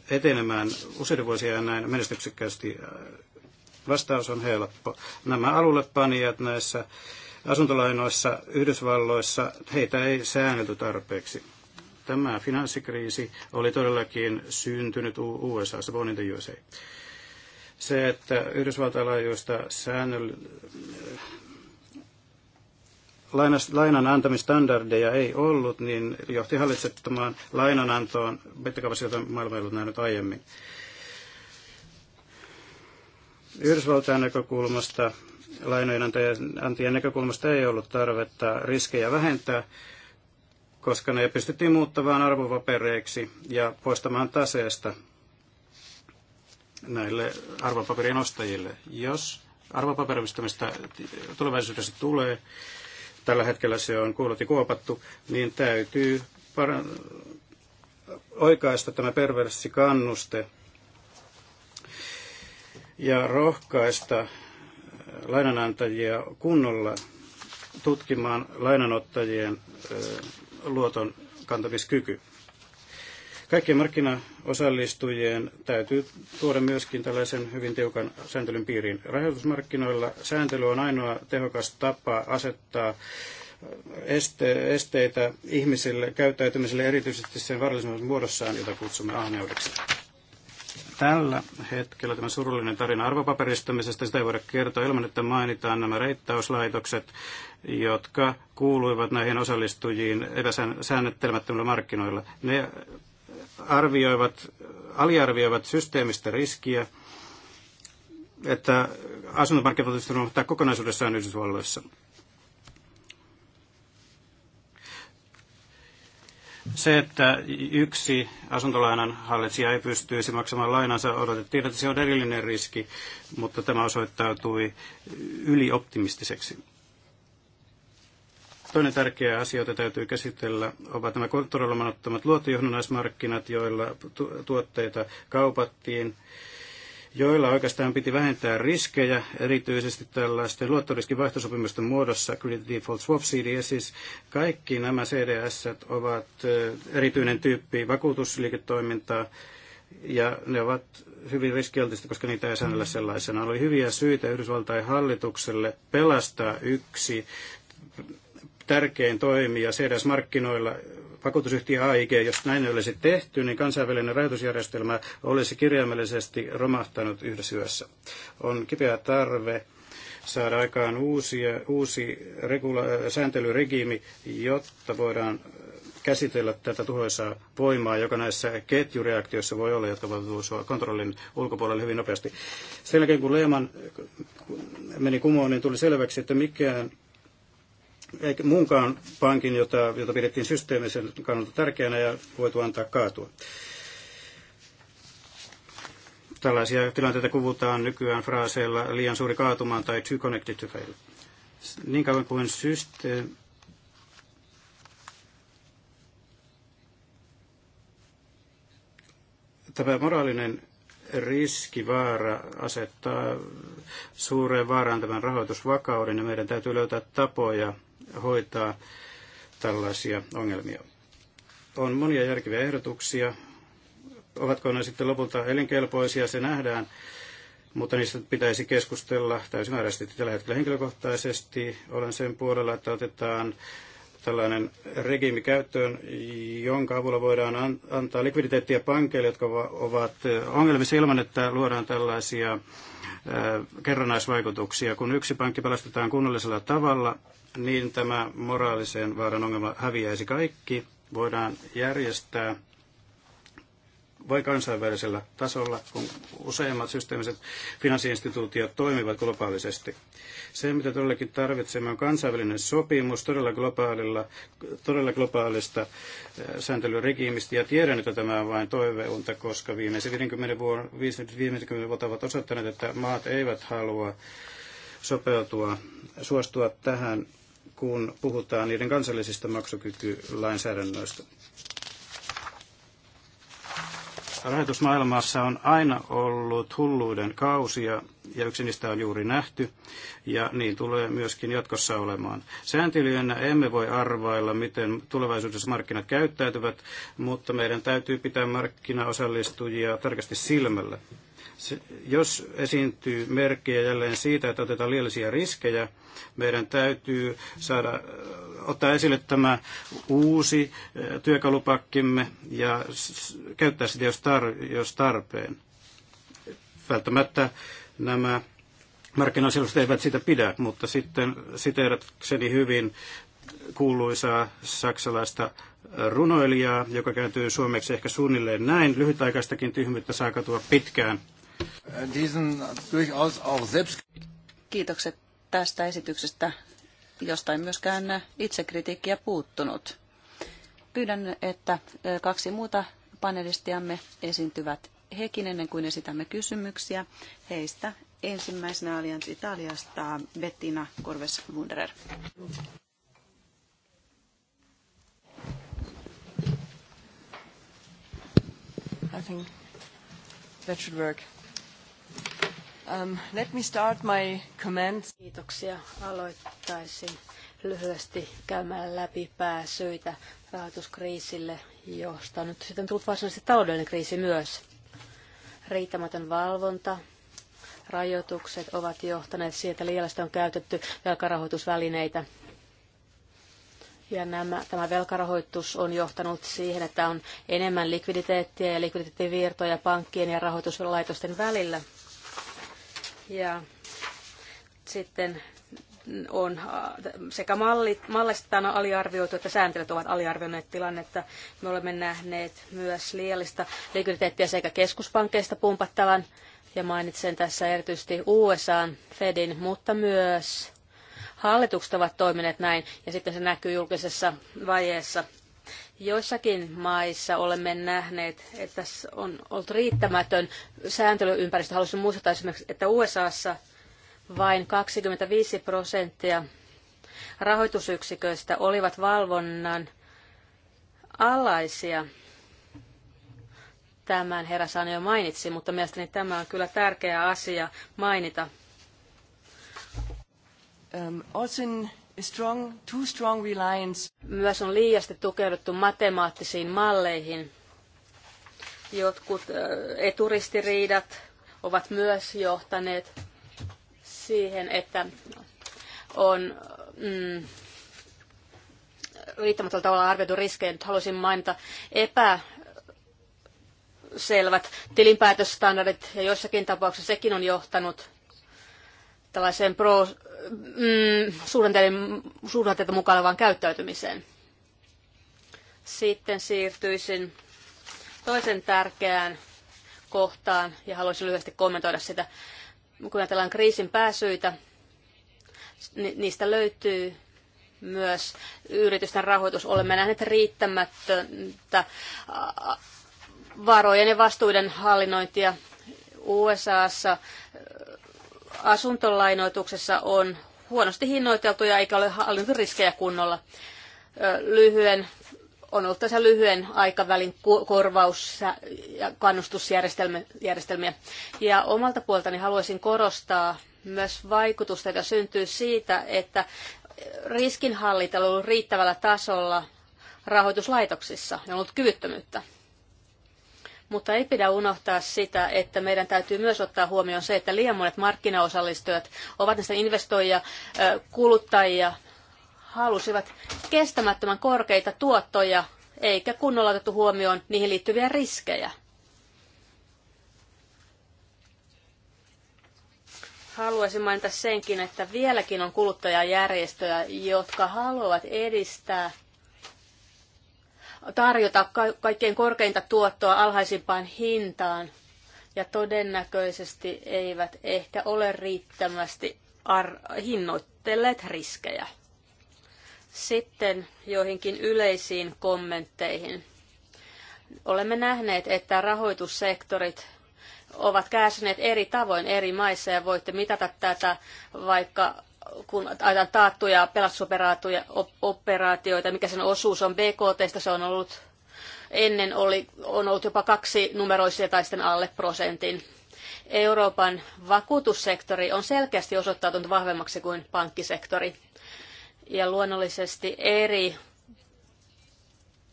etenemään useiden vuosien näin menestyksekkäästi? Vastaus on helppo. Nämä panijat näissä asuntolainoissa Yhdysvalloissa, heitä ei säännelty tarpeeksi. Tämä finanssikriisi oli todellakin syntynyt USA, born in the USA. Se, että Yhdysvaltain laajuista lainan antamistandardeja ei ollut, niin johti hallitsettomaan lainanantoon bettakapasiteetin jota maailma ei ollut nähnyt aiemmin. Yhdysvaltain näkökulmasta, lainojenantajien näkökulmasta ei ollut tarvetta riskejä vähentää, koska ne pystyttiin muuttamaan arvopapereiksi ja poistamaan taseesta näille arvopaperien ostajille. Jos arvopaperimistamista tulevaisuudessa tulee, tällä hetkellä se on kuulotti kuopattu, niin täytyy paran- oikaista tämä perverssi kannuste ja rohkaista lainanantajia kunnolla tutkimaan lainanottajien luoton kantamiskyky. Kaikkien markkinaosallistujien täytyy tuoda myöskin tällaisen hyvin tiukan sääntelyn piiriin. Rahoitusmarkkinoilla sääntely on ainoa tehokas tapa asettaa eh, este, esteitä ihmisille käyttäytymiselle erityisesti sen varallisuuden muodossaan, jota kutsumme ahneudeksi. Tällä hetkellä tämä surullinen tarina arvopaperistamisesta, sitä ei voida kertoa ilman, että mainitaan nämä reittauslaitokset, jotka kuuluivat näihin osallistujiin epäsäännettelemättömillä markkinoilla. Ne arvioivat, aliarvioivat systeemistä riskiä, että asuntomarkkinat romahtaa kokonaisuudessaan Yhdysvalloissa. Se, että yksi asuntolainan hallitsija ei pystyisi maksamaan lainansa, odotettiin, että se on erillinen riski, mutta tämä osoittautui ylioptimistiseksi. Toinen tärkeä asia, jota täytyy käsitellä, ovat nämä kontrolloimattomat luottojohdonnaismarkkinat, joilla tuotteita kaupattiin joilla oikeastaan piti vähentää riskejä, erityisesti tällaisten luottoriskivaihtosopimusten muodossa, Credit Default Swap CDS, siis kaikki nämä CDS ovat erityinen tyyppi vakuutusliiketoimintaa, ja ne ovat hyvin riskialtista, koska niitä ei säännellä sellaisena. Oli hyviä syitä Yhdysvaltain hallitukselle pelastaa yksi tärkein toimija CDS-markkinoilla vakuutusyhtiö AIG, jos näin ei olisi tehty, niin kansainvälinen rahoitusjärjestelmä olisi kirjaimellisesti romahtanut yhdessä yössä. On kipeä tarve saada aikaan uusia, uusi regula- sääntelyregiimi, jotta voidaan käsitellä tätä tuhoisaa voimaa, joka näissä ketjureaktioissa voi olla, jotka voivat tulla kontrollin ulkopuolelle hyvin nopeasti. Sen jälkeen kun Lehman meni kumoon, niin tuli selväksi, että mikään eikä muunkaan pankin, jota, jota pidettiin systeemisen kannalta tärkeänä ja voitu antaa kaatua. Tällaisia tilanteita kuvutaan nykyään fraaseilla liian suuri kaatumaan tai too connected to fail. Niin kauan kuin systeemi, tämä moraalinen riskivaara asettaa suureen vaaraan tämän rahoitusvakauden ja meidän täytyy löytää tapoja hoitaa tällaisia ongelmia. On monia järkeviä ehdotuksia. Ovatko ne sitten lopulta elinkelpoisia, se nähdään, mutta niistä pitäisi keskustella täysimääräisesti tällä hetkellä henkilökohtaisesti. Olen sen puolella, että otetaan tällainen regiimi käyttöön, jonka avulla voidaan antaa likviditeettiä pankeille, jotka ovat äh, ongelmissa ilman, että luodaan tällaisia äh, kerrannaisvaikutuksia. Kun yksi pankki pelastetaan kunnallisella tavalla, niin tämä moraalisen vaaran ongelma häviäisi kaikki. Voidaan järjestää vai kansainvälisellä tasolla, kun useimmat systeemiset finanssiinstituutiot toimivat globaalisesti. Se, mitä todellakin tarvitsemme, on kansainvälinen sopimus todella, globaalilla, todella globaalista eh, sääntelyregiimistä. Ja tiedän, että tämä on vain toiveunta, koska viimeisen 50 vuotta, 50 vuotta ovat osoittaneet, että maat eivät halua sopeutua, suostua tähän, kun puhutaan niiden kansallisista maksukykylainsäädännöistä. Rahoitusmaailmassa on aina ollut hulluuden kausia, ja yksi niistä on juuri nähty, ja niin tulee myöskin jatkossa olemaan. Sääntelyönä emme voi arvailla, miten tulevaisuudessa markkinat käyttäytyvät, mutta meidän täytyy pitää markkinaosallistujia tarkasti silmällä. jos esiintyy merkkejä jälleen siitä, että otetaan liiallisia riskejä, meidän täytyy saada ottaa esille tämä uusi työkalupakkimme ja käyttää sitä, jos, tar- jos tarpeen. Välttämättä nämä markkinaselvitystä eivät sitä pidä, mutta sitten siteeratkseni hyvin kuuluisaa saksalaista runoilijaa, joka kääntyy suomeksi ehkä suunnilleen näin. Lyhytaikaistakin tyhmyyttä saa katua pitkään. Äh, Kiitokset tästä esityksestä jostain myöskään itsekritiikkiä puuttunut. Pyydän, että kaksi muuta panelistiamme esiintyvät hekin ennen kuin esitämme kysymyksiä. Heistä ensimmäisenä Allianz Italiasta Bettina Korves-Wunderer. I think that should work. Um, let me start my comments. Kiitoksia. Aloittaisin lyhyesti käymään läpi pääsyitä rahoituskriisille, josta nyt sitten tullut varsinaisesti taloudellinen kriisi myös. Riittämätön valvonta, rajoitukset ovat johtaneet siihen, että liiallisesti on käytetty velkarahoitusvälineitä. Ja nämä, tämä velkarahoitus on johtanut siihen, että on enemmän likviditeettiä ja likviditeettivirtoja pankkien ja rahoituslaitosten välillä – ja sitten on äh, sekä mallit, mallista on aliarvioitu, että sääntelyt ovat aliarvioineet tilannetta. Me olemme nähneet myös liiallista likviditeettiä sekä keskuspankkeista pumpattavan, ja mainitsen tässä erityisesti USA, Fedin, mutta myös hallitukset ovat toimineet näin, ja sitten se näkyy julkisessa vajeessa Joissakin maissa olemme nähneet, että tässä on ollut riittämätön sääntelyympäristö. Haluaisin muistuttaa esimerkiksi, että USAssa vain 25 prosenttia rahoitusyksiköistä olivat valvonnan alaisia. Tämän herra Sani jo mainitsi, mutta mielestäni tämä on kyllä tärkeä asia mainita. Um, strong, too strong reliance. Myös on liiasti tukeuduttu matemaattisiin malleihin. Jotkut eturistiriidat ovat myös johtaneet siihen, että on mm, riittämättömällä tavalla arvioitu riskejä. Nyt haluaisin mainita epä selvät tilinpäätösstandardit ja joissakin tapauksissa sekin on johtanut tällaiseen pro mm, suhdanteiden, suhdanteita mukailevaan käyttäytymiseen. Sitten siirtyisin toisen tärkeään kohtaan ja haluaisin lyhyesti kommentoida sitä. Kun ajatellaan kriisin pääsyitä, niistä löytyy myös yritysten rahoitus. Olemme nähneet riittämättä varojen ja vastuiden hallinnointia USAssa asuntolainoituksessa on huonosti hinnoiteltuja eikä ole hallinnut riskejä kunnolla. Lyhyen, on ollut tässä lyhyen aikavälin korvaus- ja kannustusjärjestelmiä. Ja omalta puoltani haluaisin korostaa myös vaikutusta, joka syntyy siitä, että riskinhallinta on ollut riittävällä tasolla rahoituslaitoksissa ja on ollut kyvyttömyyttä mutta ei pidä unohtaa sitä, että meidän täytyy myös ottaa huomioon se, että liian monet markkinaosallistujat ovat niistä investoijia, kuluttajia, halusivat kestämättömän korkeita tuottoja, eikä kunnolla otettu huomioon niihin liittyviä riskejä. haluaisin mainita senkin, että vieläkin on kuluttajajärjestöjä, jotka haluavat edistää tarjota kaikkein korkeinta tuottoa alhaisimpaan hintaan ja todennäköisesti eivät ehkä ole riittävästi hinnoitelleet riskejä. Sitten joihinkin yleisiin kommentteihin. Olemme nähneet, että rahoitussektorit ovat kärsineet eri tavoin eri maissa ja voitte mitata tätä vaikka kun aina taattuja pelastusoperaatioita, mikä sen osuus on BKT, se on ollut ennen oli, on ollut jopa kaksi numeroisia tai sitten alle prosentin. Euroopan vakuutussektori on selkeästi osoittautunut vahvemmaksi kuin pankkisektori. Ja luonnollisesti eri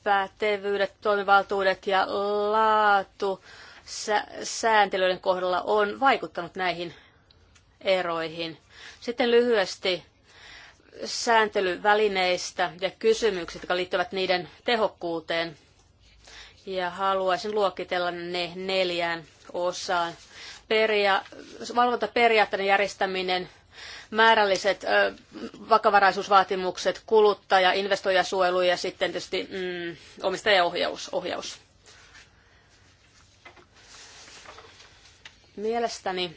pätevyydet, toimivaltuudet ja laatu sääntelyiden kohdalla on vaikuttanut näihin eroihin. Sitten lyhyesti sääntelyvälineistä ja kysymykset, jotka liittyvät niiden tehokkuuteen. Ja haluaisin luokitella ne neljään osaan. Peria, valvontaperiaatteiden järjestäminen, määrälliset ö, vakavaraisuusvaatimukset, kuluttaja, investoijasuojelu ja sitten tietysti mm, omistajaohjaus. Ohjaus. Mielestäni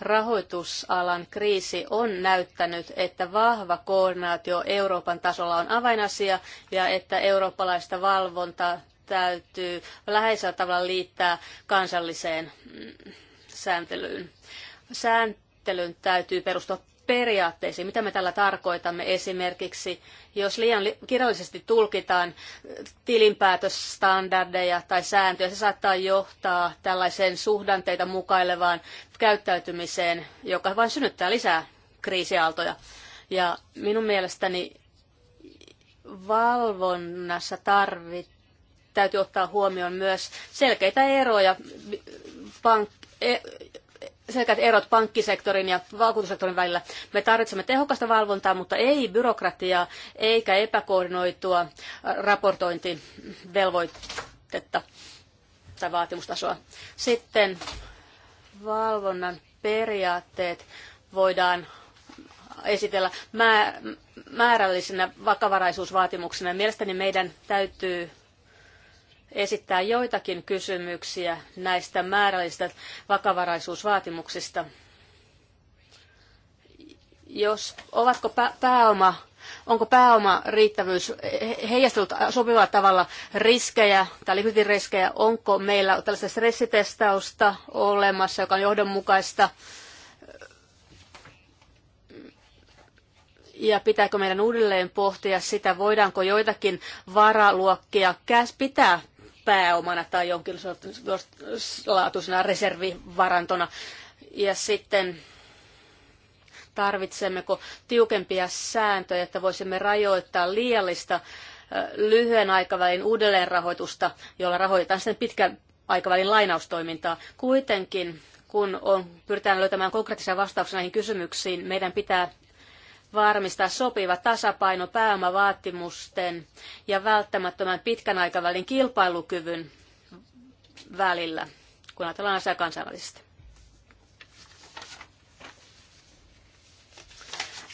rahoitusalan kriisi on näyttänyt, että vahva koordinaatio Euroopan tasolla on avainasia ja että eurooppalaista valvontaa täytyy läheisellä tavalla liittää kansalliseen mm, sääntelyyn. Sääntelyn täytyy perustua periaatteisiin. Mitä me tällä tarkoitamme esimerkiksi, jos liian kirjallisesti tulkitaan äh, tilinpäätösstandardeja tai sääntöjä, se saattaa johtaa tällaiseen suhdanteita mukailevaan käyttäytymiseen, joka vain synnyttää lisää kriisiaaltoja. Ja minun mielestäni valvonnassa tarvitaan täytyy ottaa huomioon myös selkeitä eroja pank- e- selkeät erot pankkisektorin ja vakuutussektorin välillä. Me tarvitsemme tehokasta valvontaa, mutta ei byrokratiaa eikä epäkoordinoitua raportointivelvoitetta tai vaatimustasoa. Sitten valvonnan periaatteet voidaan esitellä määrällisinä vakavaraisuusvaatimuksina. Mielestäni meidän täytyy esittää joitakin kysymyksiä näistä määrällisistä vakavaraisuusvaatimuksista. Jos, ovatko pääoma, onko pääoma riittävyys heijastellut sopivalla tavalla riskejä tai riskejä, onko meillä tällaista stressitestausta olemassa, joka on johdonmukaista, ja pitääkö meidän uudelleen pohtia sitä, voidaanko joitakin varaluokkia pitää pääomana tai jonkinlaatuisena reservivarantona. Ja sitten tarvitsemmeko tiukempia sääntöjä, että voisimme rajoittaa liiallista lyhyen aikavälin uudelleenrahoitusta, jolla rahoitetaan sen pitkän aikavälin lainaustoimintaa. Kuitenkin, kun on, pyritään löytämään konkreettisia vastauksia näihin kysymyksiin, meidän pitää varmistaa sopiva tasapaino pääomavaatimusten ja välttämättömän pitkän aikavälin kilpailukyvyn välillä, kun ajatellaan asiaa kansainvälisesti.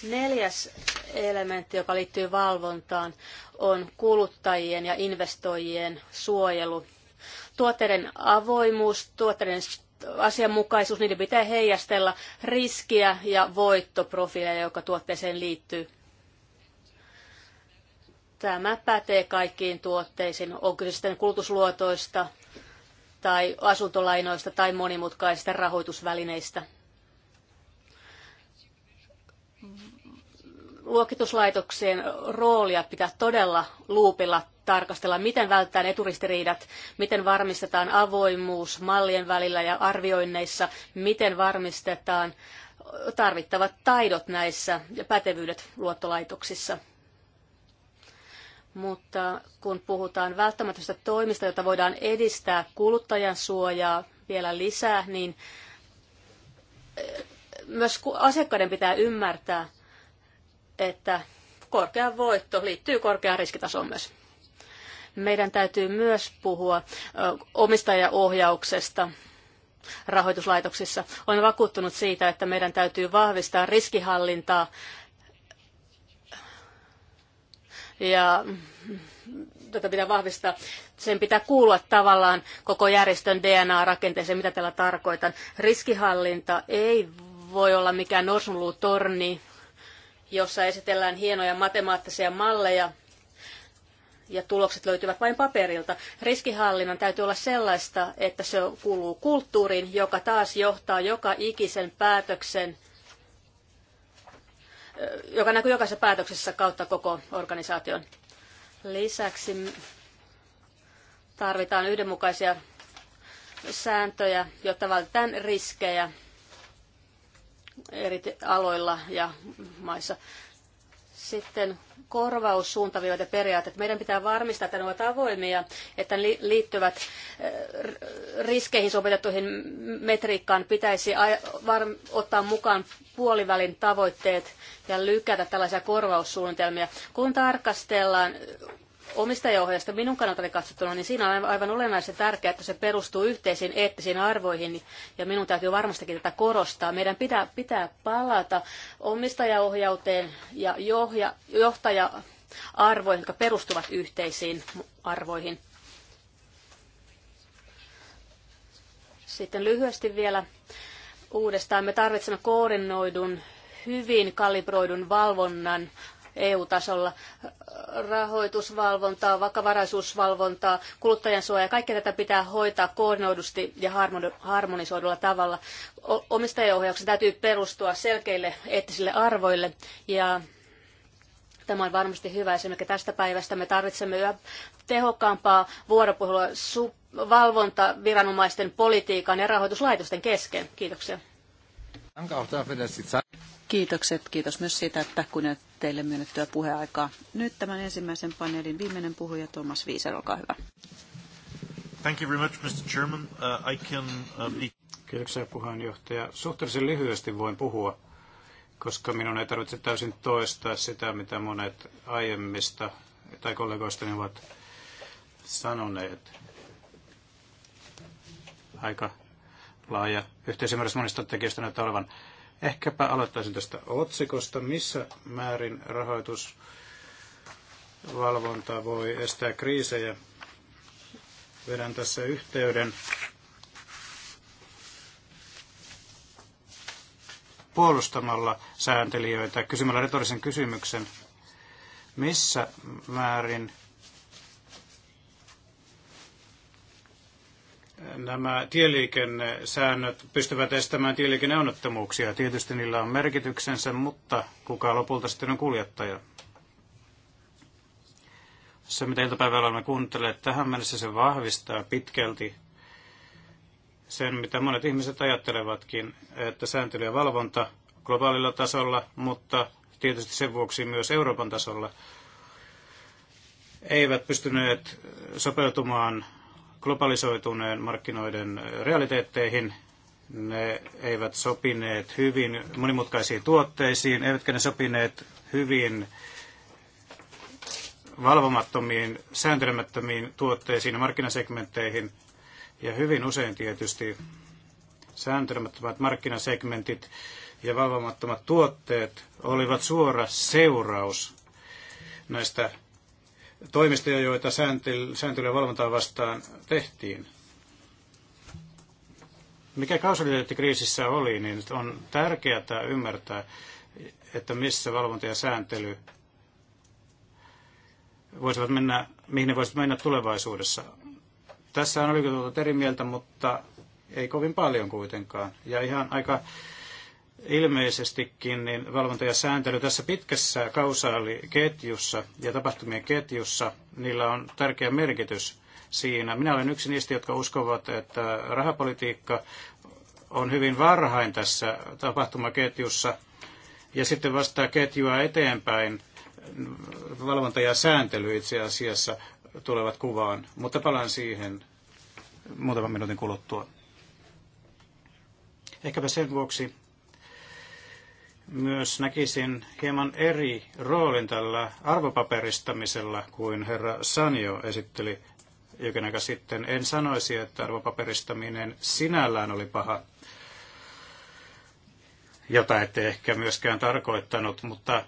Neljäs elementti, joka liittyy valvontaan, on kuluttajien ja investoijien suojelu. Tuotteiden avoimuus, tuotteiden asianmukaisuus, niiden pitää heijastella riskiä ja voittoprofiilia, joka tuotteeseen liittyy. Tämä pätee kaikkiin tuotteisiin, on kyse sitten kulutusluotoista tai asuntolainoista tai monimutkaisista rahoitusvälineistä. Luokituslaitoksien roolia pitää todella luupilla tarkastella, miten vältetään eturistiriidat, miten varmistetaan avoimuus mallien välillä ja arvioinneissa, miten varmistetaan tarvittavat taidot näissä ja pätevyydet luottolaitoksissa. Mutta kun puhutaan välttämättömistä toimista, joita voidaan edistää kuluttajan suojaa vielä lisää, niin eh, myös asiakkaiden pitää ymmärtää, että korkea voitto liittyy korkeaan riskitasoon myös. Meidän täytyy myös puhua omistajaohjauksesta rahoituslaitoksissa. Olen vakuuttunut siitä, että meidän täytyy vahvistaa riskihallintaa ja tätä pitää vahvistaa. Sen pitää kuulua tavallaan koko järjestön DNA-rakenteeseen, mitä tällä tarkoitan. Riskihallinta ei voi olla mikään norsunluutorni, jossa esitellään hienoja matemaattisia malleja – ja tulokset löytyvät vain paperilta. Riskihallinnan täytyy olla sellaista, että se kuuluu kulttuuriin, joka taas johtaa joka ikisen päätöksen, joka näkyy jokaisessa päätöksessä kautta koko organisaation. Lisäksi tarvitaan yhdenmukaisia sääntöjä, jotta vältetään riskejä eri aloilla ja maissa. Sitten korvaussuuntavioiden ja periaatteet. Meidän pitää varmistaa, että ne ovat avoimia, että ne liittyvät eh, riskeihin sopetettuihin metriikkaan. Pitäisi ottaa mukaan puolivälin tavoitteet ja lykätä tällaisia korvaussuunnitelmia. Kun tarkastellaan omistajaohjausta minun kannaltani katsottuna, niin siinä on aivan olennaisen tärkeää, että se perustuu yhteisiin eettisiin arvoihin, ja minun täytyy varmastikin tätä korostaa. Meidän pitää, pitää palata omistajaohjauteen ja johja, johtaja-arvoihin, jotka perustuvat yhteisiin arvoihin. Sitten lyhyesti vielä uudestaan. Me tarvitsemme koordinoidun, hyvin kalibroidun valvonnan EU-tasolla. Rahoitusvalvontaa, vakavaraisuusvalvontaa, kuluttajansuojaa, kaikkea tätä pitää hoitaa koordinoidusti ja harmonisoidulla tavalla. Omistajaohjauksen täytyy perustua selkeille eettisille arvoille ja Tämä on varmasti hyvä esimerkki tästä päivästä. Me tarvitsemme yhä tehokkaampaa vuoropuhelua su- valvontaviranomaisten politiikan ja rahoituslaitosten kesken. Kiitoksia. Kiitokset. Kiitos myös siitä, että kun teille myönnettyä puheaikaa. Nyt tämän ensimmäisen paneelin viimeinen puhuja, Thomas Viiser, olkaa hyvä. Thank you very much, Mr. Chairman. Uh, I can, uh, be... Kiitoksia puheenjohtaja. Suhteellisen lyhyesti voin puhua, koska minun ei tarvitse täysin toistaa sitä, mitä monet aiemmista tai kollegoistani ovat sanoneet. Aika laaja yhteisymmärrys monista tekijöistä näyttää olevan. Uh, Ehkäpä aloittaisin tästä otsikosta, missä määrin rahoitusvalvonta voi estää kriisejä. Vedän tässä yhteyden puolustamalla sääntelijöitä kysymällä retorisen kysymyksen, missä määrin nämä tieliikennesäännöt pystyvät estämään tieliikenneonnettomuuksia. Tietysti niillä on merkityksensä, mutta kuka lopulta sitten on kuljettaja? Se, mitä iltapäivällä olemme kuuntelleet tähän mennessä, se vahvistaa pitkälti sen, mitä monet ihmiset ajattelevatkin, että sääntely ja valvonta globaalilla tasolla, mutta tietysti sen vuoksi myös Euroopan tasolla eivät pystyneet sopeutumaan globalisoituneen markkinoiden realiteetteihin. Ne eivät sopineet hyvin monimutkaisiin tuotteisiin, eivätkä ne sopineet hyvin valvomattomiin, sääntelemättömiin tuotteisiin ja markkinasegmentteihin. Ja hyvin usein tietysti sääntelemättömät markkinasegmentit ja valvomattomat tuotteet olivat suora seuraus näistä toimistoja, joita sääntelyä valvontaa vastaan tehtiin. Mikä kausaliteettikriisissä oli, niin on tärkeää ymmärtää, että missä valvonta ja sääntely voisivat mennä, mihin ne voisivat mennä tulevaisuudessa. Tässä on oliko tuota eri mieltä, mutta ei kovin paljon kuitenkaan. Ja ihan aika ilmeisestikin niin valvonta ja sääntely tässä pitkässä kausaaliketjussa ja tapahtumien ketjussa, niillä on tärkeä merkitys siinä. Minä olen yksi niistä, jotka uskovat, että rahapolitiikka on hyvin varhain tässä tapahtumaketjussa ja sitten vastaa ketjua eteenpäin valvonta ja sääntely itse asiassa tulevat kuvaan, mutta palaan siihen muutaman minuutin kuluttua. Ehkäpä sen vuoksi myös näkisin hieman eri roolin tällä arvopaperistamisella kuin herra Sanjo esitteli jokin aika sitten. En sanoisi, että arvopaperistaminen sinällään oli paha, jota ette ehkä myöskään tarkoittanut, mutta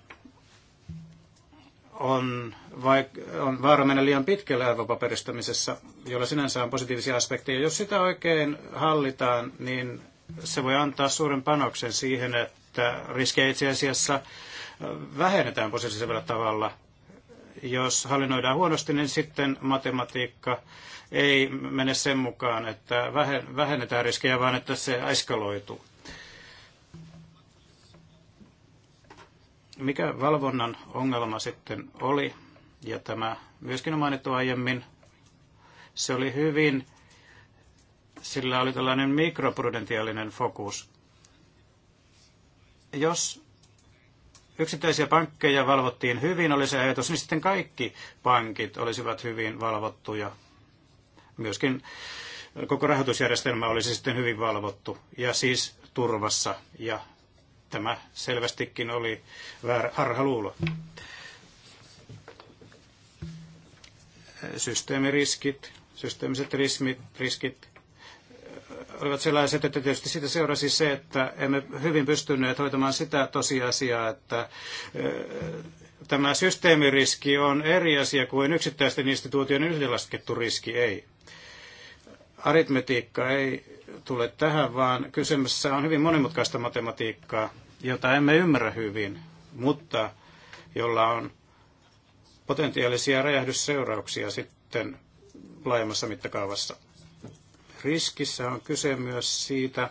on, vaik- on vaara mennä liian pitkälle arvopaperistamisessa, jolla sinänsä on positiivisia aspekteja. Jos sitä oikein hallitaan, niin se voi antaa suuren panoksen siihen, että että riskejä itse asiassa vähennetään positiivisella tavalla. Jos hallinnoidaan huonosti, niin sitten matematiikka ei mene sen mukaan, että vähennetään riskejä, vaan että se eskaloituu. Mikä valvonnan ongelma sitten oli, ja tämä myöskin on mainittu aiemmin, se oli hyvin, sillä oli tällainen mikroprudentiaalinen fokus. Jos yksittäisiä pankkeja valvottiin hyvin, oli se ajatus, niin sitten kaikki pankit olisivat hyvin valvottuja. Myöskin koko rahoitusjärjestelmä olisi sitten hyvin valvottu ja siis turvassa. Ja tämä selvästikin oli väärä harhaluulo. Systeemiriskit, systeemiset riskit, riskit olivat sellaiset, että tietysti siitä seurasi se, että emme hyvin pystyneet hoitamaan sitä tosiasiaa, että tämä systeemiriski on eri asia kuin yksittäisten instituutioiden yhdenlaskettu riski ei. Aritmetiikka ei tule tähän, vaan kysymyssä on hyvin monimutkaista matematiikkaa, jota emme ymmärrä hyvin, mutta jolla on potentiaalisia räjähdysseurauksia sitten laajemmassa mittakaavassa riskissä on kyse myös siitä,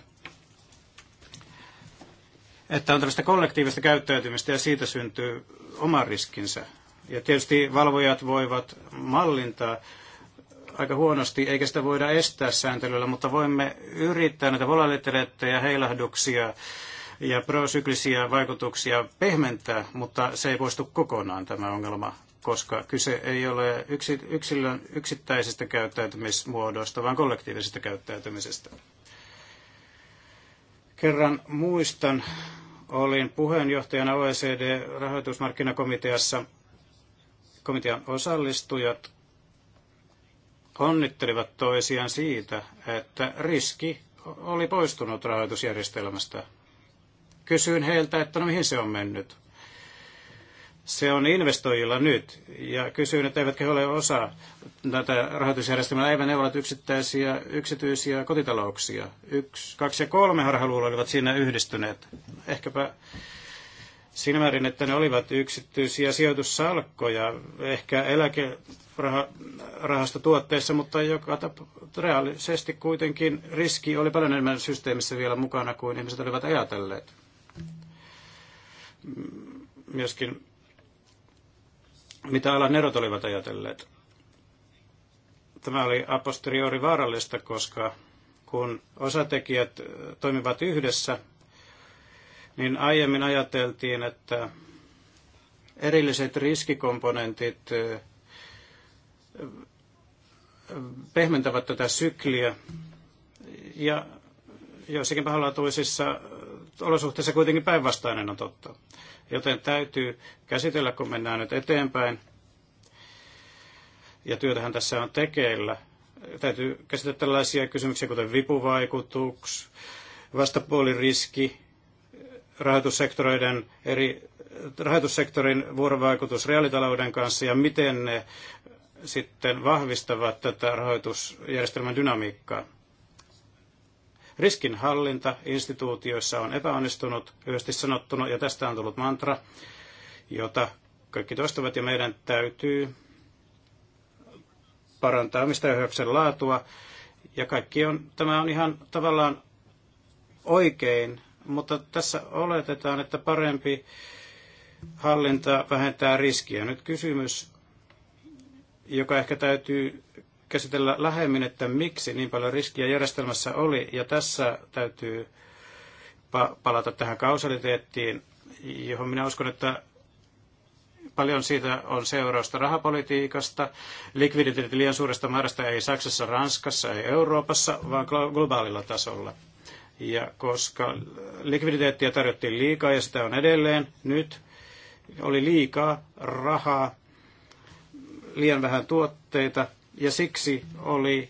että on tällaista kollektiivista käyttäytymistä ja siitä syntyy oma riskinsä. Ja tietysti valvojat voivat mallintaa aika huonosti, eikä sitä voida estää sääntelyllä, mutta voimme yrittää näitä volatiliteetteja, heilahduksia ja prosyklisiä vaikutuksia pehmentää, mutta se ei poistu kokonaan tämä ongelma koska kyse ei ole yksilön yksittäisestä käyttäytymismuodoista, vaan kollektiivisesta käyttäytymisestä. Kerran muistan, olin puheenjohtajana OECD-rahoitusmarkkinakomiteassa. Komitean osallistujat onnittelivat toisiaan siitä, että riski oli poistunut rahoitusjärjestelmästä. Kysyin heiltä, että no mihin se on mennyt se on investoijilla nyt. Ja kysyn, että eivätkö he ole osa tätä rahoitusjärjestelmää, eivät ne ole yksittäisiä yksityisiä kotitalouksia. Yksi, kaksi ja kolme harhaluulla olivat siinä yhdistyneet. Ehkäpä siinä määrin, että ne olivat yksityisiä sijoitussalkkoja, ehkä eläkerahastotuotteissa, mutta joka tapauksessa reaalisesti kuitenkin riski oli paljon enemmän systeemissä vielä mukana kuin ihmiset olivat ajatelleet. Myöskin mitä alan erot olivat ajatelleet. Tämä oli a posteriori vaarallista, koska kun osatekijät toimivat yhdessä, niin aiemmin ajateltiin, että erilliset riskikomponentit pehmentävät tätä sykliä. Ja joissakin pahanlaatuisissa olosuhteissa kuitenkin päinvastainen on totta. Joten täytyy käsitellä, kun mennään nyt eteenpäin, ja työtähän tässä on tekeillä, täytyy käsitellä tällaisia kysymyksiä, kuten vipuvaikutus, vastapuoliriski, rahoitussektoreiden eri, rahoitussektorin vuorovaikutus reaalitalouden kanssa ja miten ne sitten vahvistavat tätä rahoitusjärjestelmän dynamiikkaa. Riskinhallinta instituutioissa on epäonnistunut, yhdesti sanottuna, ja tästä on tullut mantra, jota kaikki toistavat, ja meidän täytyy parantaa omistajaohjauksen laatua. Ja kaikki on, tämä on ihan tavallaan oikein, mutta tässä oletetaan, että parempi hallinta vähentää riskiä. Nyt kysymys, joka ehkä täytyy käsitellä lähemmin, että miksi niin paljon riskiä järjestelmässä oli. Ja tässä täytyy pa- palata tähän kausaliteettiin, johon minä uskon, että paljon siitä on seurausta rahapolitiikasta. Likviditeetti liian suuresta määrästä ei Saksassa, Ranskassa, ei Euroopassa, vaan globaalilla tasolla. Ja koska likviditeettiä tarjottiin liikaa ja sitä on edelleen nyt, oli liikaa rahaa, liian vähän tuotteita, ja siksi oli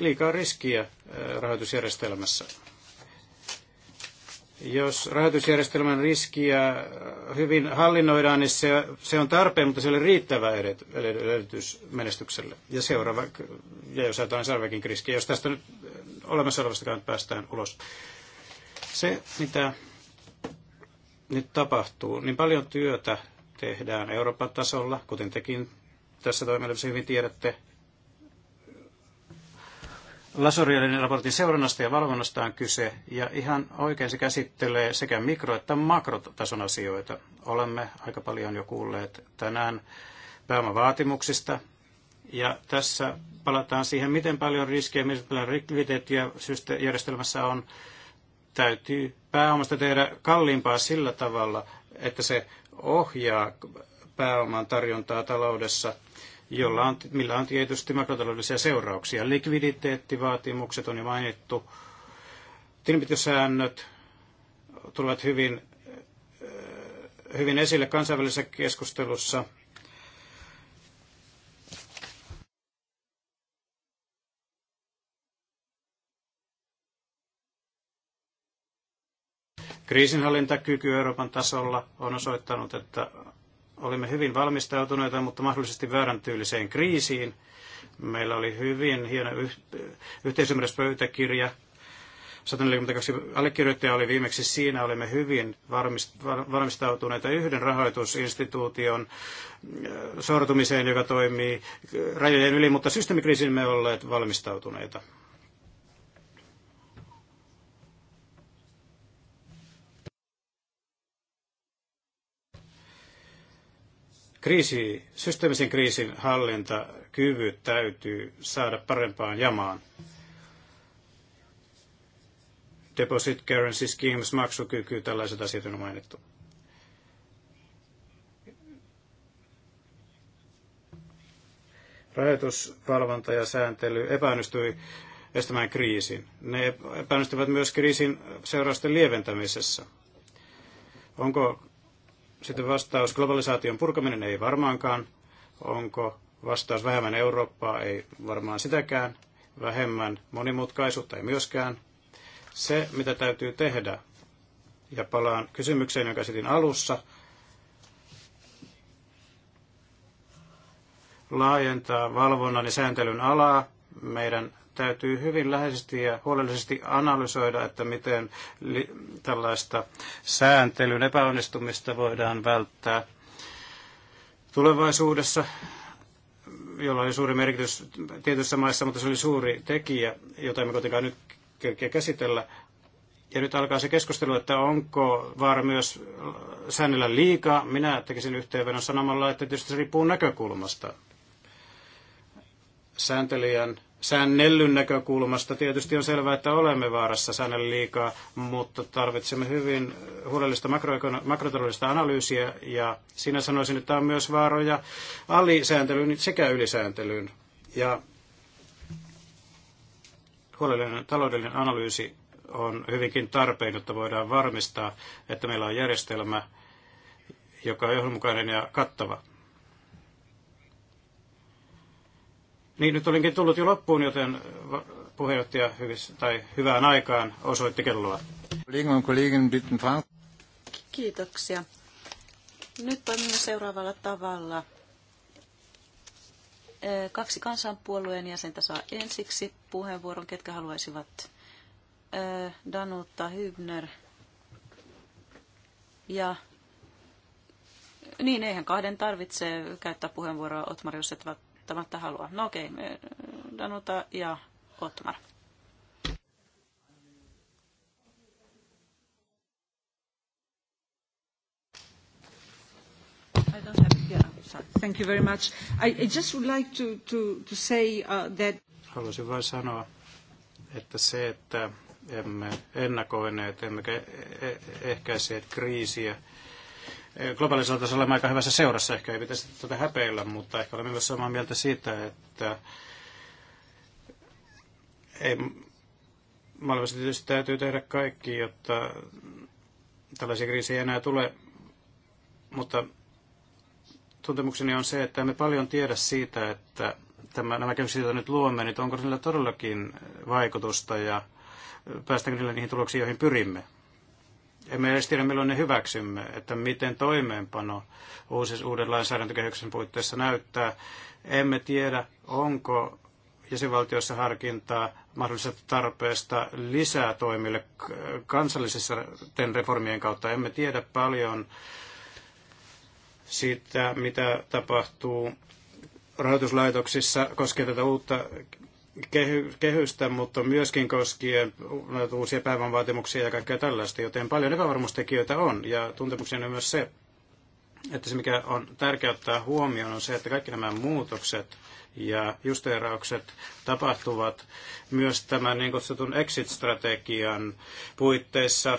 liikaa riskiä rahoitusjärjestelmässä. Jos rahoitusjärjestelmän riskiä hyvin hallinnoidaan, niin se, se on tarpeen, mutta se oli riittävä edellytys menestykselle. Ja seuraava, ja jos ajatellaan seuraavakin riskiä, jos tästä nyt olemassa kannattaa päästään ulos. Se, mitä nyt tapahtuu, niin paljon työtä tehdään Euroopan tasolla, kuten tekin tässä toiminnassa hyvin tiedätte. Lasorialinen raportin seurannasta ja valvonnasta on kyse, ja ihan oikein se käsittelee sekä mikro- että makrotason asioita. Olemme aika paljon jo kuulleet tänään pääomavaatimuksista, ja tässä palataan siihen, miten paljon riskejä, miten paljon likviditeettiä järjestelmässä on. Täytyy pääomasta tehdä kalliimpaa sillä tavalla, että se ohjaa pääoman tarjontaa taloudessa jolla on, millä on tietysti makrotaloudellisia seurauksia. Likviditeettivaatimukset on jo mainittu. Tilinpitosäännöt tulevat hyvin, äh, hyvin esille kansainvälisessä keskustelussa. Kriisinhallintakyky Euroopan tasolla on osoittanut, että olimme hyvin valmistautuneita, mutta mahdollisesti väärän tyyliseen kriisiin. Meillä oli hyvin hieno yh- yhteisymmärryspöytäkirja. 142 allekirjoittajaa oli viimeksi siinä. Olimme hyvin varmistautuneita yhden rahoitusinstituution äh, sortumiseen, joka toimii äh, rajojen yli, mutta systeemikriisiin me olleet valmistautuneita. kriisi, systeemisen kriisin hallintakyvyt täytyy saada parempaan jamaan. Deposit currency schemes, maksukyky, tällaiset asiat on mainittu. Rahoitusvalvonta ja sääntely epäonnistui estämään kriisin. Ne epäonnistuivat myös kriisin seurausten lieventämisessä. Onko sitten vastaus globalisaation purkaminen ei varmaankaan. Onko vastaus vähemmän Eurooppaa? Ei varmaan sitäkään. Vähemmän monimutkaisuutta ei myöskään. Se, mitä täytyy tehdä, ja palaan kysymykseen, jonka esitin alussa, laajentaa valvonnan ja sääntelyn alaa meidän täytyy hyvin läheisesti ja huolellisesti analysoida, että miten tällaista sääntelyn epäonnistumista voidaan välttää tulevaisuudessa, jolla oli suuri merkitys tietyissä maissa, mutta se oli suuri tekijä, jota emme kuitenkaan nyt kerkeä käsitellä. Ja nyt alkaa se keskustelu, että onko vaara myös säännellä liikaa. Minä tekisin yhteenvedon sanomalla, että tietysti se riippuu näkökulmasta. Sääntelijän säännellyn näkökulmasta tietysti on selvää, että olemme vaarassa säännellä liikaa, mutta tarvitsemme hyvin huolellista makro- makrotaloudellista analyysiä ja siinä sanoisin, että on myös vaaroja alisääntelyyn sekä ylisääntelyyn. Ja huolellinen taloudellinen analyysi on hyvinkin tarpeen, jotta voidaan varmistaa, että meillä on järjestelmä, joka on johdonmukainen ja kattava. Niin nyt olinkin tullut jo loppuun, joten puheenjohtaja hyvissä, tai hyvään aikaan osoitti kelloa. Kiitoksia. Nyt toimimme seuraavalla tavalla. Kaksi kansanpuolueen jäsentä saa ensiksi puheenvuoron, ketkä haluaisivat. Danutta Hybner ja niin, eihän kahden tarvitse käyttää puheenvuoroa, Otmar, jos et ottamatta halua. No okei, okay. Danuta ja Otmar. Thank you very much. I, I just would like to, to, to say uh, that... Haluaisin vain sanoa, että se, että emme ennakoineet, emmekä e-, e-, ehkäiseet kriisiä, globalisaatiossa tasolla olemme aika hyvässä seurassa. Ehkä ei pitäisi tätä häpeillä, mutta ehkä olemme myös samaa mieltä siitä, että ei, maailmassa tietysti täytyy tehdä kaikki, jotta tällaisia kriisejä ei enää tule, mutta tuntemukseni on se, että emme paljon tiedä siitä, että tämä, nämä kehykset, joita nyt luomme, niin onko niillä todellakin vaikutusta ja päästäänkö niillä niihin tuloksiin, joihin pyrimme emme edes tiedä, milloin ne hyväksymme, että miten toimeenpano uusis, uuden lainsäädäntökehyksen puitteissa näyttää. Emme tiedä, onko jäsenvaltioissa harkintaa mahdollisesta tarpeesta lisää toimille kansallisissa reformien kautta. Emme tiedä paljon siitä, mitä tapahtuu rahoituslaitoksissa koskien tätä uutta kehystä, mutta myöskin koskien näitä uusia päivänvaatimuksia ja kaikkea tällaista, joten paljon epävarmuustekijöitä on. Ja tuntemukseni on myös se, että se mikä on tärkeää ottaa huomioon on se, että kaikki nämä muutokset ja justeeraukset tapahtuvat myös tämän niin kutsutun exit-strategian puitteissa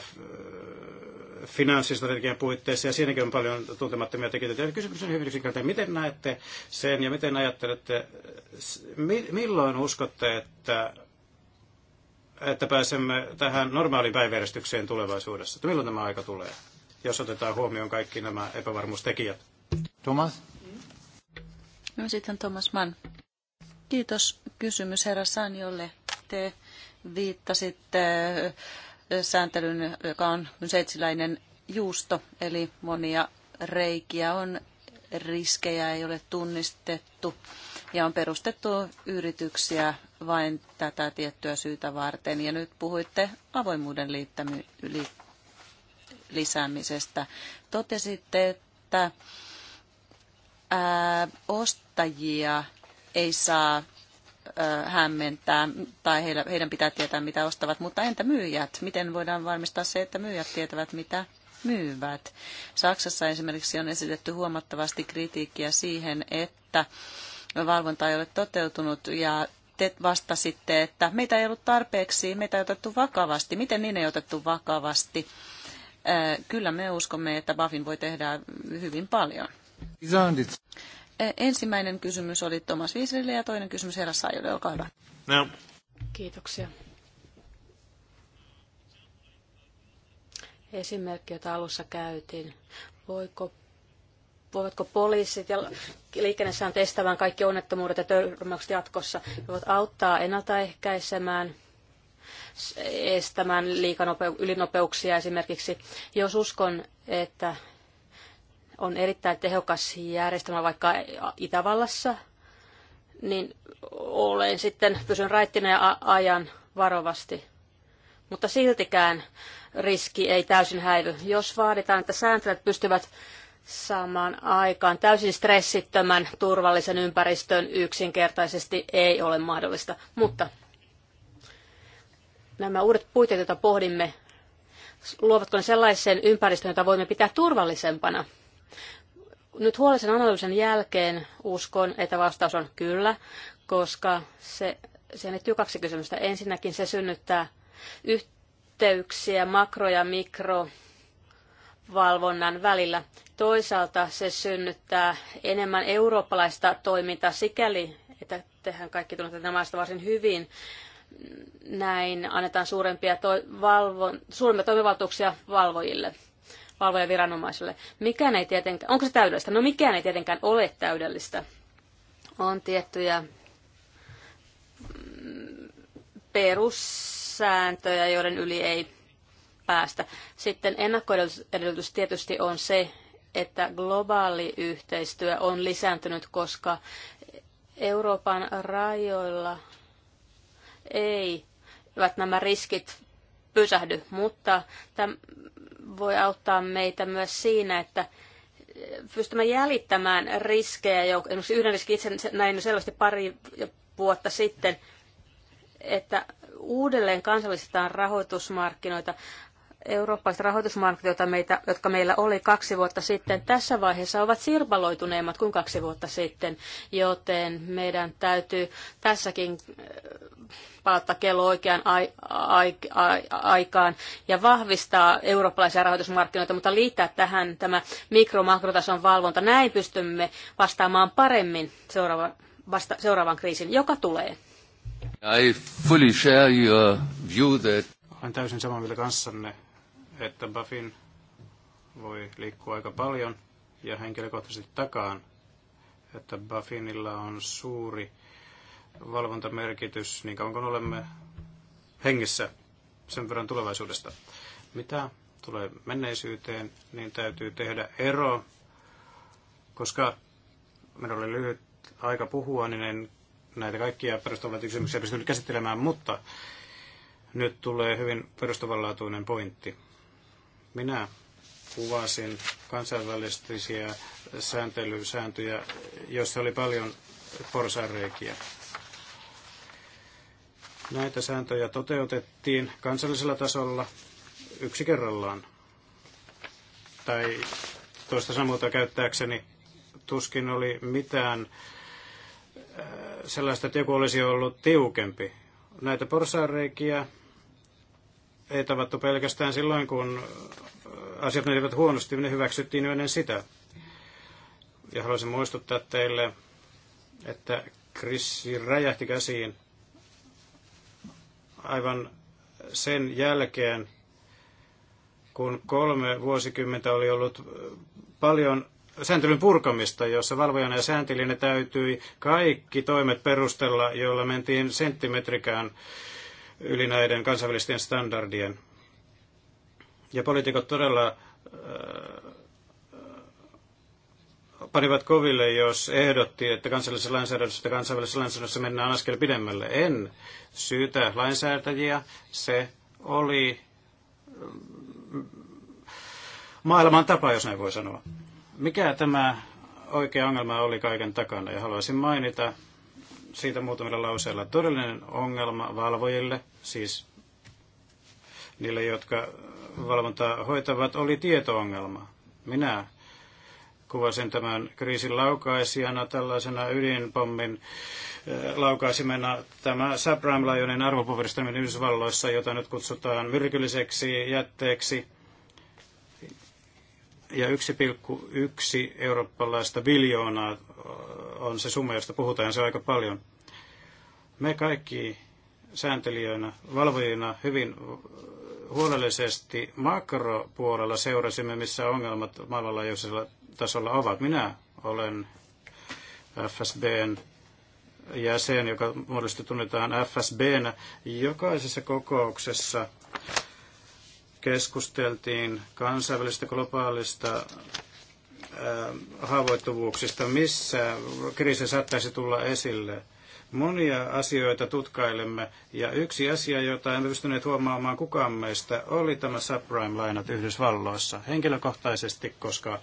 finanssistrategian puitteissa, ja siinäkin on paljon tuntemattomia tekijöitä. Ja kysymys on hyvin yksinkertainen, miten näette sen, ja miten ajattelette, milloin uskotte, että että pääsemme tähän normaaliin päiväjärjestykseen tulevaisuudessa? Milloin tämä aika tulee, jos otetaan huomioon kaikki nämä epävarmuustekijät? Thomas? No sitten Thomas Mann. Kiitos kysymys herra Sanjolle. Te viittasitte sääntelyn, joka on seitsiläinen juusto, eli monia reikiä on, riskejä ei ole tunnistettu ja on perustettu yrityksiä vain tätä tiettyä syytä varten. Ja nyt puhuitte avoimuuden liittämy- li- lisäämisestä. Totesitte, että ää, ostajia ei saa hämmentää tai heidän pitää tietää, mitä ostavat. Mutta entä myyjät? Miten voidaan varmistaa se, että myyjät tietävät, mitä myyvät? Saksassa esimerkiksi on esitetty huomattavasti kritiikkiä siihen, että valvonta ei ole toteutunut ja te vastasitte, että meitä ei ollut tarpeeksi, meitä ei otettu vakavasti. Miten niin ei otettu vakavasti? Kyllä me uskomme, että Bafin voi tehdä hyvin paljon ensimmäinen kysymys oli Thomas Viisille ja toinen kysymys herra Saajolle. Olkaa hyvä. No. Kiitoksia. Esimerkki, jota alussa käytiin. Voiko, voivatko poliisit ja liikennessään testävän kaikki onnettomuudet ja törmäykset jatkossa? Voivat auttaa ennaltaehkäisemään estämään liikanopeuksia ylinopeuksia esimerkiksi. Jos uskon, että on erittäin tehokas järjestelmä vaikka Itävallassa, niin olen sitten pysyn raittina ja ajan varovasti. Mutta siltikään riski ei täysin häivy. Jos vaaditaan, että sääntelijät pystyvät saamaan aikaan täysin stressittömän turvallisen ympäristön yksinkertaisesti ei ole mahdollista. Mutta nämä uudet puitteet, joita pohdimme, luovatko ne sellaisen ympäristön, jota voimme pitää turvallisempana? nyt huolellisen analyysin jälkeen uskon, että vastaus on kyllä, koska se, siihen liittyy kaksi kysymystä. Ensinnäkin se synnyttää yhteyksiä makro- ja mikrovalvonnan välillä. Toisaalta se synnyttää enemmän eurooppalaista toimintaa sikäli, että tehän kaikki tunnette nämä maista varsin hyvin. Näin annetaan suurempia, toi, valvo, suurempia toimivaltuuksia valvojille – valvojaviranomaisille. Mikään ei tietenkään, onko se täydellistä? No mikään ei tietenkään ole täydellistä. On tiettyjä mm, perussääntöjä, joiden yli ei päästä. Sitten ennakkoedellytys tietysti on se, että globaali yhteistyö on lisääntynyt, koska Euroopan rajoilla ei nämä riskit pysähdy, mutta täm, voi auttaa meitä myös siinä, että pystymme jäljittämään riskejä. esimerkiksi yhden riskin itse näin selvästi pari vuotta sitten, että uudelleen kansallistetaan rahoitusmarkkinoita eurooppalaiset rahoitusmarkkinat, joita meitä, jotka meillä oli kaksi vuotta sitten, tässä vaiheessa ovat sirpaloituneemmat kuin kaksi vuotta sitten, joten meidän täytyy tässäkin äh, palata kello oikeaan ai, ai, ai, aikaan ja vahvistaa eurooppalaisia rahoitusmarkkinoita, mutta liittää tähän tämä mikro-makrotason valvonta. Näin pystymme vastaamaan paremmin seuraava, vasta, seuraavan kriisin, joka tulee. I fully share your view that olen täysin samaa mieltä kanssanne että Buffin voi liikkua aika paljon ja henkilökohtaisesti takaan, että Buffinilla on suuri valvontamerkitys niin kauan kuin olemme hengissä sen verran tulevaisuudesta. Mitä tulee menneisyyteen, niin täytyy tehdä ero, koska minulla oli lyhyt aika puhua, niin en näitä kaikkia perustavallisia kysymyksiä pystynyt käsittelemään, mutta nyt tulee hyvin perustavanlaatuinen pointti. Minä kuvasin kansainvälistisiä sääntelysääntöjä, joissa oli paljon porsareikiä. Näitä sääntöjä toteutettiin kansallisella tasolla yksi kerrallaan. Tai toista samalta käyttääkseni tuskin oli mitään äh, sellaista, että joku olisi ollut tiukempi. Näitä porsareikiä ei tavattu pelkästään silloin, kun asiat menivät huonosti, ne hyväksyttiin jo ennen sitä. Ja haluaisin muistuttaa teille, että Krissi räjähti käsiin aivan sen jälkeen, kun kolme vuosikymmentä oli ollut paljon sääntelyn purkamista, jossa valvojana ja sääntelijänä täytyi kaikki toimet perustella, joilla mentiin senttimetrikään yli näiden kansainvälisten standardien. Ja poliitikot todella äh, äh, panivat koville, jos ehdotti, että kansallisessa lainsäädännössä, kansainvälisessä lainsäädännössä mennään askel pidemmälle. En syytä lainsäätäjiä. Se oli mm, maailman tapa, jos näin voi sanoa. Mikä tämä oikea ongelma oli kaiken takana? Ja haluaisin mainita siitä muutamilla lauseilla. Todellinen ongelma valvojille, siis niille, jotka valvontaa hoitavat, oli tietoongelma. Minä kuvasin tämän kriisin laukaisijana, tällaisena ydinpommin eh, laukaisimena tämä subprime-laajuinen arvopuveristaminen Yhdysvalloissa, jota nyt kutsutaan myrkylliseksi jätteeksi, ja 1,1 eurooppalaista biljoonaa eh, on se summa, josta puhutaan, se on aika paljon. Me kaikki sääntelijöinä, valvojina hyvin huolellisesti makropuolella seurasimme, missä ongelmat maailmanlaajuisella tasolla ovat. Minä olen FSBn jäsen, joka muodosti tunnetaan FSBnä. Jokaisessa kokouksessa keskusteltiin kansainvälistä globaalista Äh, haavoittuvuuksista, missä kriisi saattaisi tulla esille. Monia asioita tutkailemme, ja yksi asia, jota emme pystyneet huomaamaan kukaan meistä, oli tämä subprime-lainat Yhdysvalloissa. Henkilökohtaisesti, koska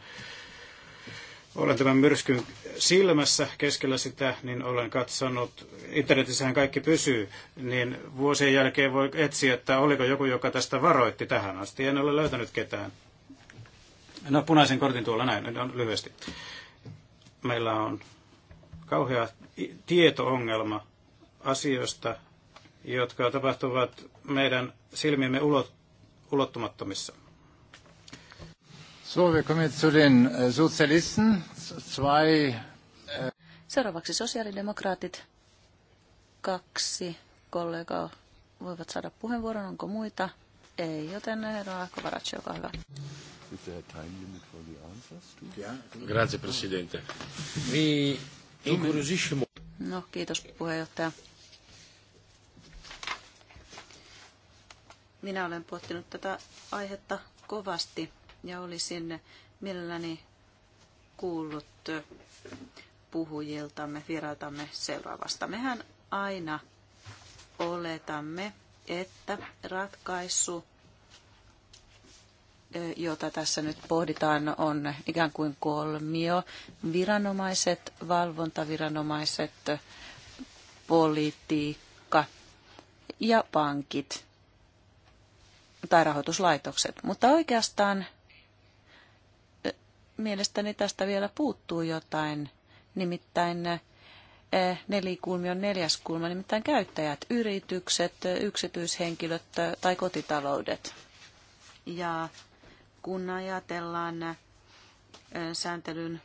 olen tämän myrskyn silmässä keskellä sitä, niin olen katsonut, internetissähän kaikki pysyy, niin vuosien jälkeen voi etsiä, että oliko joku, joka tästä varoitti tähän asti. En ole löytänyt ketään. No punaisen kortin tuolla näin, on lyhyesti. Meillä on kauhea tietoongelma asioista, jotka tapahtuvat meidän silmiemme ulot, ulottumattomissa. So, wir kommen jetzt zu den äh, Sozialisten. Zwei, äh... Seuraavaksi sosiaalidemokraatit. Kaksi kollegaa voivat saada puheenvuoron. Onko muita? Ei, joten herra Kovaratsi, olkaa hyvä. Grazie, Presidente. Mi incuriosisce molto. No, kiitos puheenjohtaja. Minä olen pohtinut tätä aihetta kovasti ja olisin mielelläni kuullut puhujiltamme, vierailtamme seuraavasta. Mehän aina oletamme, että ratkaisu jota tässä nyt pohditaan, on ikään kuin kolmio. Viranomaiset, valvontaviranomaiset, politiikka ja pankit tai rahoituslaitokset. Mutta oikeastaan mielestäni tästä vielä puuttuu jotain, nimittäin nelikulmion neljäs kulma, nimittäin käyttäjät, yritykset, yksityishenkilöt tai kotitaloudet. Ja kun ajatellaan sääntelyn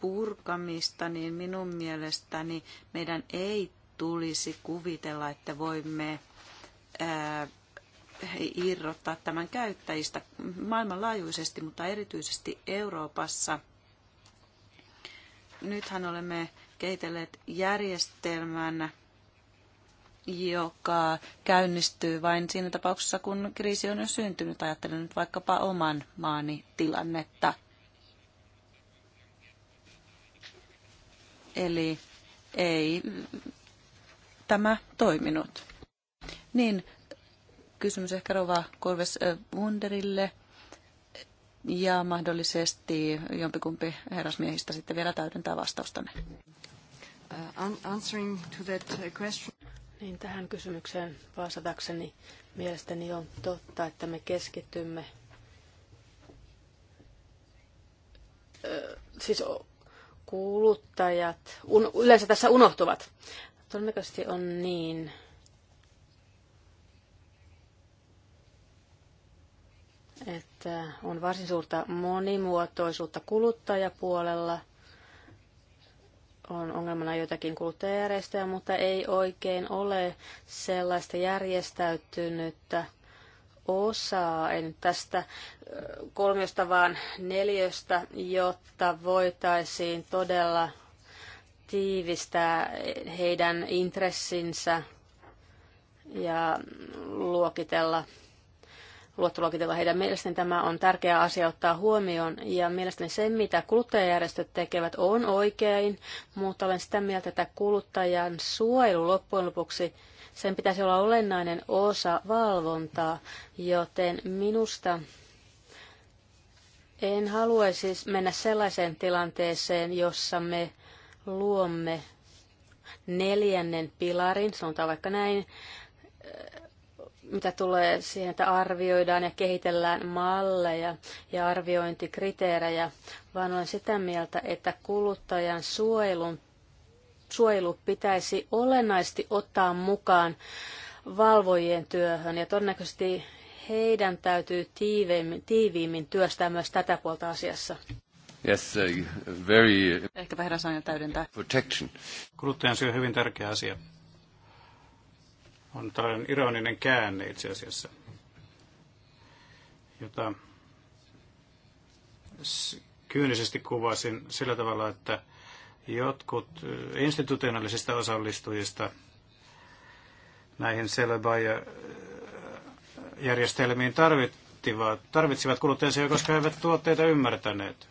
purkamista, niin minun mielestäni meidän ei tulisi kuvitella, että voimme irrottaa tämän käyttäjistä maailmanlaajuisesti, mutta erityisesti Euroopassa. Nythän olemme kehitelleet järjestelmän, joka käynnistyy vain siinä tapauksessa, kun kriisi on jo syntynyt. Ajattelen nyt vaikkapa oman maani tilannetta. Eli ei tämä toiminut. Niin, kysymys ehkä Rova Korves eh, Wunderille ja mahdollisesti jompikumpi herrasmiehistä sitten vielä täydentää vastaustanne. Uh, answering to that uh, question. Niin tähän kysymykseen vastatakseni mielestäni on totta, että me keskitymme siis kuluttajat un, yleensä tässä unohtuvat. Todennäköisesti on niin. että on varsin suurta monimuotoisuutta kuluttajapuolella – on ongelmana joitakin kuluttajajärjestöjä, mutta ei oikein ole sellaista järjestäytynyttä osaa, en tästä kolmiosta vaan neljöstä, jotta voitaisiin todella tiivistää heidän intressinsä ja luokitella luottoluokitella heidän mielestäni tämä on tärkeä asia ottaa huomioon ja mielestäni se, mitä kuluttajajärjestöt tekevät, on oikein, mutta olen sitä mieltä, että kuluttajan suojelu loppujen lopuksi sen pitäisi olla olennainen osa valvontaa, joten minusta en haluaisi mennä sellaiseen tilanteeseen, jossa me luomme neljännen pilarin, sanotaan vaikka näin, mitä tulee siihen, että arvioidaan ja kehitellään malleja ja arviointikriteerejä, vaan olen sitä mieltä, että kuluttajan suojelun, suojelu pitäisi olennaisesti ottaa mukaan valvojien työhön ja todennäköisesti heidän täytyy tiiviimmin, tiiviimmin työstää myös tätä puolta asiassa. Yes, very... Ehkäpä herra Sanja täydentää. Protection. Kuluttajan syy on hyvin tärkeä asia on tällainen ironinen käänne itse asiassa, jota kyynisesti kuvasin sillä tavalla, että jotkut institutionaalisista osallistujista näihin selebaya järjestelmiin tarvittivat, tarvitsivat kuluttajansa, koska he eivät tuotteita ymmärtäneet.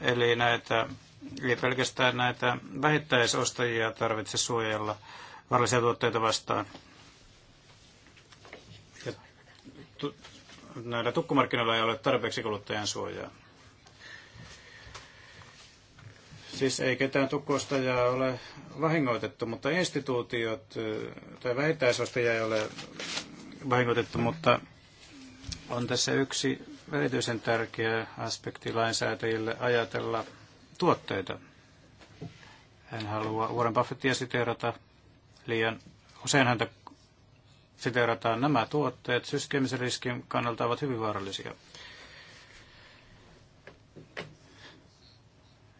Eli näitä, ei pelkästään näitä vähittäisostajia tarvitse suojella, vaarallisia tuotteita vastaan. Ja tu- näillä tukkumarkkinoilla ei ole tarpeeksi kuluttajan suojaa. Siis ei ketään tukkuostajaa ole vahingoitettu, mutta instituutiot tai vähittäisostajia ei ole vahingoitettu, mutta on tässä yksi erityisen tärkeä aspekti lainsäätäjille ajatella tuotteita. En halua Warren Buffettia siteerata, Liian usein häntä siteerataan nämä tuotteet systeemisen riskin kannalta ovat hyvin vaarallisia.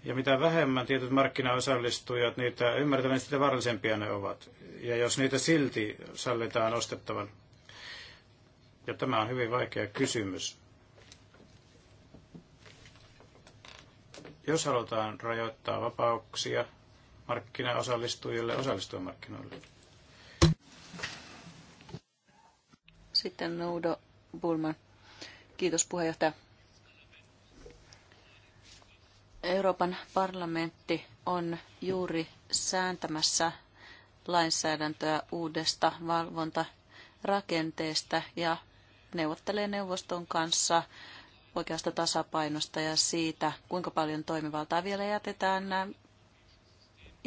Ja mitä vähemmän tietyt markkinaosallistujat niitä ymmärtävät, sitä vaarallisempia ne ovat. Ja jos niitä silti sallitaan ostettavan. Ja tämä on hyvin vaikea kysymys. Jos halutaan rajoittaa vapauksia, markkinaosallistujille osallistua markkinoille. Sitten Noudo Bulman. Kiitos puheenjohtaja. Euroopan parlamentti on juuri sääntämässä lainsäädäntöä uudesta valvontarakenteesta ja neuvottelee neuvoston kanssa oikeasta tasapainosta ja siitä, kuinka paljon toimivaltaa vielä jätetään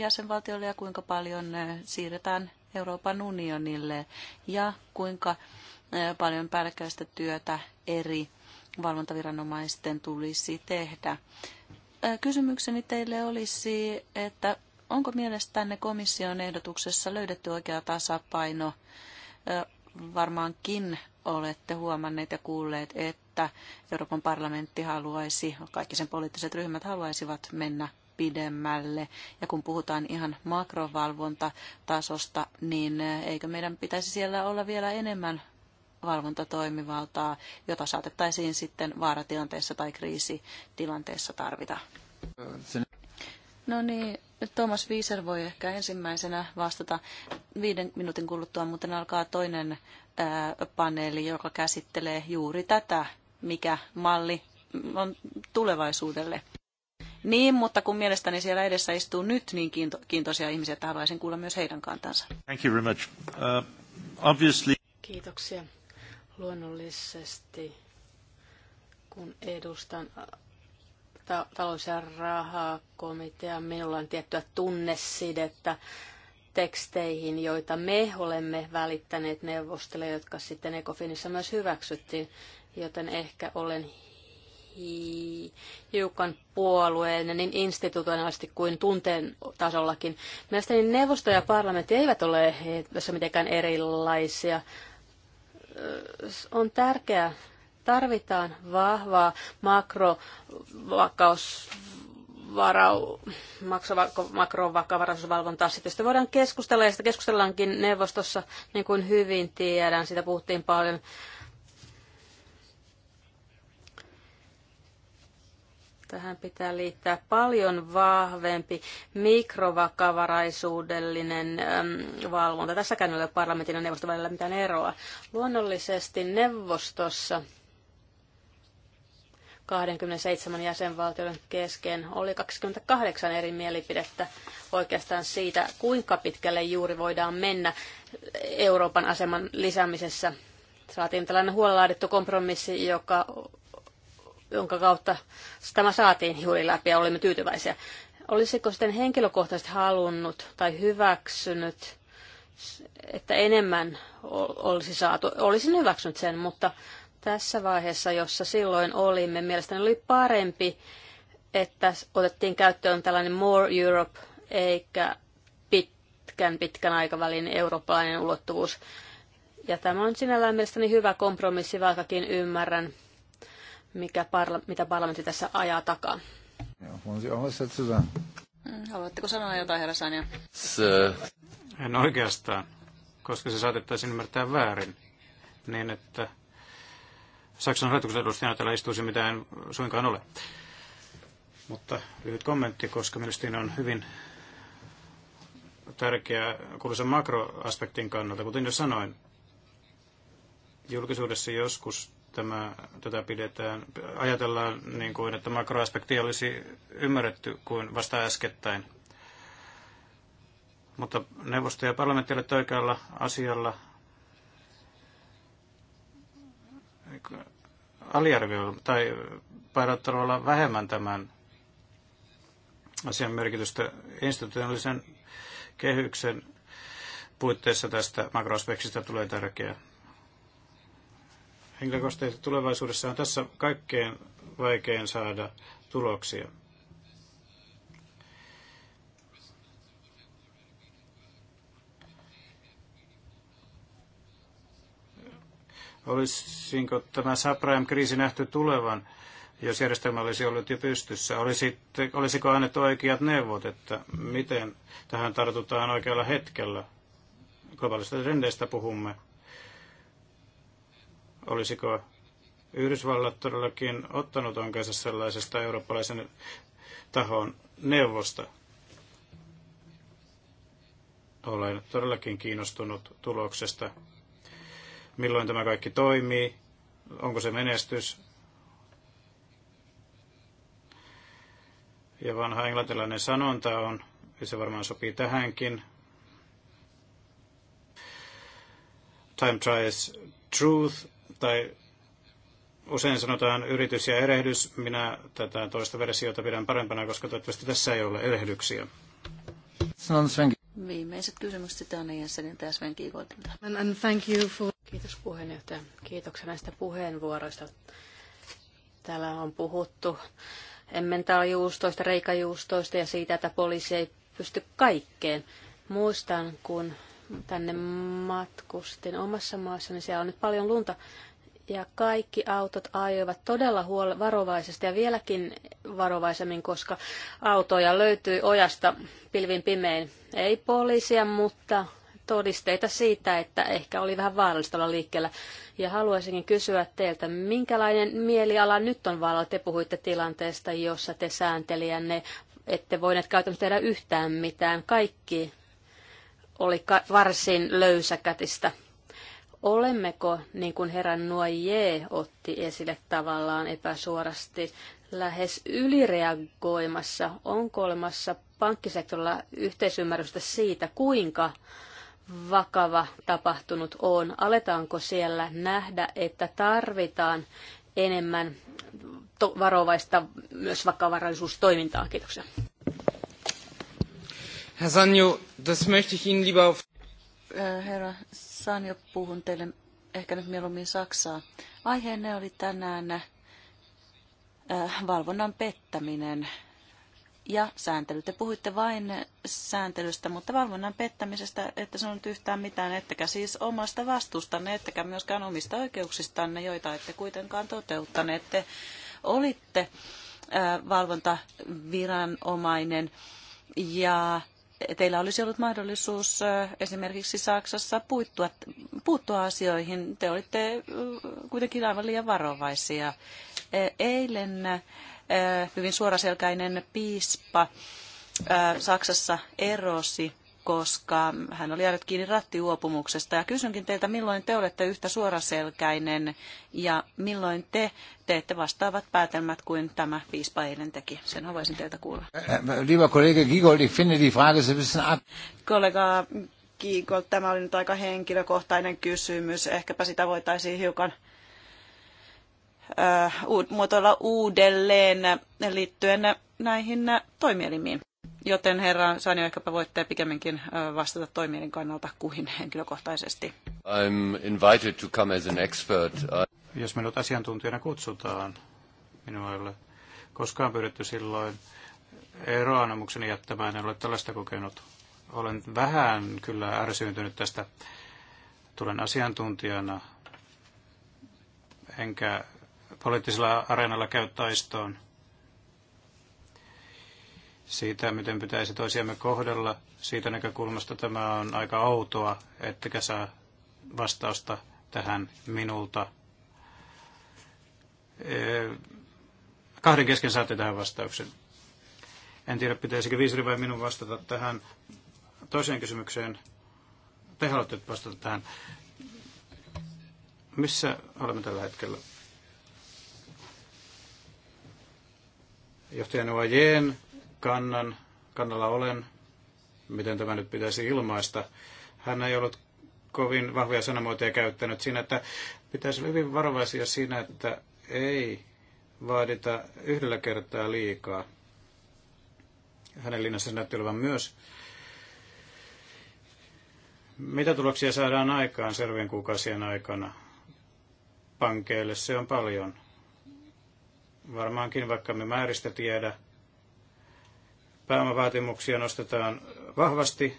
jäsenvaltioille ja kuinka paljon eh, siirretään Euroopan unionille ja kuinka eh, paljon päällekkäistä työtä eri valvontaviranomaisten tulisi tehdä. Eh, kysymykseni teille olisi, että onko mielestänne komission ehdotuksessa löydetty oikea tasapaino? Varmaankin olette huomanneet ja kuulleet, että Euroopan parlamentti haluaisi, kaikki sen poliittiset ryhmät haluaisivat mennä pidemmälle. Ja kun puhutaan ihan makrovalvontatasosta, niin eikö meidän pitäisi siellä olla vielä enemmän valvontatoimivaltaa, jota saatettaisiin sitten vaaratilanteessa tai kriisitilanteessa tarvita? No niin, Thomas Wieser voi ehkä ensimmäisenä vastata viiden minuutin kuluttua, mutta alkaa toinen ää, paneeli, joka käsittelee juuri tätä, mikä malli on tulevaisuudelle. Niin, mutta kun mielestäni siellä edessä istuu nyt niin kiinto, kiintoisia ihmisiä, että haluaisin kuulla myös heidän kantansa. Thank you very much. Uh, obviously... Kiitoksia. Luonnollisesti, kun edustan ta- talous- ja rahakomitea, minulla on tiettyä tunnesidettä teksteihin, joita me olemme välittäneet neuvostelle, jotka sitten Ecofinissa myös hyväksyttiin, joten ehkä olen hiukan puolueellinen niin institutionaalisesti kuin tunteen tasollakin. Mielestäni neuvosto ja parlamentti eivät ole tässä mitenkään erilaisia. On tärkeää, tarvitaan vahvaa makrovakaus makrovakavaraisuusvalvontaa. Sitten sitä voidaan keskustella ja sitä keskustellaankin neuvostossa, niin kuin hyvin tiedän. Sitä puhuttiin paljon Tähän pitää liittää paljon vahvempi mikrovakavaraisuudellinen äm, valvonta. Tässäkään ei ole parlamentin ja neuvoston välillä mitään eroa. Luonnollisesti neuvostossa 27 jäsenvaltion kesken oli 28 eri mielipidettä oikeastaan siitä, kuinka pitkälle juuri voidaan mennä Euroopan aseman lisäämisessä. Saatiin tällainen huolella kompromissi, joka jonka kautta tämä saatiin juuri läpi ja olimme tyytyväisiä. Olisiko sitten henkilökohtaisesti halunnut tai hyväksynyt, että enemmän olisi saatu? Olisin hyväksynyt sen, mutta tässä vaiheessa, jossa silloin olimme, mielestäni oli parempi, että otettiin käyttöön tällainen More Europe eikä pitkän pitkän aikavälin eurooppalainen ulottuvuus. Ja tämä on sinällään mielestäni hyvä kompromissi, vaikkakin ymmärrän, mikä parla- mitä parlamentti tässä ajaa takaa. Mm, haluatteko sanoa jotain, herra Sanja? En oikeastaan, koska se saatettaisiin ymmärtää väärin, niin että Saksan hallituksen edustajana täällä istuisi mitään suinkaan ole. Mutta lyhyt kommentti, koska mielestäni on hyvin tärkeä kuuluisen makroaspektin kannalta. Kuten jo sanoin, julkisuudessa joskus tämä, tätä pidetään, ajatellaan niin kuin, että makroaspekti olisi ymmärretty kuin vasta äskettäin. Mutta neuvosto ja parlamentti olivat oikealla asialla aliarvioilla tai painottelulla vähemmän tämän asian merkitystä institutionaalisen kehyksen puitteissa tästä makroaspektista tulee tärkeää henkilökohtaisesti tulevaisuudessa on tässä kaikkein vaikein saada tuloksia. Olisinko tämä subprime-kriisi nähty tulevan, jos järjestelmä olisi ollut jo pystyssä? Olisitte, olisiko annettu oikeat neuvot, että miten tähän tartutaan oikealla hetkellä? Globaalista trendeistä puhumme. Olisiko Yhdysvallat todellakin ottanut onkansa sellaisesta eurooppalaisen tahon neuvosta? Olen todellakin kiinnostunut tuloksesta. Milloin tämä kaikki toimii? Onko se menestys? Ja vanha englantilainen sanonta on, ja se varmaan sopii tähänkin, time tries truth tai usein sanotaan yritys ja erehdys. Minä tätä toista versiota pidän parempana, koska toivottavasti tässä ei ole erehdyksiä. Viimeiset kysymykset Anne Jenseniltä ja Sven Kiikoltilta. Kiitos puheenjohtaja. Kiitoksia näistä puheenvuoroista. Täällä on puhuttu emmentaalijuustoista, reikajuustoista ja siitä, että poliisi ei pysty kaikkeen. Muistan, kun tänne matkustin omassa maassani, niin siellä on nyt paljon lunta ja kaikki autot ajoivat todella huol- varovaisesti ja vieläkin varovaisemmin, koska autoja löytyi ojasta pilvin pimein. Ei poliisia, mutta todisteita siitä, että ehkä oli vähän vaarallista olla liikkeellä. Ja haluaisinkin kysyä teiltä, minkälainen mieliala nyt on vallalla? Te puhuitte tilanteesta, jossa te sääntelijänne ette voineet käytännössä tehdä yhtään mitään. Kaikki oli varsin löysäkätistä olemmeko, niin kuin herran Nuoje otti esille tavallaan epäsuorasti, lähes ylireagoimassa, onko olemassa pankkisektorilla yhteisymmärrystä siitä, kuinka vakava tapahtunut on. Aletaanko siellä nähdä, että tarvitaan enemmän varovaista myös vakavaraisuustoimintaa? Kiitoksia. Herra Sanjo, das möchte ich Ihnen lieber... auf. Äh, herra Saan jo puhun teille ehkä nyt mieluummin Saksaa. Aiheenne oli tänään äh, valvonnan pettäminen ja sääntely. Te puhuitte vain sääntelystä, mutta valvonnan pettämisestä, että se on nyt yhtään mitään, ettekä siis omasta vastustanne, ettekä myöskään omista oikeuksistanne, joita ette kuitenkaan toteuttaneet. Te olitte äh, valvontaviranomainen ja teillä olisi ollut mahdollisuus esimerkiksi Saksassa puuttua, puuttua asioihin. Te olitte kuitenkin aivan liian varovaisia. E, eilen hyvin suoraselkäinen piispa Saksassa erosi koska hän oli jäänyt kiinni rattiuopumuksesta. Ja kysynkin teiltä, milloin te olette yhtä suoraselkäinen ja milloin te teette vastaavat päätelmät kuin tämä piispa eilen teki. Sen haluaisin teiltä kuulla. Äh, lieber kollega Giegold, ich finde die Frage bisschen ab. Kollega Giegold, tämä oli nyt aika henkilökohtainen kysymys. Ehkäpä sitä voitaisiin hiukan äh, muotoilla uudelleen liittyen näihin toimielimiin. Joten herra Sanio, ehkäpä voitte pikemminkin vastata toimien kannalta kuin henkilökohtaisesti. I'm invited to come as an expert. I... Jos minut asiantuntijana kutsutaan, minua ei ole koskaan pyydetty silloin eroanomukseni jättämään, en ole tällaista kokenut. Olen vähän kyllä ärsyyntynyt tästä. Tulen asiantuntijana, enkä poliittisella areenalla käy taistoon siitä, miten pitäisi toisiamme kohdella. Siitä näkökulmasta tämä on aika outoa, ettekä saa vastausta tähän minulta. E, kahden kesken saatte tähän vastauksen. En tiedä, pitäisikö Viisri vai minun vastata tähän toiseen kysymykseen. Te haluatte vastata tähän. Missä olemme tällä hetkellä? Johtajan Oajeen kannan, kannalla olen, miten tämä nyt pitäisi ilmaista. Hän ei ollut kovin vahvia sanamuotoja käyttänyt siinä, että pitäisi olla hyvin varovaisia siinä, että ei vaadita yhdellä kertaa liikaa. Hänen linjansa näytti olevan myös. Mitä tuloksia saadaan aikaan selvien kuukausien aikana pankeille? Se on paljon. Varmaankin, vaikka me määristä tiedä, Pääomavaatimuksia nostetaan vahvasti.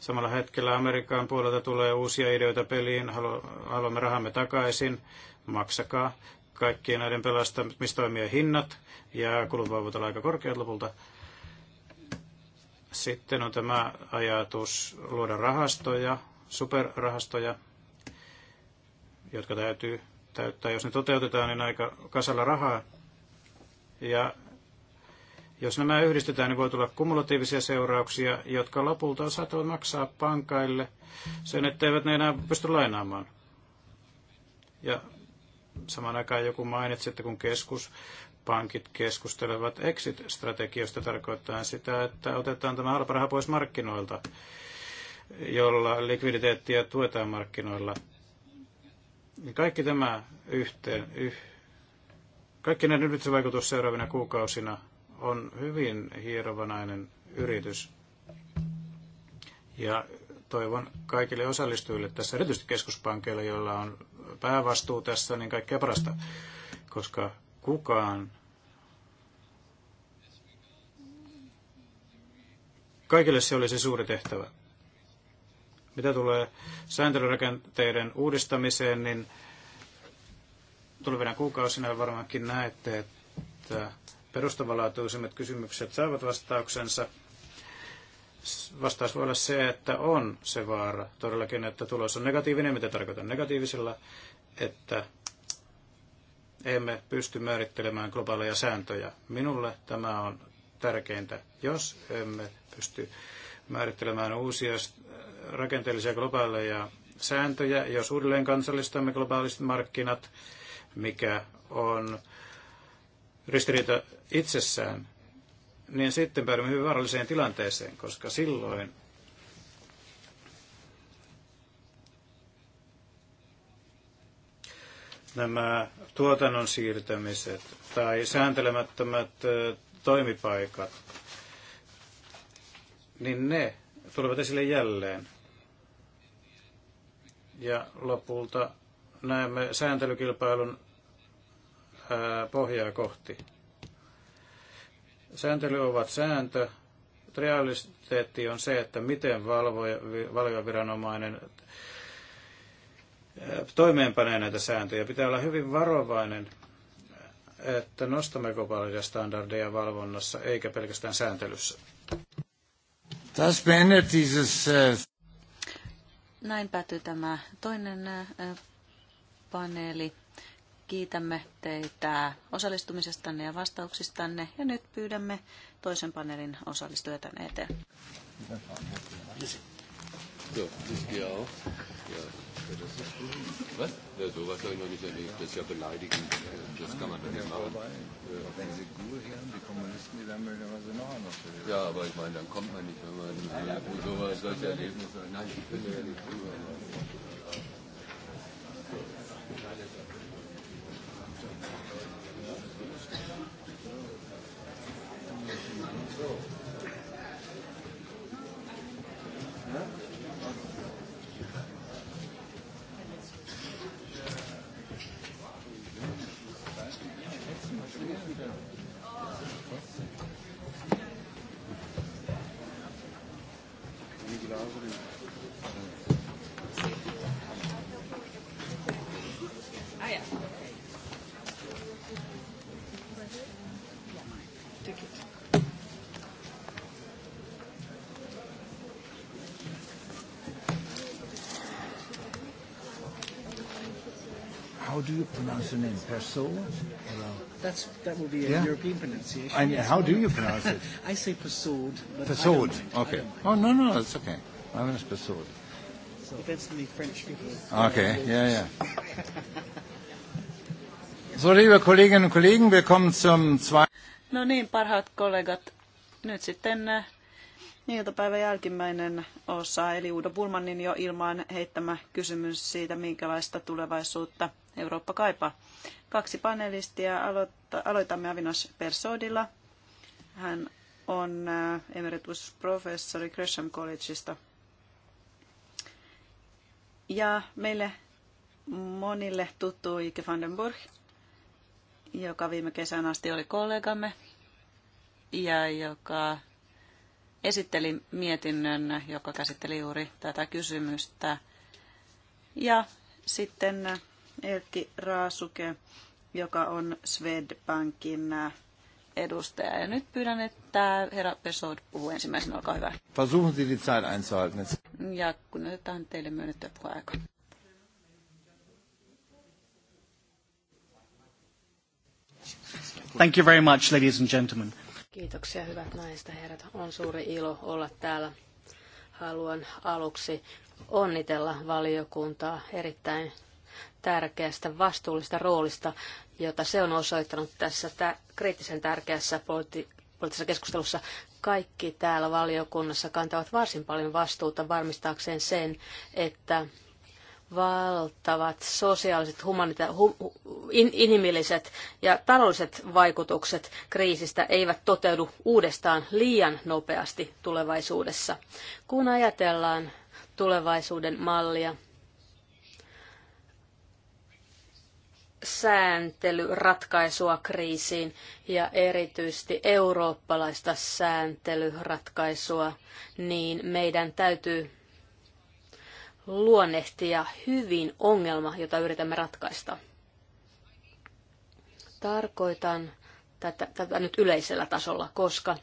Samalla hetkellä Amerikan puolelta tulee uusia ideoita peliin. Haluamme rahamme takaisin. Maksakaa kaikkien näiden pelastamistoimien hinnat ja kulut voivat olla aika korkeat lopulta. Sitten on tämä ajatus luoda rahastoja, superrahastoja, jotka täytyy täyttää. Jos ne toteutetaan, niin aika kasalla rahaa. Ja jos nämä yhdistetään, niin voi tulla kumulatiivisia seurauksia, jotka lopulta saattavat maksaa pankaille sen, etteivät ne enää pysty lainaamaan. Ja samaan aikaan joku mainitsi, että kun keskuspankit keskustelevat exit strategiosta tarkoittaa sitä, että otetaan tämä raha pois markkinoilta, jolla likviditeettiä tuetaan markkinoilla. Kaikki tämä yhteen, yhteen kaikki näiden yritysten vaikutus seuraavina kuukausina on hyvin hierovanainen yritys. Ja toivon kaikille osallistujille tässä, erityisesti keskuspankkeille, joilla on päävastuu tässä, niin kaikkea parasta, koska kukaan Kaikille se olisi suuri tehtävä. Mitä tulee sääntelyrakenteiden uudistamiseen, niin tulevina kuukausina varmaankin näette, että perustavanlaatuisimmat kysymykset saavat vastauksensa. Vastaus voi olla se, että on se vaara todellakin, että tulos on negatiivinen, mitä tarkoitan negatiivisella, että emme pysty määrittelemään globaaleja sääntöjä. Minulle tämä on tärkeintä. Jos emme pysty määrittelemään uusia rakenteellisia globaaleja sääntöjä, jos uudelleen kansallistamme globaaliset markkinat, mikä on ristiriita itsessään, niin sitten päädymme hyvin vaaralliseen tilanteeseen, koska silloin nämä tuotannon siirtämiset tai sääntelemättömät toimipaikat, niin ne tulevat esille jälleen. Ja lopulta näemme sääntelykilpailun pohjaa kohti. Sääntely ovat sääntö. Realiteetti on se, että miten valvojaviranomainen toimeenpanee näitä sääntöjä. Pitää olla hyvin varovainen, että nostammeko paljon standardeja valvonnassa, eikä pelkästään sääntelyssä. Das beendet äh, näin päätyy tämä toinen äh, paneeli. Kiitämme teitä osallistumisestanne ja vastauksistanne ja nyt pyydämme toisen paneelin osallistujia tänne eteen. pronounce your name? Perso? That's, that will be a yeah? European pronunciation. And how do you pronounce it? I say Persaud. Persaud, okay. Oh, no, no, it's okay. My name is Persaud. So. Depends on the French people. Okay, yeah, yeah. so, liebe Kolleginnen und Kollegen, willkommen zum zweiten... No niin, parhaat kollegat, nyt sitten äh, niin, iltapäivän jälkimmäinen osa, eli Udo Bulmanin jo ilmaan heittämä kysymys siitä, minkälaista tulevaisuutta Eurooppa kaipaa. Kaksi panelistia aloitamme Avinas Persodilla. Hän on äh, emeritusprofessori Gresham Collegeista. Ja meille monille tuttu Ike Vandenburg, joka viime kesän asti oli kollegamme ja joka esitteli mietinnön, joka käsitteli juuri tätä kysymystä. Ja sitten Erkki Raasuke, joka on Swedbankin edustaja. Ja nyt pyydän, että herra Pesod puhuu ensimmäisenä, olkaa hyvä. Versuchen Sie die Zeit einzuhalten. Ja teille myönnettyä puheaikaa. Thank you very much, ladies and gentlemen. Kiitoksia hyvät naiset ja herrat. On suuri ilo olla täällä. Haluan aluksi onnitella valiokuntaa erittäin tärkeästä vastuullista roolista, jota se on osoittanut tässä kriittisen tärkeässä politi- poliittisessa keskustelussa. Kaikki täällä valiokunnassa kantavat varsin paljon vastuuta varmistaakseen sen, että valtavat sosiaaliset, humanita- hu- in- inhimilliset ja taloudelliset vaikutukset kriisistä eivät toteudu uudestaan liian nopeasti tulevaisuudessa. Kun ajatellaan tulevaisuuden mallia, sääntelyratkaisua kriisiin ja erityisesti eurooppalaista sääntelyratkaisua, niin meidän täytyy luonnehtia hyvin ongelma, jota yritämme ratkaista. Tarkoitan tätä, tätä nyt yleisellä tasolla, koska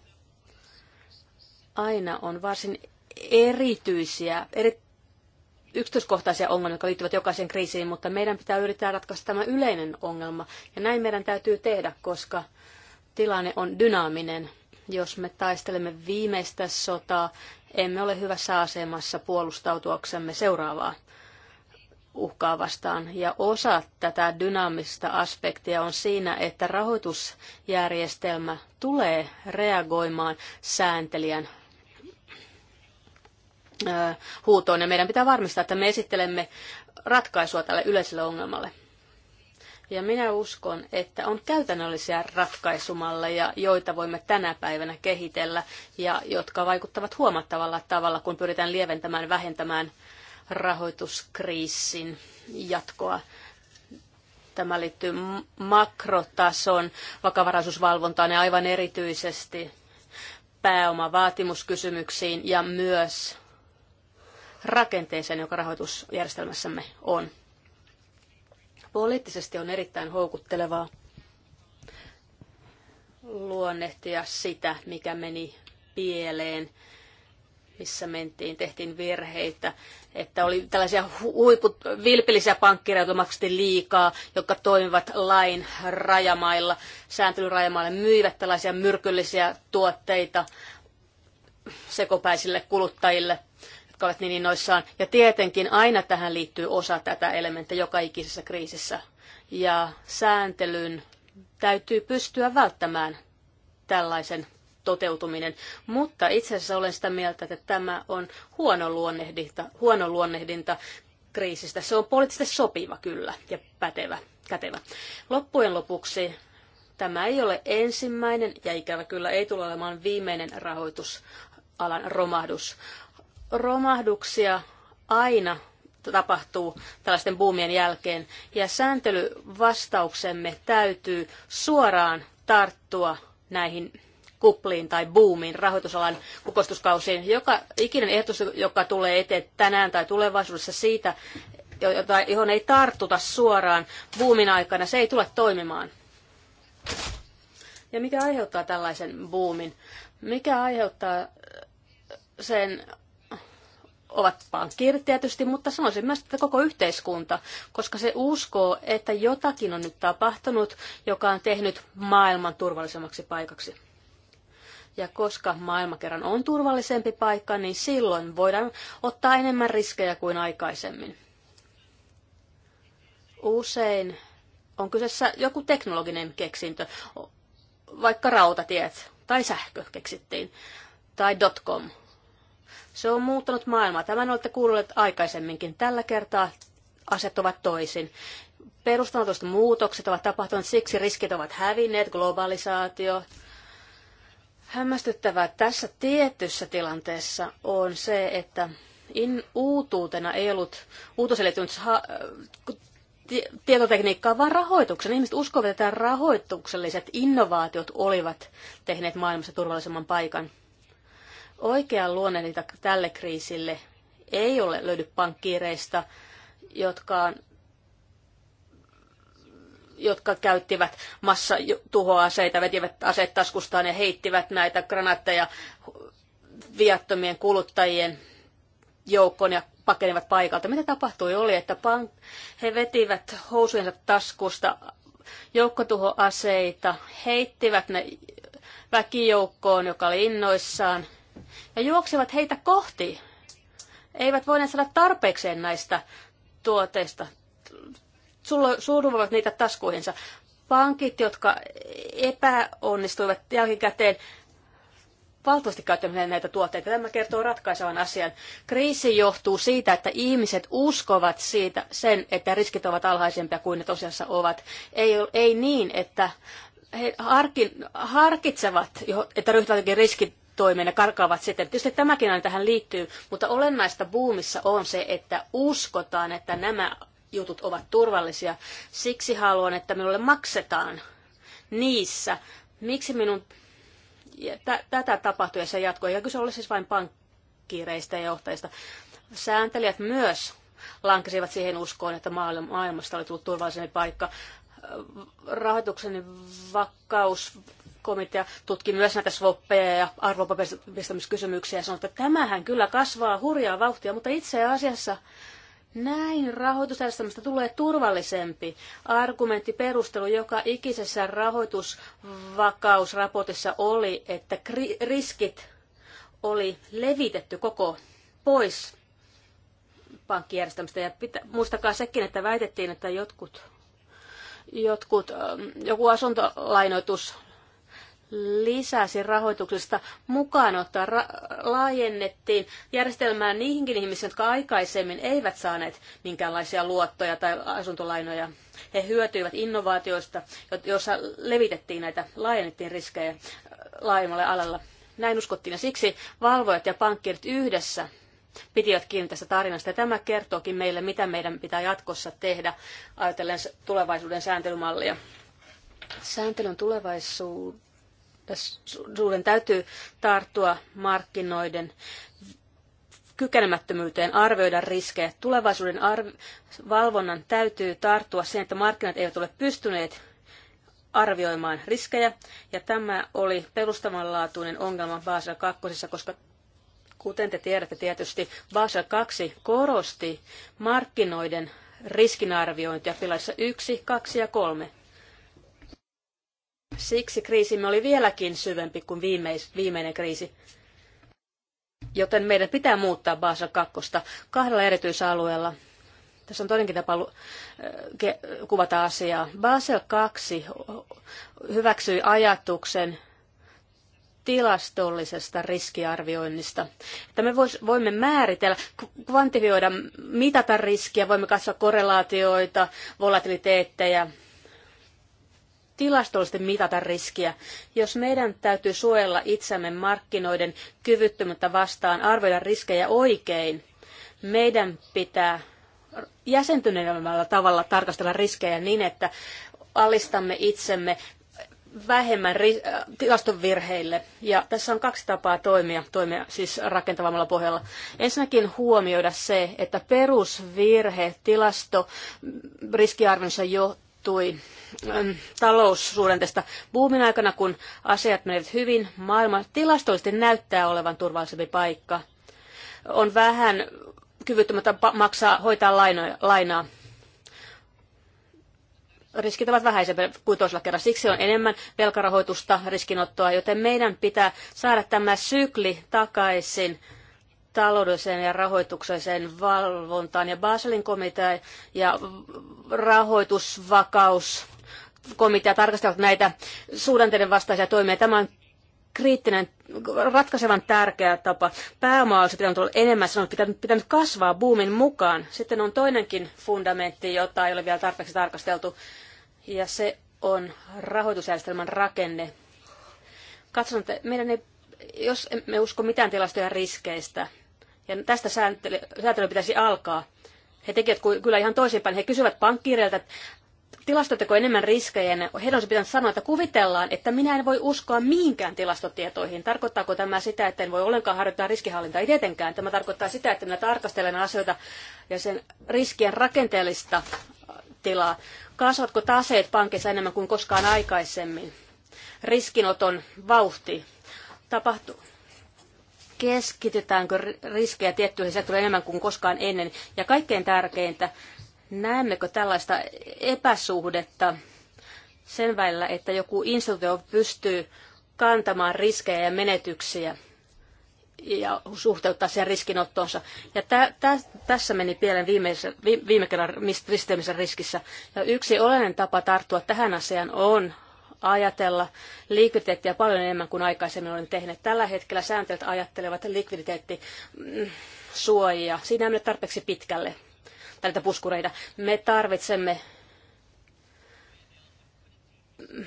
aina on varsin erityisiä, eri, yksityiskohtaisia ongelmia, jotka liittyvät jokaiseen kriisiin, mutta meidän pitää yrittää ratkaista tämä yleinen ongelma. Ja näin meidän täytyy tehdä, koska tilanne on dynaaminen. Jos me taistelemme viimeistä sotaa, emme ole hyvässä asemassa puolustautuaksemme seuraavaa uhkaa vastaan. Ja osa tätä dynaamista aspektia on siinä, että rahoitusjärjestelmä tulee reagoimaan sääntelijän huutoon. Ja meidän pitää varmistaa, että me esittelemme ratkaisua tälle yleiselle ongelmalle. Ja minä uskon, että on käytännöllisiä ratkaisumalleja, joita voimme tänä päivänä kehitellä ja jotka vaikuttavat huomattavalla tavalla, kun pyritään lieventämään, vähentämään rahoituskriisin jatkoa. Tämä liittyy makrotason vakavaraisuusvalvontaan ja aivan erityisesti pääomavaatimuskysymyksiin ja myös rakenteeseen, joka rahoitusjärjestelmässämme on. Poliittisesti on erittäin houkuttelevaa luonnehtia sitä, mikä meni pieleen, missä mentiin, tehtiin virheitä, että oli tällaisia huiput, vilpillisiä pankkireita maksettiin liikaa, jotka toimivat lain rajamailla, rajamailla, myivät tällaisia myrkyllisiä tuotteita sekopäisille kuluttajille jotka ovat niin innoissaan. Ja tietenkin aina tähän liittyy osa tätä elementtiä joka ikisessä kriisissä. Ja sääntelyn täytyy pystyä välttämään tällaisen toteutuminen. Mutta itse asiassa olen sitä mieltä, että tämä on huono luonnehdinta, huono luonnehdinta kriisistä. Se on poliittisesti sopiva kyllä ja pätevä, kätevä. Loppujen lopuksi tämä ei ole ensimmäinen ja ikävä kyllä ei tule olemaan viimeinen rahoitusalan romahdus romahduksia aina tapahtuu tällaisten buumien jälkeen, ja sääntelyvastauksemme täytyy suoraan tarttua näihin kupliin tai buumiin rahoitusalan kukoistuskausiin. Joka ikinen ehdotus, joka tulee eteen tänään tai tulevaisuudessa siitä, jota, johon ei tartuta suoraan buumin aikana, se ei tule toimimaan. Ja mikä aiheuttaa tällaisen buumin? Mikä aiheuttaa sen ovat pankkiirit tietysti, mutta sanoisin myös, että koko yhteiskunta, koska se uskoo, että jotakin on nyt tapahtunut, joka on tehnyt maailman turvallisemmaksi paikaksi. Ja koska maailma kerran on turvallisempi paikka, niin silloin voidaan ottaa enemmän riskejä kuin aikaisemmin. Usein on kyseessä joku teknologinen keksintö, vaikka rautatiet tai sähkö keksittiin, tai dotcom se on muuttanut maailmaa. Tämän olette kuulleet aikaisemminkin. Tällä kertaa asiat ovat toisin. Perustanatuista muutokset ovat tapahtuneet, siksi riskit ovat hävinneet, globalisaatio. Hämmästyttävää tässä tietyssä tilanteessa on se, että in, uutuutena ei ollut uutuuteen tietotekniikkaa, vaan rahoituksen. Ihmiset uskovat, että rahoitukselliset innovaatiot olivat tehneet maailmassa turvallisemman paikan oikea luonne tälle kriisille ei ole löydy pankkiireista, jotka jotka käyttivät massatuhoaseita, vetivät aseet taskustaan ja heittivät näitä granaatteja viattomien kuluttajien joukkoon ja pakenivat paikalta. Mitä tapahtui oli, että pank- he vetivät housujensa taskusta joukkotuhoaseita, heittivät ne väkijoukkoon, joka oli innoissaan, ja juoksivat heitä kohti. Eivät voineet saada tarpeekseen näistä tuoteista. Suuruvat niitä taskuihinsa. Pankit, jotka epäonnistuivat jälkikäteen, valtavasti käyttämään näitä tuotteita. Tämä kertoo ratkaisevan asian. Kriisi johtuu siitä, että ihmiset uskovat siitä sen, että riskit ovat alhaisempia kuin ne tosiasiassa ovat. Ei, ei niin, että he harkin, harkitsevat, että ryhtyvät riskit toimeen ja karkaavat sitten. Tietysti tämäkin aina tähän liittyy, mutta olennaista buumissa on se, että uskotaan, että nämä jutut ovat turvallisia. Siksi haluan, että minulle maksetaan niissä. Miksi minun tätä tapahtuu ja se jatkuu? Eikä kyse ole siis vain pankkiireistä ja johtajista. Sääntelijät myös lankesivat siihen uskoon, että maailmasta oli tullut turvallisempi paikka rahoituksen vakaus komitea tutki myös näitä swappeja ja arvopaperistämiskysymyksiä ja sanoi, että tämähän kyllä kasvaa hurjaa vauhtia, mutta itse asiassa näin rahoitusjärjestelmästä tulee turvallisempi. Argumentti perustelu joka ikisessä rahoitusvakausraportissa oli, että riskit oli levitetty koko pois pankkijärjestelmästä. Ja pitä, muistakaa sekin, että väitettiin, että jotkut, jotkut, ähm, joku asuntolainoitus lisäsi rahoituksesta mukaan ottaa ra- laajennettiin järjestelmään niihinkin ihmisiin, jotka aikaisemmin eivät saaneet minkäänlaisia luottoja tai asuntolainoja. He hyötyivät innovaatioista, joissa levitettiin näitä, laajennettiin riskejä äh, laajemmalle alalla. Näin uskottiin ja siksi valvojat ja pankkirit yhdessä pitivät kiinni tästä tarinasta. Ja tämä kertookin meille, mitä meidän pitää jatkossa tehdä ajatellen tulevaisuuden sääntelymallia. Sääntelyn tulevaisuus suuden täytyy tarttua markkinoiden kykenemättömyyteen arvioida riskejä. Tulevaisuuden arv- valvonnan täytyy tarttua siihen, että markkinat eivät ole pystyneet arvioimaan riskejä, ja tämä oli perustavanlaatuinen ongelma Basel 2, koska kuten te tiedätte tietysti, Basel 2 korosti markkinoiden riskinarviointia pilaissa 1, 2 ja 3. Siksi kriisimme oli vieläkin syvempi kuin viimeis, viimeinen kriisi. Joten meidän pitää muuttaa Basel 2 kahdella erityisalueella. Tässä on toinenkin tapa kuvata asiaa. Basel 2 hyväksyi ajatuksen tilastollisesta riskiarvioinnista. Että me vois, voimme määritellä, kvantifioida, mitata riskiä, voimme katsoa korrelaatioita, volatiliteetteja tilastollisesti mitata riskiä. Jos meidän täytyy suojella itsemme markkinoiden kyvyttömyyttä vastaan, arvioida riskejä oikein, meidän pitää jäsentyneemmällä tavalla tarkastella riskejä niin, että alistamme itsemme vähemmän ri- äh, tilastovirheille. Ja tässä on kaksi tapaa toimia, toimia siis rakentavammalla pohjalla. Ensinnäkin huomioida se, että perusvirhe tilasto mm, riskiarviossa jo johtui ähm, taloussuhdanteesta buumin aikana, kun asiat menivät hyvin. Maailma tilastollisesti näyttää olevan turvallisempi paikka. On vähän kyvyttömätä maksaa, hoitaa lainaa. Riskit ovat vähäisempiä kuin toisella kerralla. Siksi on enemmän velkarahoitusta, riskinottoa, joten meidän pitää saada tämä sykli takaisin – taloudelliseen ja rahoitukselliseen valvontaan. Ja Baselin komitea ja rahoitusvakauskomitea tarkastelevat näitä suhdanteiden vastaisia toimia. Tämä on kriittinen, ratkaisevan tärkeä tapa. Pääoma olisi pitänyt olla enemmän, se on pitänyt, pitänyt kasvaa buumin mukaan. Sitten on toinenkin fundamentti, jota ei ole vielä tarpeeksi tarkasteltu, ja se on rahoitusjärjestelmän rakenne. Katson, että meidän ei, jos emme usko mitään tilastoja riskeistä, ja tästä sääntely, sääntely pitäisi alkaa. He tekevät kyllä ihan toisinpäin. He kysyvät pankkiireiltä, että tilastotteko enemmän riskejä, ja heidän olisi pitänyt sanoa, että kuvitellaan, että minä en voi uskoa mihinkään tilastotietoihin. Tarkoittaako tämä sitä, että en voi ollenkaan harjoittaa riskihallintaa? Ei tietenkään. Tämä tarkoittaa sitä, että minä tarkastelen asioita ja sen riskien rakenteellista äh, tilaa. Kasvatko taseet pankissa enemmän kuin koskaan aikaisemmin? Riskinoton vauhti. Tapahtuu, keskitytäänkö riskejä tiettyihin sektoreihin enemmän kuin koskaan ennen. Ja kaikkein tärkeintä, näemmekö tällaista epäsuhdetta sen välillä, että joku instituutio pystyy kantamaan riskejä ja menetyksiä ja suhteuttaa sen riskinottonsa. Ja tä, tä, tässä meni pieleen viime, viime kerran risteämisen riskissä. Ja yksi oleellinen tapa tarttua tähän asiaan on ajatella likviditeettiä paljon enemmän kuin aikaisemmin olen tehnyt. Tällä hetkellä sääntelyt ajattelevat likviditeettisuojia. Mm, Siinä ei mene tarpeeksi pitkälle tältä puskureita. Me tarvitsemme mm,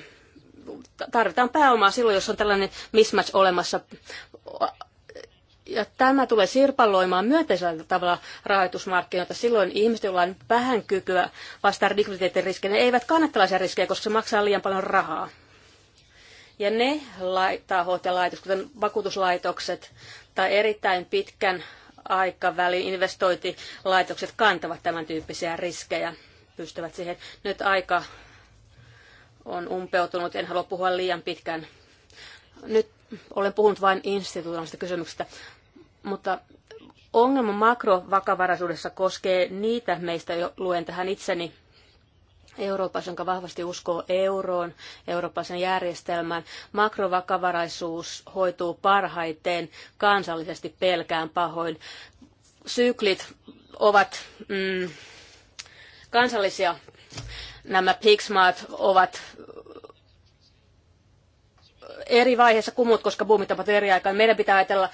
tarvitaan pääomaa silloin, jos on tällainen mismatch olemassa ja tämä tulee sirpaloimaan myönteisellä tavalla rahoitusmarkkinoita. Silloin ihmiset, joilla on vähän kykyä vastata likviditeetin riskejä, ne eivät kannata tällaisia riskejä, koska se maksaa liian paljon rahaa. Ja ne tahot ja laitokset, kuten vakuutuslaitokset tai erittäin pitkän aikavälin investointilaitokset kantavat tämän tyyppisiä riskejä, pystyvät siihen. Nyt aika on umpeutunut, en halua puhua liian pitkään. Nyt olen puhunut vain instituutioista kysymyksistä. Mutta ongelma makrovakavaraisuudessa koskee niitä meistä, jo luen tähän itseni, Euroopassa, jonka vahvasti uskoo euroon, Euroopan järjestelmään. Makrovakavaraisuus hoituu parhaiten kansallisesti pelkään pahoin. Syklit ovat mm, kansallisia. Nämä pigsmaat ovat eri vaiheessa kumot, koska boomit ovat eri aikaan. Meidän pitää ajatella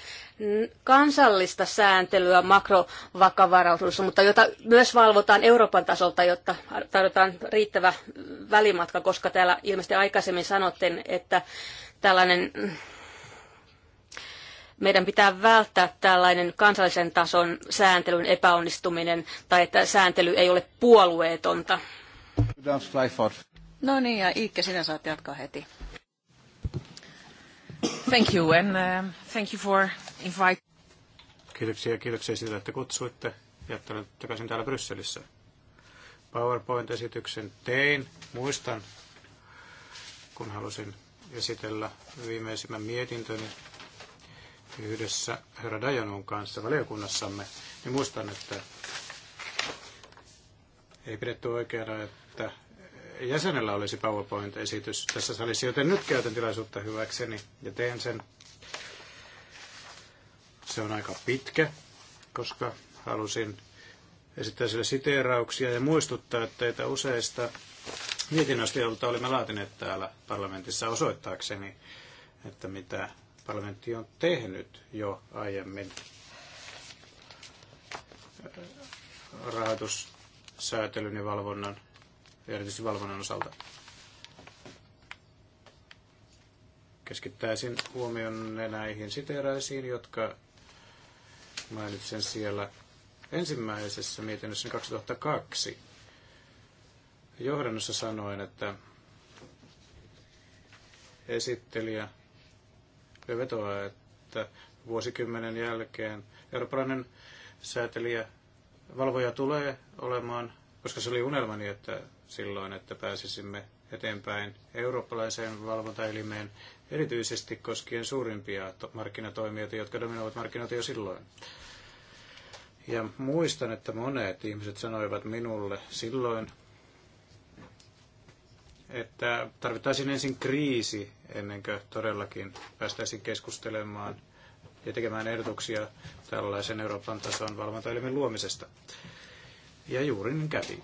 kansallista sääntelyä makrovakavaraisuudessa, mutta jota myös valvotaan Euroopan tasolta, jotta tarvitaan riittävä välimatka, koska täällä ilmeisesti aikaisemmin sanottiin, että tällainen meidän pitää välttää tällainen kansallisen tason sääntelyn epäonnistuminen tai että sääntely ei ole puolueetonta. No niin, ja Iikke, sinä saat jatkaa heti. Thank you and um, thank you for invite. Kiitoksia, kiitoksia siitä, että kutsuitte. Jättänyt takaisin täällä Brysselissä. PowerPoint-esityksen tein. Muistan, kun halusin esitellä viimeisimmän mietintöni yhdessä herra Dajanun kanssa valiokunnassamme, niin muistan, että ei pidetty oikeana, että jäsenellä olisi PowerPoint-esitys tässä salissa, joten nyt käytän tilaisuutta hyväkseni ja teen sen. Se on aika pitkä, koska halusin esittää sille siteerauksia ja muistuttaa teitä useista mietinnöistä, joita olemme laatineet täällä parlamentissa osoittaakseni, että mitä parlamentti on tehnyt jo aiemmin rahoitussäätelyn ja valvonnan erityisesti valvonnan osalta. Keskittäisin huomion näihin siteeraisiin, jotka mainitsen siellä ensimmäisessä mietinnössä 2002. Johdannossa sanoin, että esittelijä vetoaa, että vuosikymmenen jälkeen eurooppalainen säätelijä valvoja tulee olemaan koska se oli unelmani, että silloin, että pääsisimme eteenpäin eurooppalaiseen valvontaelimeen, erityisesti koskien suurimpia markkinatoimijoita, jotka dominoivat markkinoita jo silloin. Ja muistan, että monet ihmiset sanoivat minulle silloin, että tarvittaisiin ensin kriisi ennen kuin todellakin päästäisiin keskustelemaan ja tekemään ehdotuksia tällaisen Euroopan tason valvontaelimen luomisesta. Ja juuri niin kävi.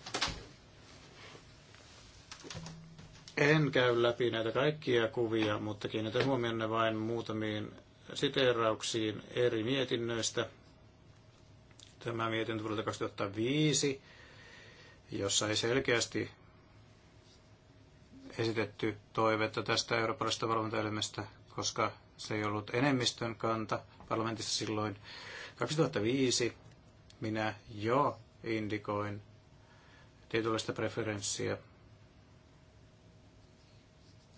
En käy läpi näitä kaikkia kuvia, mutta kiinnitän huomionne vain muutamiin siteerauksiin eri mietinnöistä. Tämä mietintö vuodelta 2005, jossa ei selkeästi esitetty toivetta tästä eurooppalaisesta valvontaelimestä, koska se ei ollut enemmistön kanta parlamentissa silloin. 2005 minä jo indikoin tietynlaista preferenssiä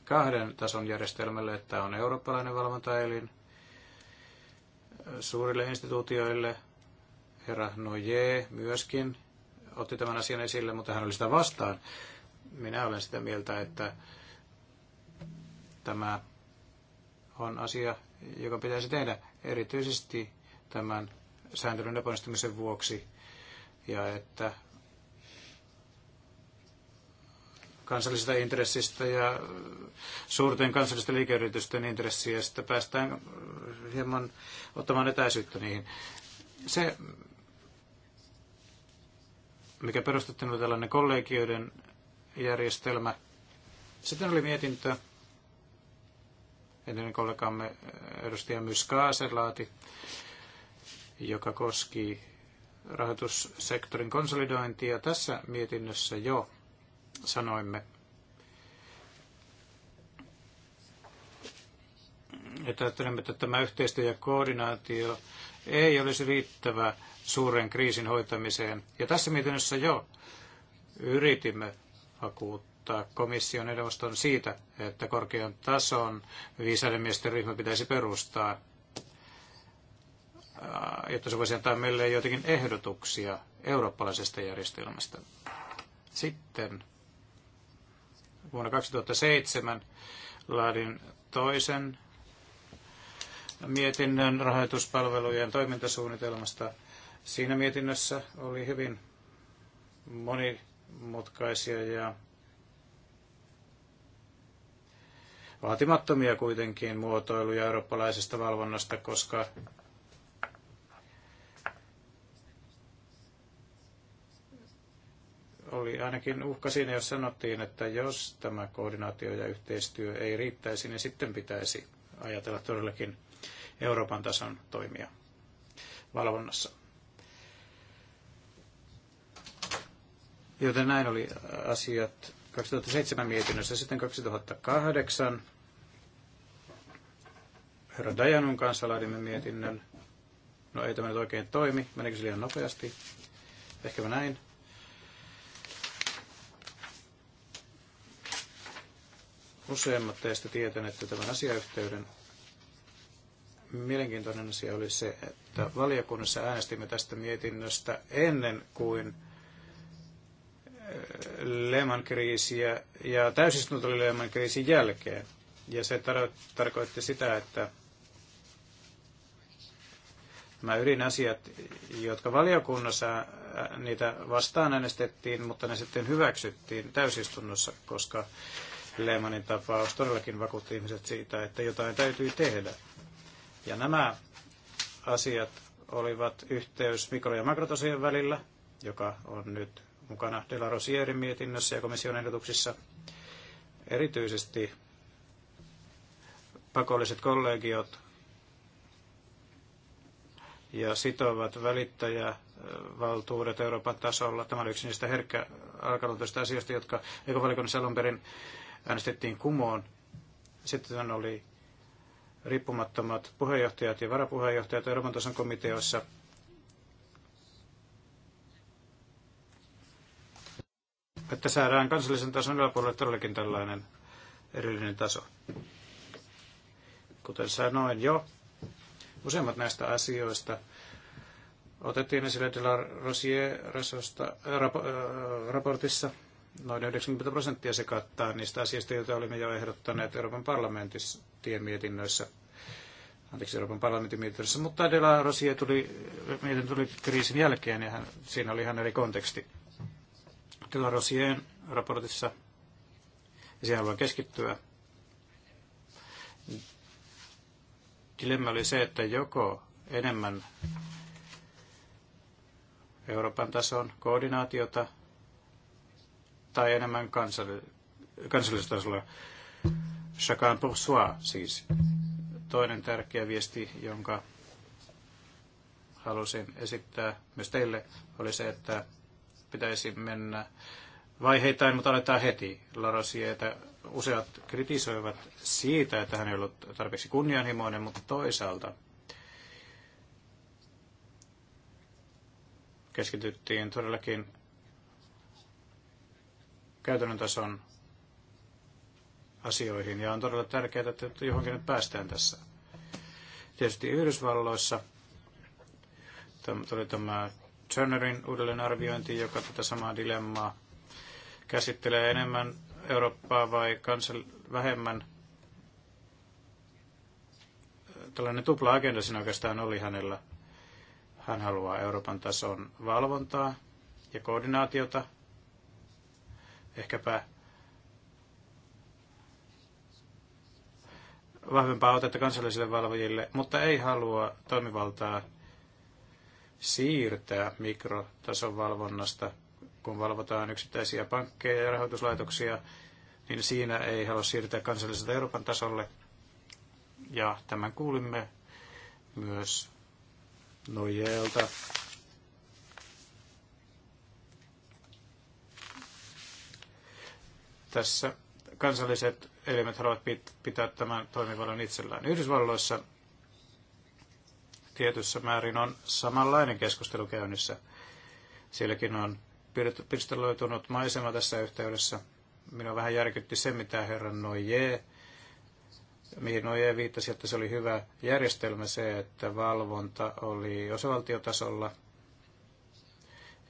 kahden tason järjestelmälle, että on eurooppalainen valvontaelin suurille instituutioille. Herra Noje myöskin otti tämän asian esille, mutta hän oli sitä vastaan. Minä olen sitä mieltä, että tämä on asia, joka pitäisi tehdä erityisesti tämän sääntelyn epäonnistumisen vuoksi – ja että kansallisista intressistä ja suurten kansallisten liikeyritysten intressiistä päästään hieman ottamaan etäisyyttä niihin. Se, mikä perustettiin, oli tällainen kollegioiden järjestelmä. Sitten oli mietintö, entinen kollegamme edustaja Myskaase laati, joka koski rahoitussektorin konsolidointia. Tässä mietinnössä jo sanoimme, että ajattelemme, että tämä yhteistyö ja koordinaatio ei olisi riittävä suuren kriisin hoitamiseen. Ja tässä mietinnössä jo yritimme vakuuttaa komission neuvoston siitä, että korkean tason viisaiden miesten ryhmä pitäisi perustaa Äh, jotta se voisi antaa meille joitakin ehdotuksia eurooppalaisesta järjestelmästä. Sitten vuonna 2007 laadin toisen mietinnön rahoituspalvelujen toimintasuunnitelmasta. Siinä mietinnössä oli hyvin monimutkaisia ja vaatimattomia kuitenkin muotoiluja eurooppalaisesta valvonnasta, koska oli ainakin uhka siinä, jos sanottiin, että jos tämä koordinaatio ja yhteistyö ei riittäisi, niin sitten pitäisi ajatella todellakin Euroopan tason toimia valvonnassa. Joten näin oli asiat 2007 mietinnössä. Sitten 2008 herra Dajanun kanssa laadimme mietinnön. No ei tämä nyt oikein toimi. Menikö se liian nopeasti? Ehkä mä näin. Useimmat teistä että tämän asiayhteyden. Mielenkiintoinen asia oli se, että valiokunnassa äänestimme tästä mietinnöstä ennen kuin eh, Lehman kriisiä ja täysistunto oli Lehman kriisin jälkeen. Ja se tar- tarkoitti sitä, että nämä ydinasiat, jotka valiokunnassa eh, niitä vastaan äänestettiin, mutta ne sitten hyväksyttiin täysistunnossa, koska Lehmanin tapaus todellakin vakuutti ihmiset siitä, että jotain täytyy tehdä. Ja nämä asiat olivat yhteys mikro- ja makrotosien välillä, joka on nyt mukana De La Rosierin mietinnössä ja komission ehdotuksissa. Erityisesti pakolliset kollegiot ja sitovat välittäjävaltuudet Euroopan tasolla. Tämä oli yksi niistä herkkä alkaluutoista asioista, jotka ekovalikunnassa alun perin äänestettiin kumoon. Sitten oli riippumattomat puheenjohtajat ja varapuheenjohtajat Euroopan tason komiteoissa. Että saadaan kansallisen tason yläpuolelle todellakin tällainen erillinen taso. Kuten sanoin jo, useimmat näistä asioista otettiin esille la Rosier äh, raportissa Noin 90 prosenttia se kattaa niistä asioista, joita olimme jo ehdottaneet Euroopan parlamentin mietinnöissä. Anteeksi, Euroopan parlamentin mietinnöissä. Mutta De La tuli, mietin tuli kriisin jälkeen ja hän, siinä oli ihan eri konteksti. De La Rosien raportissa, ja siihen haluan keskittyä, dilemma oli se, että joko enemmän Euroopan tason koordinaatiota tai enemmän tasolla. Chacun pour soi siis. Toinen tärkeä viesti, jonka halusin esittää myös teille, oli se, että pitäisi mennä vaiheittain, mutta aletaan heti. Larosietä useat kritisoivat siitä, että hän ei ollut tarpeeksi kunnianhimoinen, mutta toisaalta keskityttiin todellakin käytännön tason asioihin. Ja on todella tärkeää, että johonkin nyt päästään tässä. Tietysti Yhdysvalloissa tuli tämä Turnerin uudelleenarviointi, joka tätä samaa dilemmaa käsittelee enemmän Eurooppaa vai kansan vähemmän. Tällainen tupla agenda siinä oikeastaan oli hänellä. Hän haluaa Euroopan tason valvontaa ja koordinaatiota ehkäpä vahvempaa otetta kansallisille valvojille, mutta ei halua toimivaltaa siirtää mikrotason valvonnasta, kun valvotaan yksittäisiä pankkeja ja rahoituslaitoksia, niin siinä ei halua siirtää kansalliselta Euroopan tasolle. Ja tämän kuulimme myös Nojelta Tässä kansalliset elimet haluavat pitää tämän toimivallan itsellään. Yhdysvalloissa tietyssä määrin on samanlainen keskustelu käynnissä. Sielläkin on pirstaloitunut maisema tässä yhteydessä. Minua vähän järkytti se, mitä herran Noje, mihin Noje viittasi, että se oli hyvä järjestelmä se, että valvonta oli osavaltiotasolla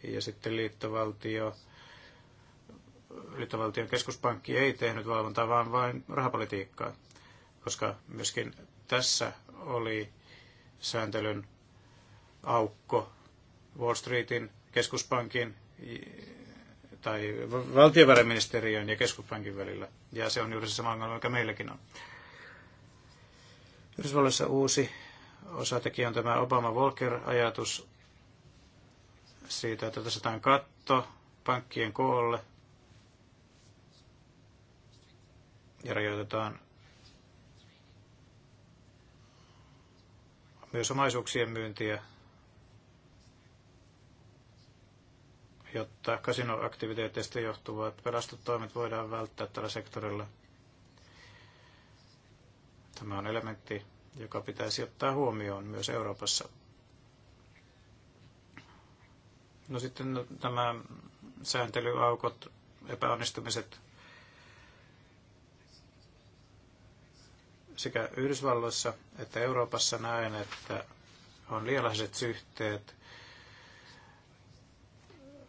ja sitten liittovaltio liittovaltion keskuspankki ei tehnyt valvontaa, vaan vain rahapolitiikkaa, koska myöskin tässä oli sääntelyn aukko Wall Streetin keskuspankin tai valtiovarainministeriön ja keskuspankin välillä. Ja se on juuri se sama ongelma, mikä meilläkin on. Yhdysvalloissa uusi osatekijä on tämä obama volker ajatus siitä, että otetaan katto pankkien koolle ja rajoitetaan myös omaisuuksien myyntiä, jotta kasinoaktiviteeteista johtuvat pelastustoimet voidaan välttää tällä sektorilla. Tämä on elementti, joka pitäisi ottaa huomioon myös Euroopassa. No sitten nämä no, sääntelyaukot, epäonnistumiset, sekä Yhdysvalloissa että Euroopassa näen, että on liialaiset syhteet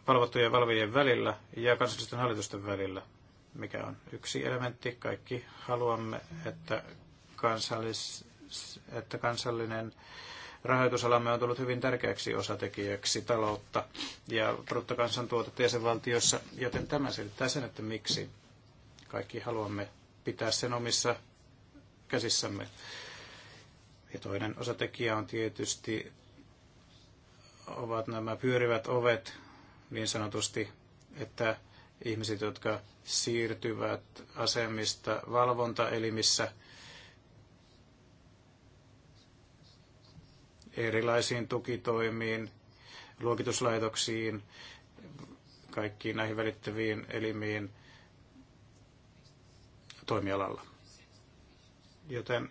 valvottujen ja valvojien välillä ja kansallisten hallitusten välillä, mikä on yksi elementti. Kaikki haluamme, että, kansallis, että kansallinen rahoitusalamme on tullut hyvin tärkeäksi osatekijäksi taloutta ja bruttokansantuotetta jäsenvaltiossa, joten tämä selittää sen, että miksi kaikki haluamme pitää sen omissa käsissämme. Ja toinen osatekijä on tietysti ovat nämä pyörivät ovet niin sanotusti, että ihmiset, jotka siirtyvät asemista valvontaelimissä erilaisiin tukitoimiin, luokituslaitoksiin, kaikkiin näihin välittäviin elimiin toimialalla. Joten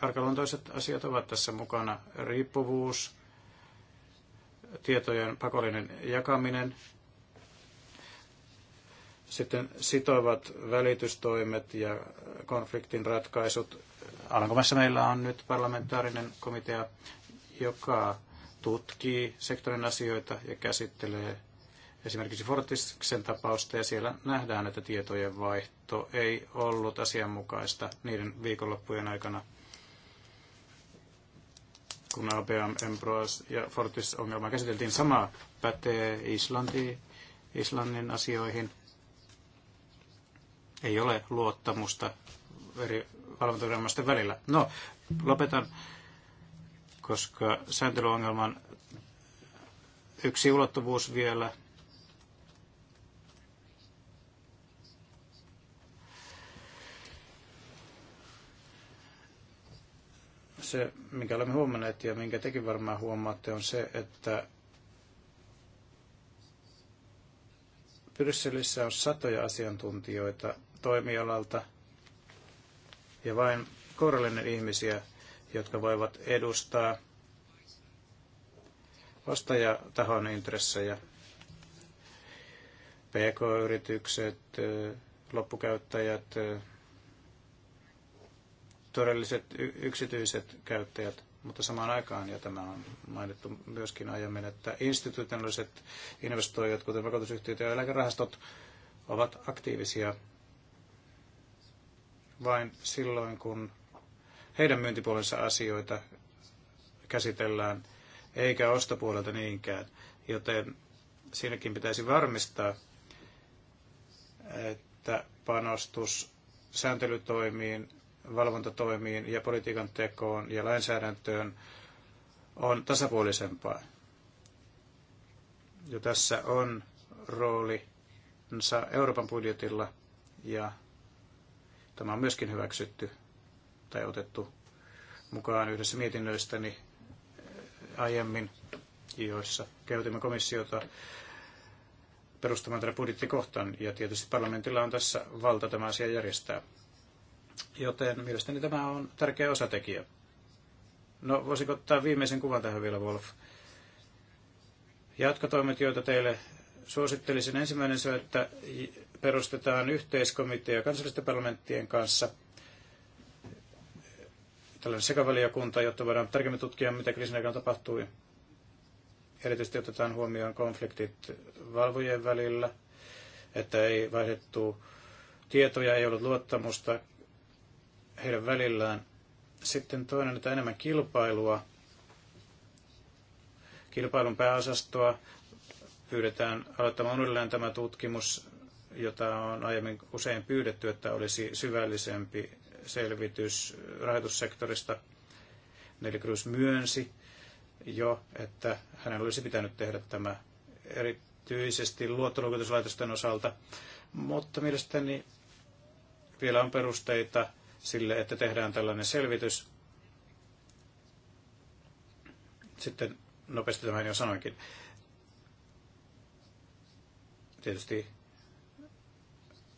arkaluontoiset asiat ovat tässä mukana. Riippuvuus, tietojen pakollinen jakaminen, sitten sitovat välitystoimet ja konfliktin ratkaisut. Alankomassa meillä on nyt parlamentaarinen komitea, joka tutkii sektorin asioita ja käsittelee esimerkiksi Fortisksen tapausta, ja siellä nähdään, että tietojen vaihto ei ollut asianmukaista niiden viikonloppujen aikana, kun ABM, Embros ja Fortis ongelma käsiteltiin. Sama pätee Islanti, Islannin asioihin. Ei ole luottamusta eri valvontaviranomaisten välillä. No, lopetan, koska sääntelyongelman yksi ulottuvuus vielä – Se, minkä olemme huomanneet ja minkä tekin varmaan huomaatte, on se, että Brysselissä on satoja asiantuntijoita toimialalta ja vain kourallinen ihmisiä, jotka voivat edustaa ostajatahon intressejä. PK-yritykset, loppukäyttäjät, todelliset yksityiset käyttäjät, mutta samaan aikaan, ja tämä on mainittu myöskin aiemmin, että institutionaaliset investoijat, kuten vakuutusyhtiöt ja eläkerahastot, ovat aktiivisia vain silloin, kun heidän myyntipuolensa asioita käsitellään, eikä ostopuolelta niinkään. Joten siinäkin pitäisi varmistaa, että panostus sääntelytoimiin valvontatoimiin ja politiikan tekoon ja lainsäädäntöön on tasapuolisempaa. Ja tässä on roolinsa Euroopan budjetilla ja tämä on myöskin hyväksytty tai otettu mukaan yhdessä mietinnöistäni eh, aiemmin, joissa käytimme komissiota perustamaan tätä budjettikohtan, ja tietysti parlamentilla on tässä valta tämä asia järjestää. Joten mielestäni tämä on tärkeä osatekijä. No voisiko ottaa viimeisen kuvan tähän vielä, Wolf? Jatkotoimet, joita teille suosittelisin. Ensimmäinen se, että perustetaan yhteiskomitea kansallisten parlamenttien kanssa – tällainen sekavaliokunta, jotta voidaan tarkemmin tutkia, mitä kriisin aikana tapahtui. Erityisesti otetaan huomioon konfliktit valvojen välillä, että ei vaihdettu tietoja, ei ollut luottamusta heidän välillään. Sitten toinen, että enemmän kilpailua, kilpailun pääosastoa pyydetään aloittamaan uudelleen tämä tutkimus, jota on aiemmin usein pyydetty, että olisi syvällisempi selvitys rahoitussektorista. Neli Cruz myönsi jo, että hänen olisi pitänyt tehdä tämä erityisesti luottoluokituslaitosten osalta, mutta mielestäni vielä on perusteita sille, että tehdään tällainen selvitys. Sitten nopeasti tämän jo sanoinkin. Tietysti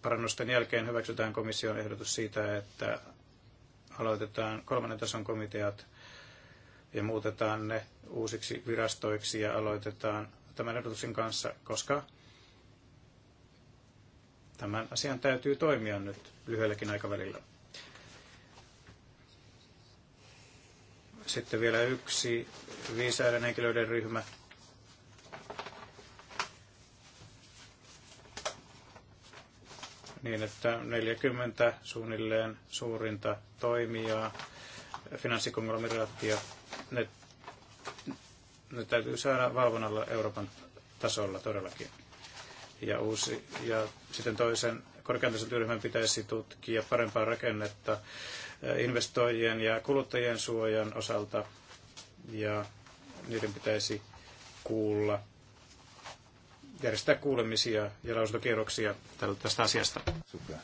parannusten jälkeen hyväksytään komission ehdotus siitä, että aloitetaan kolmannen tason komiteat ja muutetaan ne uusiksi virastoiksi ja aloitetaan tämän ehdotuksen kanssa, koska tämän asian täytyy toimia nyt lyhyelläkin aikavälillä. Sitten vielä yksi viisaiden henkilöiden ryhmä. Niin, että 40 suunnilleen suurinta toimijaa, finanssikonglomeraattia, ne, ne täytyy saada valvonnalla Euroopan tasolla todellakin. Ja, uusi, ja sitten toisen korkeantaisen työryhmän pitäisi tutkia parempaa rakennetta investoijien ja kuluttajien suojan osalta ja niiden pitäisi kuulla, järjestää kuulemisia ja lausuntokierroksia tästä asiasta. Super.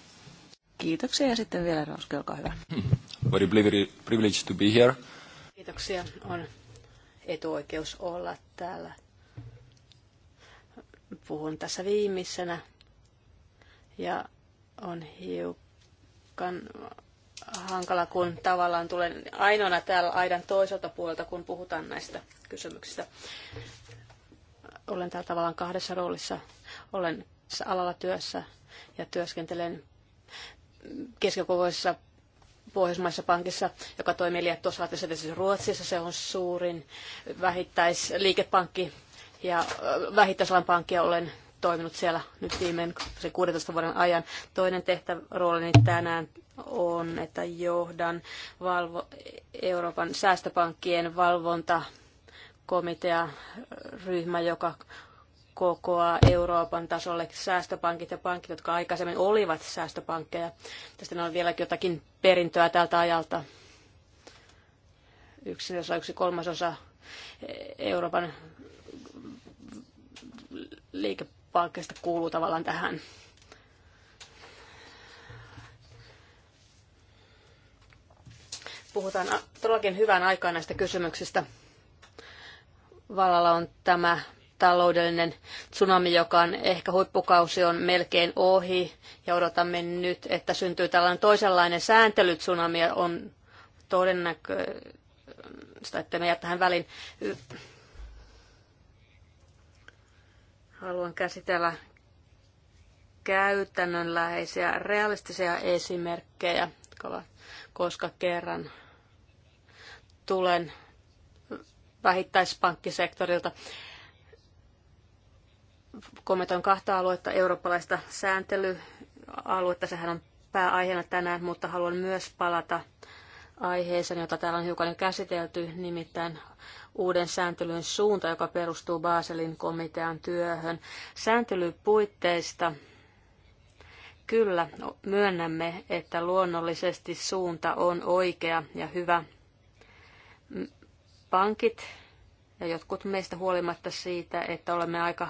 Kiitoksia ja sitten vielä Rauske, olkaa hyvä. Hmm. Very privileged to be here. Kiitoksia. On etuoikeus olla täällä. Puhun tässä viimeisenä ja on hiukan hankala, kun tavallaan tulen ainoana täällä aidan toiselta puolelta, kun puhutaan näistä kysymyksistä. Olen täällä tavallaan kahdessa roolissa. Olen alalla työssä ja työskentelen keskikokoisessa Pohjoismaissa pankissa, joka toimii Liettuossa, tietysti Ruotsissa. Se on suurin vähittäisliikepankki ja vähittäisalan pankki olen toiminut siellä nyt viimeisen 16 vuoden ajan. Toinen tehtävä rooli tänään on, että johdan valvo, Euroopan säästöpankkien valvontakomitea ryhmä, joka kokoaa Euroopan tasolle säästöpankit ja pankit, jotka aikaisemmin olivat säästöpankkeja. Tästä on vielä jotakin perintöä tältä ajalta. Yksi osa, yksi kolmasosa Euroopan liikepankkeista kuuluu tavallaan tähän puhutaan todellakin hyvän aikaan näistä kysymyksistä. Vallalla on tämä taloudellinen tsunami, joka on ehkä huippukausi on melkein ohi ja odotamme nyt, että syntyy tällainen toisenlainen sääntelytsunami ja on todennäköistä, että me jää tähän väliin. Haluan käsitellä käytännönläheisiä realistisia esimerkkejä, koska kerran tulen vähittäispankkisektorilta. Kommentoin kahta aluetta, eurooppalaista sääntelyaluetta, sehän on pääaiheena tänään, mutta haluan myös palata aiheeseen, jota täällä on hiukan jo käsitelty, nimittäin uuden sääntelyn suunta, joka perustuu Baselin komitean työhön. Sääntelypuitteista kyllä myönnämme, että luonnollisesti suunta on oikea ja hyvä – Pankit ja jotkut meistä huolimatta siitä, että olemme aika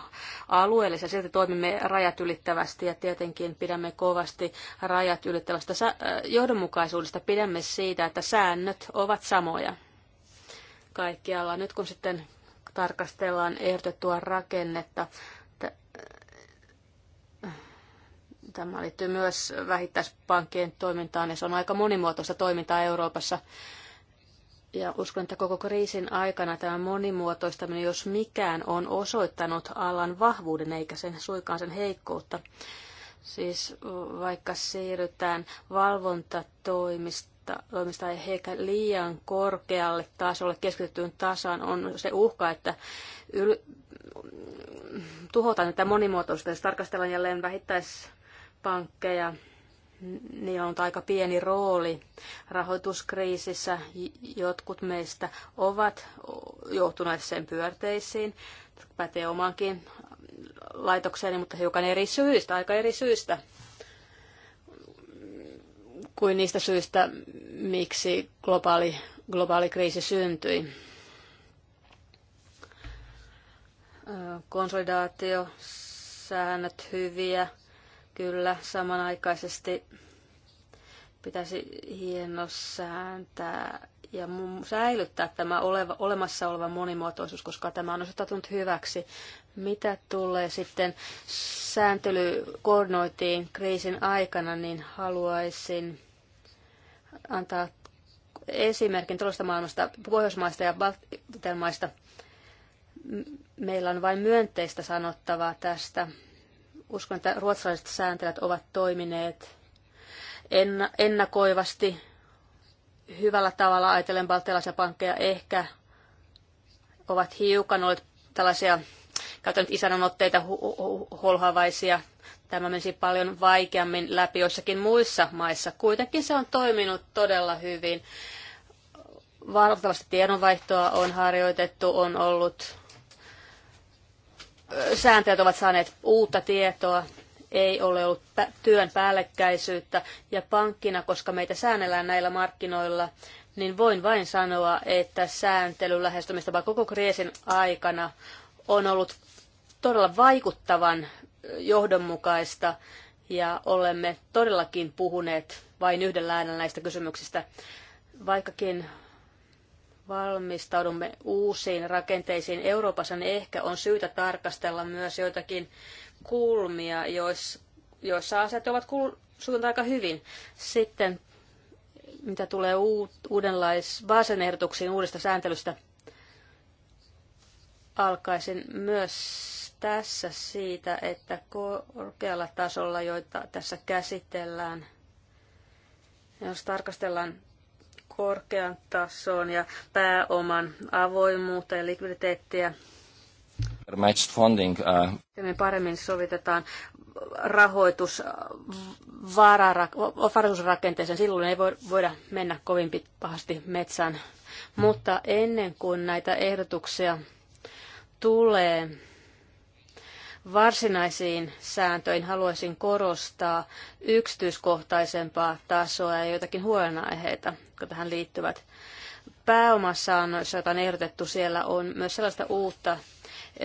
alueellisia, silti toimimme rajat ylittävästi ja tietenkin pidämme kovasti rajat ylittävästä äh, johdonmukaisuudesta, pidämme siitä, että säännöt ovat samoja kaikkialla. Nyt kun sitten tarkastellaan ehdotettua rakennetta, äh, tämä liittyy myös vähittäispankkien toimintaan ja se on aika monimuotoista toimintaa Euroopassa. Ja uskon, että koko kriisin aikana tämä monimuotoistaminen, jos mikään, on osoittanut alan vahvuuden eikä sen suikaan sen heikkoutta. Siis vaikka siirrytään valvontatoimista, toimista ei ehkä liian korkealle tasolle keskitettyyn tasaan, on se uhka, että yl- tuhotaan tätä monimuotoista, jos tarkastellaan jälleen vähittäispankkeja, niillä on aika pieni rooli rahoituskriisissä. Jotkut meistä ovat joutuneet sen pyörteisiin, pätee omaankin laitokseen, mutta hiukan eri syistä, aika eri syistä kuin niistä syistä, miksi globaali, globaali kriisi syntyi. säännöt hyviä Kyllä, samanaikaisesti pitäisi hienosääntää ja säilyttää tämä oleva, olemassa oleva monimuotoisuus, koska tämä on osoittautunut hyväksi. Mitä tulee sitten sääntelykoordinoitiin kriisin aikana, niin haluaisin antaa esimerkin tuollaista maailmasta, Pohjoismaista ja Baltian Meillä on vain myönteistä sanottavaa tästä. Uskon, että ruotsalaiset sääntelät ovat toimineet ennakoivasti hyvällä tavalla ajatellen baltialaisia pankkeja ehkä ovat hiukan olleet tällaisia, käytän nyt holhavaisia. Tämä menisi paljon vaikeammin läpi joissakin muissa maissa. Kuitenkin se on toiminut todella hyvin. Valtavasti tiedonvaihtoa on harjoitettu, on ollut sääntäjät ovat saaneet uutta tietoa, ei ole ollut työn päällekkäisyyttä ja pankkina, koska meitä säännellään näillä markkinoilla, niin voin vain sanoa, että sääntelyn lähestymistapa koko kriisin aikana on ollut todella vaikuttavan johdonmukaista ja olemme todellakin puhuneet vain yhdellä äänellä näistä kysymyksistä. Vaikkakin valmistaudumme uusiin rakenteisiin Euroopassa, niin ehkä on syytä tarkastella myös joitakin kulmia, joissa asiat ovat kul- suuntaan aika hyvin. Sitten mitä tulee uudenlaisiin ehdotuksiin uudesta sääntelystä, alkaisin myös tässä siitä, että korkealla tasolla, joita tässä käsitellään, jos tarkastellaan korkean tasoon ja pääoman avoimuutta ja likviditeettiä. Matched funding, uh... Me paremmin sovitetaan rahoitus äh, varallisuusrakenteeseen. Silloin ei voida mennä kovin pahasti metsään. Mm. Mutta ennen kuin näitä ehdotuksia tulee, varsinaisiin sääntöihin haluaisin korostaa yksityiskohtaisempaa tasoa ja joitakin huolenaiheita, jotka tähän liittyvät. Pääomassaannoissa, joita on ehdotettu, siellä on myös sellaista uutta,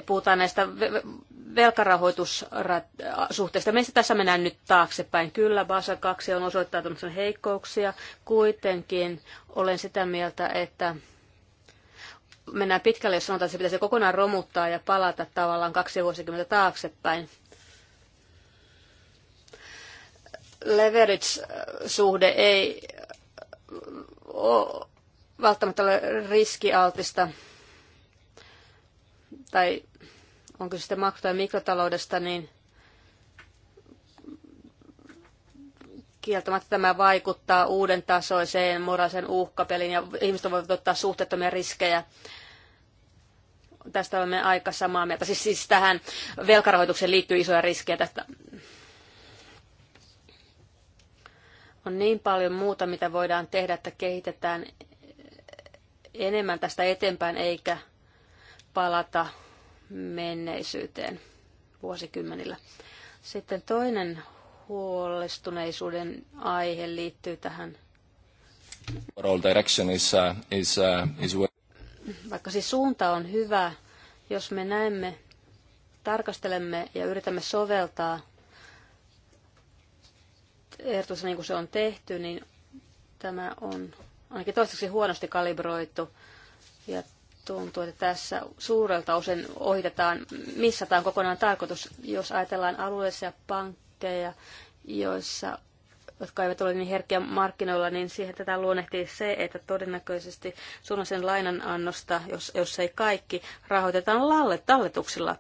puhutaan näistä velkarahoitussuhteista. Meistä tässä mennään nyt taaksepäin. Kyllä, Basa 2 on osoittanut heikkouksia. Kuitenkin olen sitä mieltä, että mennään pitkälle, jos sanotaan, että se pitäisi kokonaan romuttaa ja palata tavallaan kaksi vuosikymmentä taaksepäin. Leverage-suhde ei ole välttämättä ole riskialtista, tai onko se sitten makro- tai mikrotaloudesta, niin Kieltämättä tämä vaikuttaa uuden tasoiseen moraalisen uhkapeliin ja ihmiset voivat ottaa suhteettomia riskejä. Tästä olemme aika samaa mieltä. Siis, siis tähän velkarahoitukseen liittyy isoja riskejä tästä. On niin paljon muuta, mitä voidaan tehdä, että kehitetään enemmän tästä eteenpäin eikä palata menneisyyteen vuosikymmenillä. Sitten toinen huolestuneisuuden aihe liittyy tähän. Overall direction is, uh, is, uh, is... Vaikka siis suunta on hyvä, jos me näemme, tarkastelemme ja yritämme soveltaa ehdotusta niin kuin se on tehty, niin tämä on ainakin toistaiseksi huonosti kalibroitu ja tuntuu, että tässä suurelta osin ohitetaan, missataan kokonaan tarkoitus, jos ajatellaan alueellisia pankkeja ja joissa jotka eivät ole niin herkkiä markkinoilla, niin siihen tätä luonnehtii se, että todennäköisesti suunnallisen lainan annosta, jos, jos ei kaikki, rahoitetaan lalle, talletuksilla,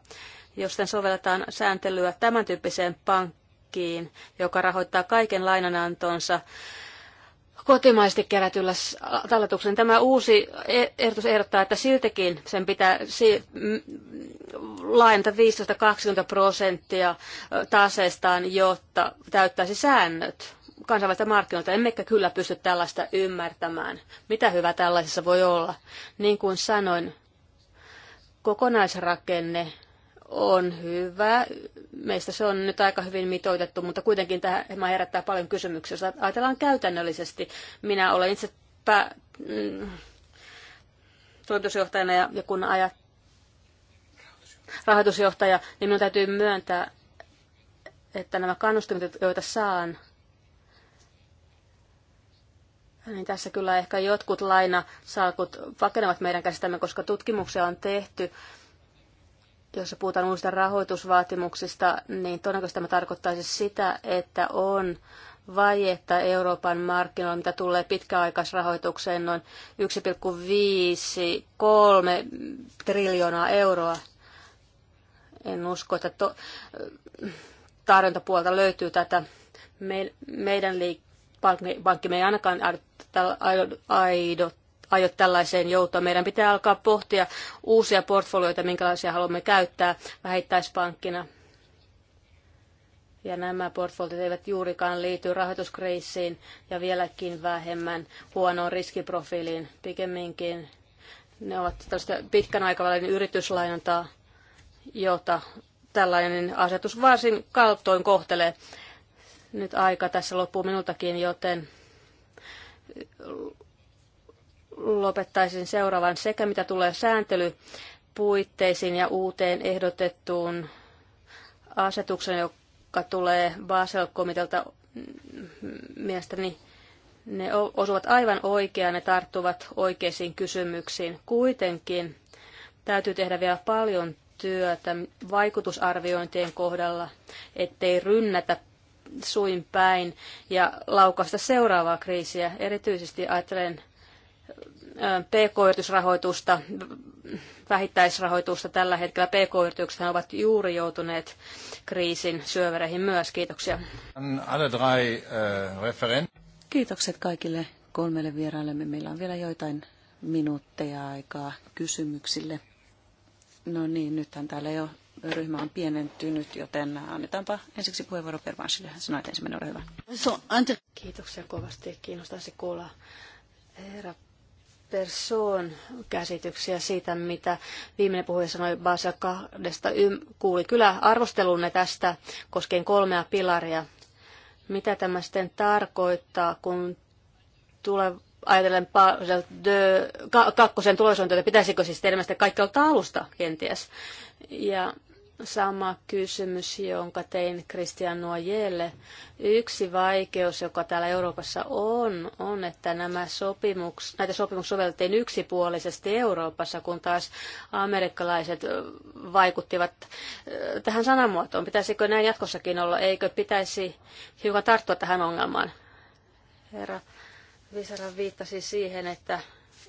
josten sovelletaan sääntelyä tämän tyyppiseen pankkiin, joka rahoittaa kaiken lainanantonsa kotimaisesti kerätyllä talletuksen. Tämä uusi e- ehdotus ehdottaa, että siltikin sen pitää laajentaa 15-20 prosenttia taseestaan, jotta täyttäisi säännöt kansainvälistä markkinoilta, emmekä kyllä pysty tällaista ymmärtämään. Mitä hyvä tällaisessa voi olla? Niin kuin sanoin, kokonaisrakenne on hyvä. Meistä se on nyt aika hyvin mitoitettu, mutta kuitenkin tämä herättää paljon kysymyksiä. Jos ajatellaan käytännöllisesti, minä olen itse pä- mm, toimitusjohtajana ja, ja kun ajat rahoitusjohtaja, niin minun täytyy myöntää, että nämä kannustimet, joita saan, niin tässä kyllä ehkä jotkut lainasalkut pakenevat meidän käsitämme, koska tutkimuksia on tehty jos puhutaan uusista rahoitusvaatimuksista, niin todennäköisesti tämä tarkoittaisi sitä, että on vajetta Euroopan markkinoilla, mitä tulee pitkäaikaisrahoitukseen, noin 1,53 triljoonaa euroa. En usko, että to, tarjontapuolta löytyy tätä. Me, meidän liik- me ei ainakaan aidot aio tällaiseen joutua. Meidän pitää alkaa pohtia uusia portfolioita, minkälaisia haluamme käyttää vähittäispankkina. Ja nämä portfoliot eivät juurikaan liity rahoituskriisiin ja vieläkin vähemmän huonoon riskiprofiiliin. Pikemminkin ne ovat tällaista pitkän aikavälin yrityslainantaa, jota tällainen asetus varsin kaltoin kohtelee. Nyt aika tässä loppuu minultakin, joten lopettaisin seuraavan sekä mitä tulee sääntelypuitteisiin ja uuteen ehdotettuun asetuksen, joka tulee Basel-komitelta mielestäni ne osuvat aivan oikeaan, ne tarttuvat oikeisiin kysymyksiin. Kuitenkin täytyy tehdä vielä paljon työtä vaikutusarviointien kohdalla, ettei rynnätä suin päin ja laukasta seuraavaa kriisiä. Erityisesti ajattelen PK-yritysrahoitusta, vähittäisrahoitusta tällä hetkellä. PK-yritykset ovat juuri joutuneet kriisin syövereihin myös. Kiitoksia. Äh, Kiitokset kaikille kolmelle vieraillemme. Meillä on vielä joitain minuutteja aikaa kysymyksille. No niin, nythän täällä jo ryhmä on pienentynyt, joten annetaanpa ensiksi puheenvuoro Pervansille. Sanoit ensimmäinen, ole hyvä. Kiitoksia kovasti. Kiinnostaisi kuulla herra persoon käsityksiä siitä, mitä viimeinen puhuja sanoi Basel kahdesta. Kuuli kyllä arvostelunne tästä koskien kolmea pilaria. Mitä tämä sitten tarkoittaa, kun tulee ajatellen Basel kakkosen tulosuunnitelmaa, pitäisikö siis teidän mielestä kaikki aloittaa alusta kenties? Ja Sama kysymys, jonka tein Christian Noyelle. Yksi vaikeus, joka täällä Euroopassa on, on, että nämä sopimuks, näitä sopimuksia sovellettiin yksipuolisesti Euroopassa, kun taas amerikkalaiset vaikuttivat tähän sanamuotoon. Pitäisikö näin jatkossakin olla? Eikö pitäisi hiukan tarttua tähän ongelmaan? Herra Visara viittasi siihen, että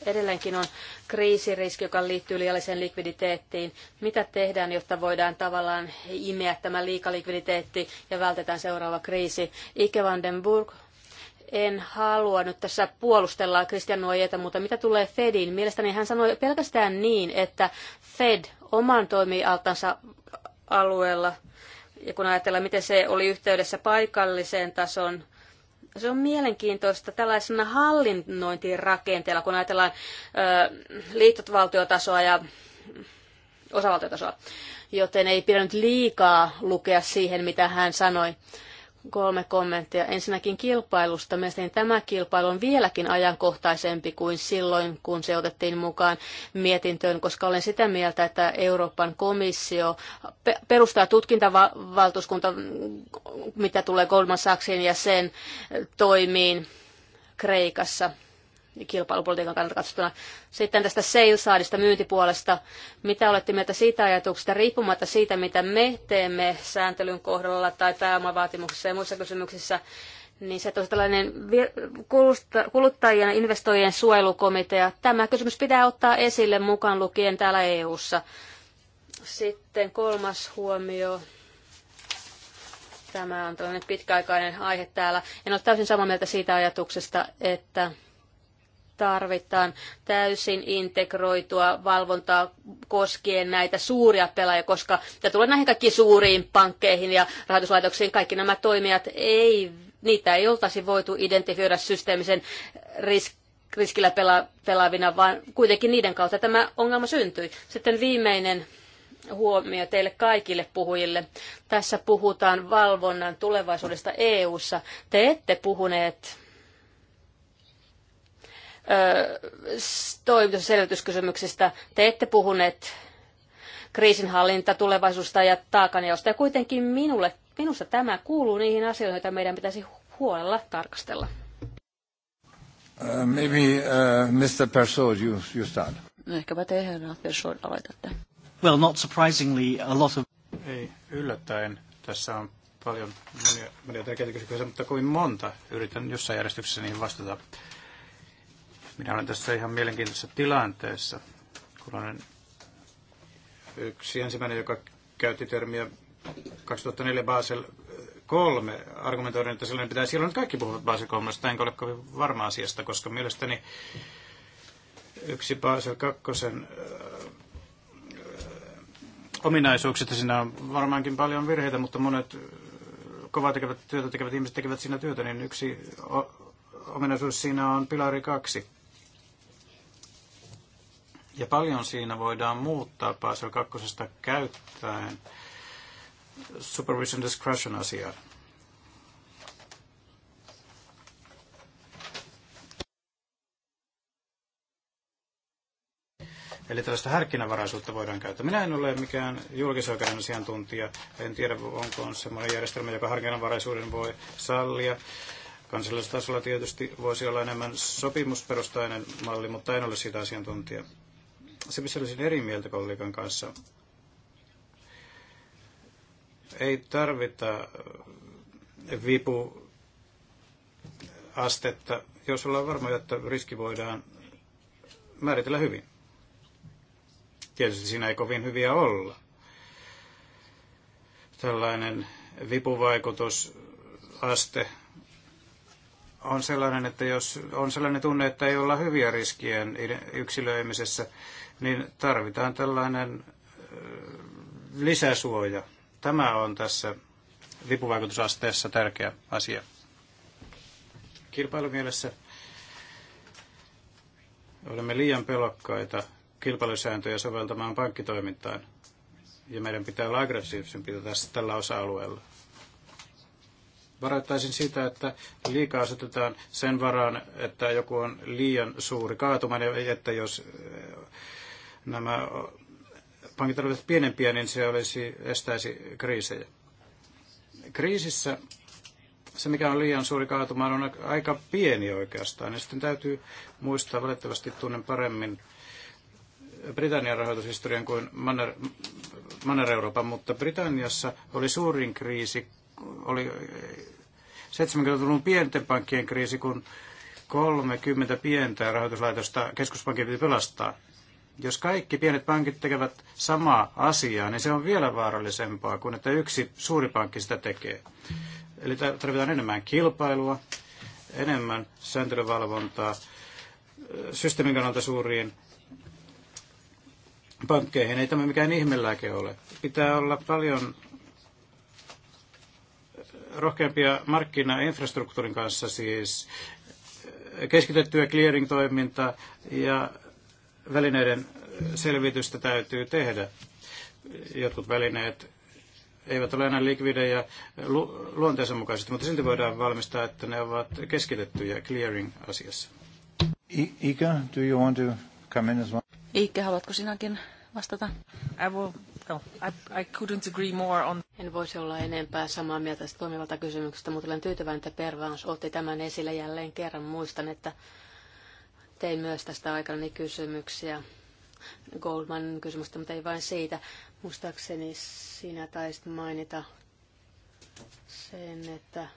edelleenkin on kriisiriski, joka liittyy liialliseen likviditeettiin. Mitä tehdään, jotta voidaan tavallaan imeä tämä liikalikviditeetti ja vältetään seuraava kriisi? Ike Burg, en halua nyt tässä puolustella Christian Nuojeta, mutta mitä tulee Fedin? Mielestäni hän sanoi pelkästään niin, että Fed oman toimialtansa alueella, ja kun ajatellaan, miten se oli yhteydessä paikalliseen tason se on mielenkiintoista tällaisena hallinnointirakenteella, kun ajatellaan ö, liittovaltiotasoa ja osavaltiotasoa. Joten ei pidä nyt liikaa lukea siihen, mitä hän sanoi kolme kommenttia. Ensinnäkin kilpailusta. Mielestäni tämä kilpailu on vieläkin ajankohtaisempi kuin silloin, kun se otettiin mukaan mietintöön, koska olen sitä mieltä, että Euroopan komissio perustaa tutkintavaltuuskunta, mitä tulee Goldman Sachsin ja sen toimiin Kreikassa kilpailupolitiikan kannalta katsottuna. Sitten tästä salesaadista myyntipuolesta. Mitä olette mieltä siitä ajatuksesta, riippumatta siitä, mitä me teemme sääntelyn kohdalla tai pääomavaatimuksissa ja muissa kysymyksissä, niin se on tällainen kuluttajien ja investoijien suojelukomitea. Tämä kysymys pitää ottaa esille mukaan lukien täällä EU:ssa. Sitten kolmas huomio. Tämä on tällainen pitkäaikainen aihe täällä. En ole täysin samaa mieltä siitä ajatuksesta, että tarvitaan täysin integroitua valvontaa koskien näitä suuria pelaajia, koska tämä tulee näihin kaikkiin suuriin pankkeihin ja rahoituslaitoksiin, kaikki nämä toimijat, ei, niitä ei oltaisi voitu identifioida systeemisen risk, riskillä pela, pelaavina, vaan kuitenkin niiden kautta tämä ongelma syntyi. Sitten viimeinen huomio teille kaikille puhujille. Tässä puhutaan valvonnan tulevaisuudesta EU:ssa. Te ette puhuneet toimitus- selvityskysymyksistä. Te ette puhuneet kriisinhallinta, tulevaisuusta ja taakanjaosta. Ja kuitenkin minulle, minusta tämä kuuluu niihin asioihin, joita meidän pitäisi huolella tarkastella. Uh, maybe uh, Mr. Persaud, you, you start. No, ehkäpä te, herra Persaud, aloitatte. Well, not surprisingly, a lot of... Ei yllättäen. Tässä on paljon monia, monia tärkeitä kysymyksiä, mutta kovin monta. Yritän jossain järjestyksessä niihin vastata. Uh, minä olen tässä ihan mielenkiintoisessa tilanteessa, kun olen yksi ensimmäinen, joka käytti termiä 2004 Basel 3 argumentoiden, että pitäisi olla, silloin kaikki puhuvat Basel 3, enkä ole kovin varma asiasta, koska mielestäni yksi Basel 2 äh, ominaisuuksista siinä on varmaankin paljon virheitä, mutta monet kovaa tekevät, työtä tekevät ihmiset tekevät siinä työtä, niin yksi ominaisuus siinä on pilari kaksi. Ja paljon siinä voidaan muuttaa Basel 2. käyttäen supervision discretion asiaa. Eli tällaista härkkinävaraisuutta voidaan käyttää. Minä en ole mikään julkisoikeuden asiantuntija. En tiedä, onko on sellainen järjestelmä, joka harkinnanvaraisuuden voi sallia. Kansallisella tasolla tietysti voisi olla enemmän sopimusperustainen malli, mutta en ole siitä asiantuntija. Se, missä olisin eri mieltä kollegan kanssa, ei tarvita äh, vipuastetta, jos ollaan varmoja, että riski voidaan määritellä hyvin. Tietysti siinä ei kovin hyviä olla. Tällainen vipuvaikutusaste on sellainen, että jos on sellainen tunne, että ei olla hyviä riskien yksilöimisessä, niin tarvitaan tällainen lisäsuoja. Tämä on tässä vipuvaikutusasteessa tärkeä asia. Kilpailumielessä olemme liian pelokkaita kilpailusääntöjä soveltamaan pankkitoimintaan, ja meidän pitää olla aggressiivisempi tässä tällä osa-alueella varoittaisin sitä, että liikaa asetetaan sen varaan, että joku on liian suuri kaatumainen, että jos eh, nämä pankit olivat pienempiä, niin se olisi, estäisi kriisejä. Kriisissä se, mikä on liian suuri kaatuma, on aika pieni oikeastaan. Ja sitten täytyy muistaa, valitettavasti tunnen paremmin Britannian rahoitushistorian kuin Manner, Manner-Euroopan, mutta Britanniassa oli suurin kriisi oli 70-luvun eh, pienten pankkien kriisi, kun 30 pientä rahoituslaitosta keskuspankin piti pelastaa. Jos kaikki pienet pankit tekevät samaa asiaa, niin se on vielä vaarallisempaa kuin että yksi suuri pankki sitä tekee. Eli tarvitaan enemmän kilpailua, enemmän sääntelyvalvontaa eh, systeemin kannalta suuriin pankkeihin. Ei tämä mikään ihmelääke ole. Pitää olla paljon rohkeampia markkinainfrastruktuurin kanssa siis keskitettyä clearing-toimintaa ja välineiden selvitystä täytyy tehdä. Jotkut välineet eivät ole enää likvidejä lu- luonteensa mukaisesti, mutta silti voidaan valmistaa, että ne ovat keskitettyjä clearing-asiassa. Ika, do you want to come in as well? Ike, haluatko sinäkin vastata? I will Pascal. No, I, I couldn't agree more on... En voisi olla enempää samaa mieltä tästä toimivalta kysymyksestä, mutta olen tyytyväinen, että Pervans otti tämän esille jälleen kerran. Muistan, että tein myös tästä aikana kysymyksiä. Goldman kysymystä, mutta ei vain siitä. Muistaakseni sinä taisit mainita sen, että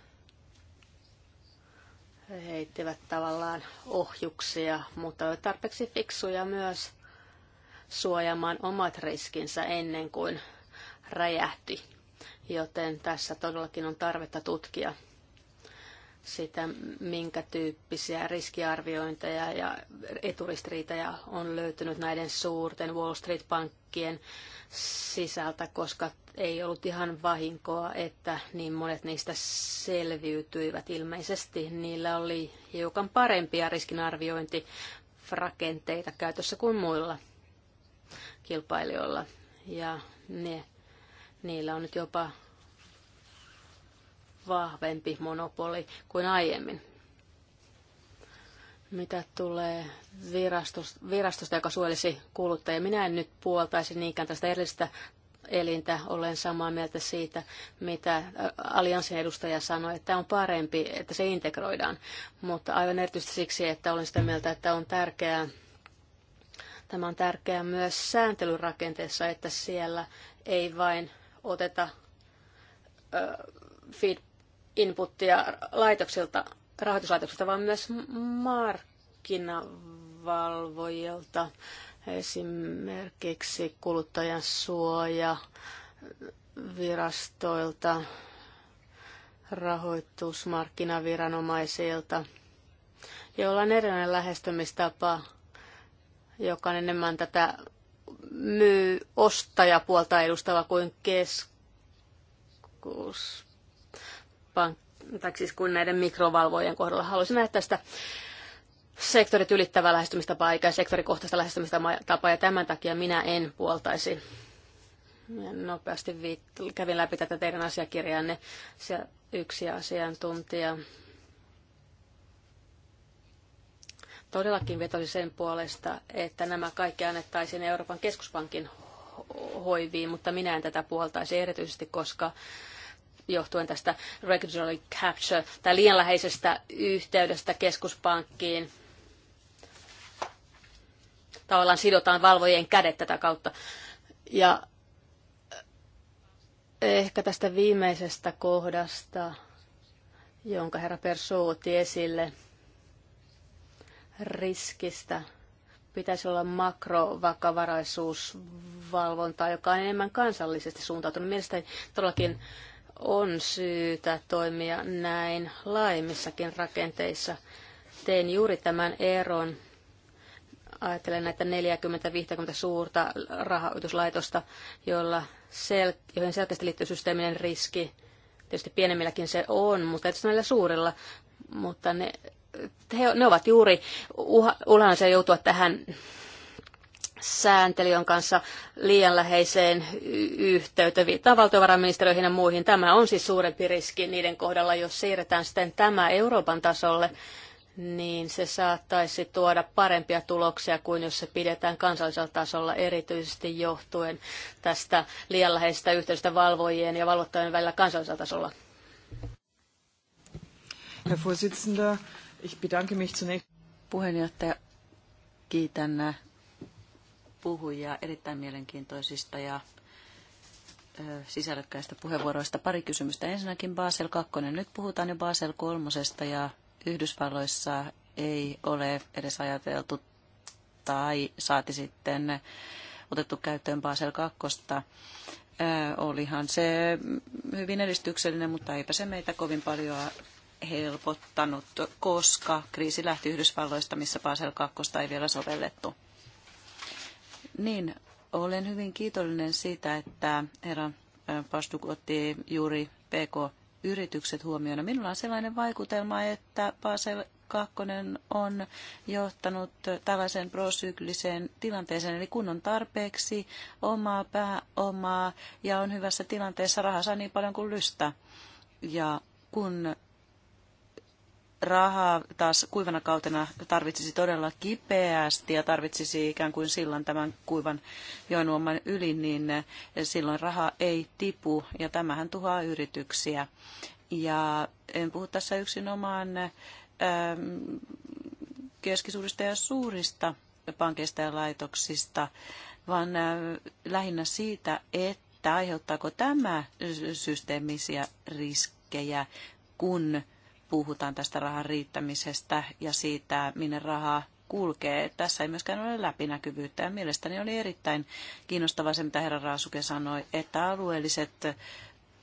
he heittivät tavallaan ohjuksia, mutta tarpeeksi fiksuja myös suojaamaan omat riskinsä ennen kuin räjähti. Joten tässä todellakin on tarvetta tutkia sitä, minkä tyyppisiä riskiarviointeja ja eturistiriitoja on löytynyt näiden suurten Wall Street-pankkien sisältä, koska ei ollut ihan vahinkoa, että niin monet niistä selviytyivät. Ilmeisesti niillä oli hiukan parempia riskinarviointirakenteita käytössä kuin muilla kilpailijoilla. Ja ne, niillä on nyt jopa vahvempi monopoli kuin aiemmin. Mitä tulee virastosta, virastosta joka suojelisi kuluttajia, minä en nyt puoltaisi niinkään tästä erillistä elintä. Olen samaa mieltä siitä, mitä allianssin edustaja sanoi, että on parempi, että se integroidaan. Mutta aivan erityisesti siksi, että olen sitä mieltä, että on tärkeää Tämä on tärkeää myös sääntelyrakenteessa, että siellä ei vain oteta feed inputtia laitoksilta, rahoituslaitoksilta, vaan myös markkinavalvojilta, esimerkiksi kuluttajan suoja virastoilta, rahoitusmarkkinaviranomaisilta, joilla on erilainen lähestymistapa joka on enemmän tätä myy ostajapuolta edustava kuin keskus, tai siis kuin näiden mikrovalvojen kohdalla. Haluaisin nähdä tästä sektorit ylittävää lähestymistapaa eikä sektorikohtaista lähestymistapaa, ja tämän takia minä en puoltaisi. Nopeasti viitt- kävin läpi tätä teidän asiakirjaanne. Siellä yksi asiantuntija todellakin vetosi sen puolesta, että nämä kaikki annettaisiin Euroopan keskuspankin hoiviin, mutta minä en tätä puoltaisi erityisesti, koska johtuen tästä regulatory capture tai liian läheisestä yhteydestä keskuspankkiin. Tavallaan sidotaan valvojien kädet tätä kautta. Ja ehkä tästä viimeisestä kohdasta, jonka herra Persu otti esille – riskistä pitäisi olla makrovakavaraisuusvalvontaa, joka on enemmän kansallisesti suuntautunut. Mielestäni todellakin on syytä toimia näin laajemmissakin rakenteissa. Tein juuri tämän eron. Ajattelen näitä 40-50 suurta rahoituslaitosta, joilla sel- joihin selkeästi liittyy systeeminen riski. Tietysti pienemmilläkin se on, mutta tietysti näillä suurilla. Mutta ne he, ne ovat juuri uhansa joutua tähän sääntelijön kanssa liian läheiseen yhteyteen, viittaa valtiovarainministeriöihin ja muihin. Tämä on siis suurempi riski niiden kohdalla, jos siirretään sitten tämä Euroopan tasolle, niin se saattaisi tuoda parempia tuloksia kuin jos se pidetään kansallisella tasolla erityisesti johtuen tästä liian läheisestä yhteydestä valvojien ja valvottajien välillä kansallisella tasolla. Herr Vorsitzender, Ich bedanke mich zunächst. Puheenjohtaja, kiitän puhujia erittäin mielenkiintoisista ja sisällökkäistä puheenvuoroista. Pari kysymystä. Ensinnäkin Basel 2. Nyt puhutaan jo Basel 3. ja Yhdysvalloissa ei ole edes ajateltu tai saati sitten otettu käyttöön Basel 2. Olihan se hyvin edistyksellinen, mutta eipä se meitä kovin paljon helpottanut, koska kriisi lähti Yhdysvalloista, missä Basel 2 ei vielä sovellettu. Niin, olen hyvin kiitollinen siitä, että herra Pastuk otti juuri PK-yritykset huomioon. Minulla on sellainen vaikutelma, että Basel 2 on johtanut tällaisen prosykliseen tilanteeseen, eli kun on tarpeeksi omaa pääomaa ja on hyvässä tilanteessa, raha saa niin paljon kuin lystä. Ja kun rahaa taas kuivana kautena tarvitsisi todella kipeästi ja tarvitsisi ikään kuin sillan tämän kuivan joenuoman yli, niin eh, silloin raha ei tipu ja tämähän tuhaa yrityksiä. Ja en puhu tässä yksinomaan ehm, keskisuurista ja suurista pankeista ja laitoksista, vaan eh, lähinnä siitä, että aiheuttaako tämä systeemisiä riskejä, kun puhutaan tästä rahan riittämisestä ja siitä, minne rahaa kulkee. Tässä ei myöskään ole läpinäkyvyyttä ja mielestäni oli erittäin kiinnostavaa se, mitä herra Raasuke sanoi, että alueelliset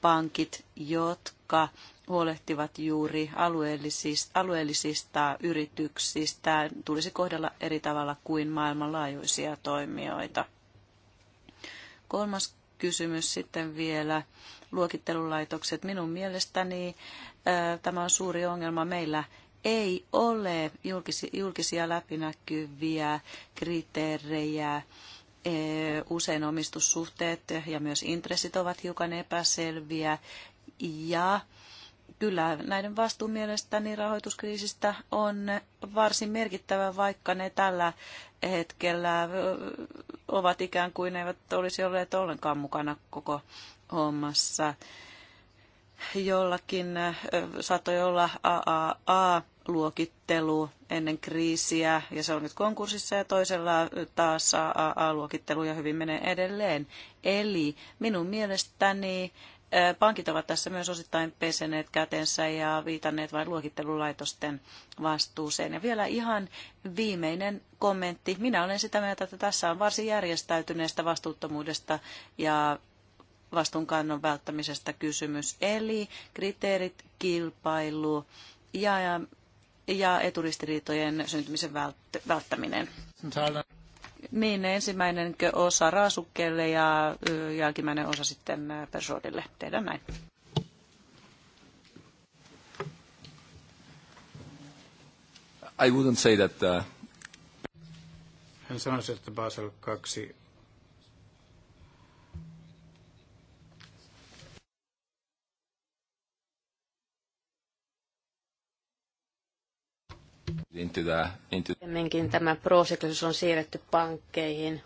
pankit, jotka huolehtivat juuri alueellisista, alueellisista yrityksistä, tulisi kohdella eri tavalla kuin maailmanlaajuisia toimijoita. Kolmas kysymys sitten vielä. Luokittelulaitokset. Minun mielestäni tämä on suuri ongelma meillä. Ei ole julkisia läpinäkyviä kriteerejä. Usein omistussuhteet ja myös intressit ovat hiukan epäselviä. Ja kyllä näiden vastuun mielestäni rahoituskriisistä on varsin merkittävä, vaikka ne tällä hetkellä ovat ikään kuin eivät olisi olleet ollenkaan mukana koko hommassa jollakin saattoi olla AAA-luokittelu ennen kriisiä ja se on nyt konkurssissa ja toisella taas AAA-luokittelu ja hyvin menee edelleen. Eli minun mielestäni pankit ovat tässä myös osittain peseneet kätensä ja viitanneet vain luokittelulaitosten vastuuseen. Ja vielä ihan viimeinen kommentti. Minä olen sitä mieltä, että tässä on varsin järjestäytyneestä vastuuttomuudesta ja vastuunkannon välttämisestä kysymys. Eli kriteerit, kilpailu ja, ja eturistiriitojen syntymisen välttäminen. Niin, ensimmäinen osa raasukkeelle ja jälkimmäinen osa sitten persoodille. Tehdään näin. I wouldn't say that... Uh... Hän sanoisi, että Basel 2 Ennemminkin tämä prosiklisuus on siirretty pankkeihin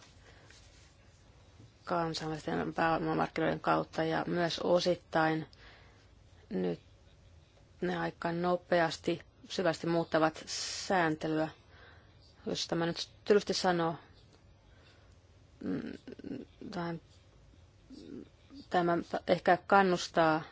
kansainvälisten pääomamarkkinoiden kautta ja myös osittain nyt ne aika nopeasti, syvästi muuttavat sääntelyä. Jos tämä nyt tylysti sanoo, mm, vähän tämä ehkä kannustaa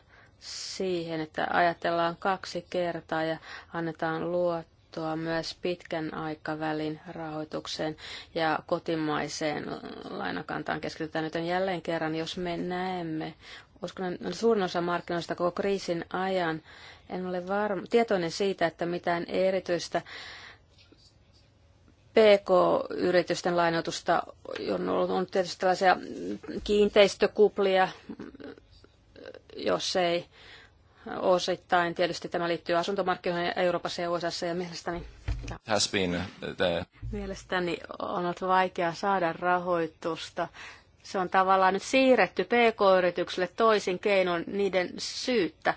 siihen, että ajatellaan kaksi kertaa ja annetaan luot liittoa myös pitkän aikavälin rahoitukseen ja kotimaiseen lainakantaan keskitytään. Joten jälleen kerran, jos me näemme, uskon, suurin osa markkinoista koko kriisin ajan, en ole varma, tietoinen siitä, että mitään erityistä PK-yritysten lainoitusta on ollut on tietysti tällaisia kiinteistökuplia, jos ei osittain. Tietysti tämä liittyy asuntomarkkinoihin Euroopassa ja USAssa ja mielestäni Has been Mielestäni on ollut vaikea saada rahoitusta. Se on tavallaan nyt siirretty pk yritykselle toisin keinoin niiden syyttä.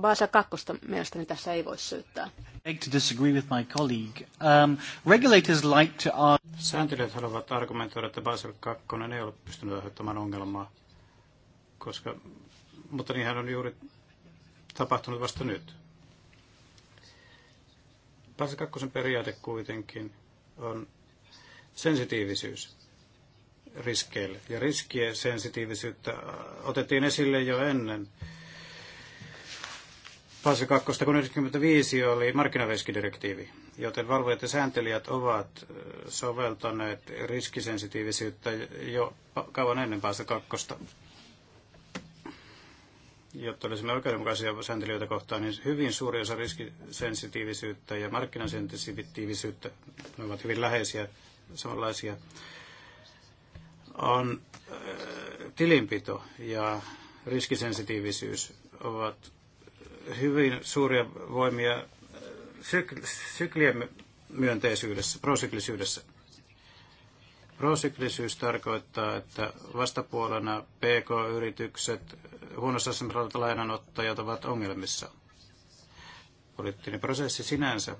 Baasa kakkosta mielestäni tässä ei voi syyttää. To disagree with my colleague. Um, regulators like to Sääntelijät haluavat argumentoida, että Basel 2 ei ole pystynyt aiheuttamaan ongelmaa, koska mutta niinhän on juuri tapahtunut vasta nyt. Päässä kakkosen periaate kuitenkin on sensitiivisyys riskeille. Ja riskien sensitiivisyyttä otettiin esille jo ennen Päässä kakkosta, kun 1995 oli markkinariskidirektiivi, joten valvojat ja sääntelijät ovat soveltaneet riskisensitiivisyyttä jo kauan ennen päässä kakkosta jotta olisimme oikeudenmukaisia sääntelijöitä kohtaan, niin hyvin suuri osa riskisensitiivisyyttä ja markkinasensitiivisyyttä, ne ovat hyvin läheisiä, samanlaisia, on äh, tilinpito ja riskisensitiivisyys ovat hyvin suuria voimia äh, syk- syklien myönteisyydessä, prosyklisyydessä. Prosyklisyys tarkoittaa, että vastapuolena PK-yritykset, huonossa asemassa lainanottajat ovat ongelmissa. Poliittinen prosessi sinänsä,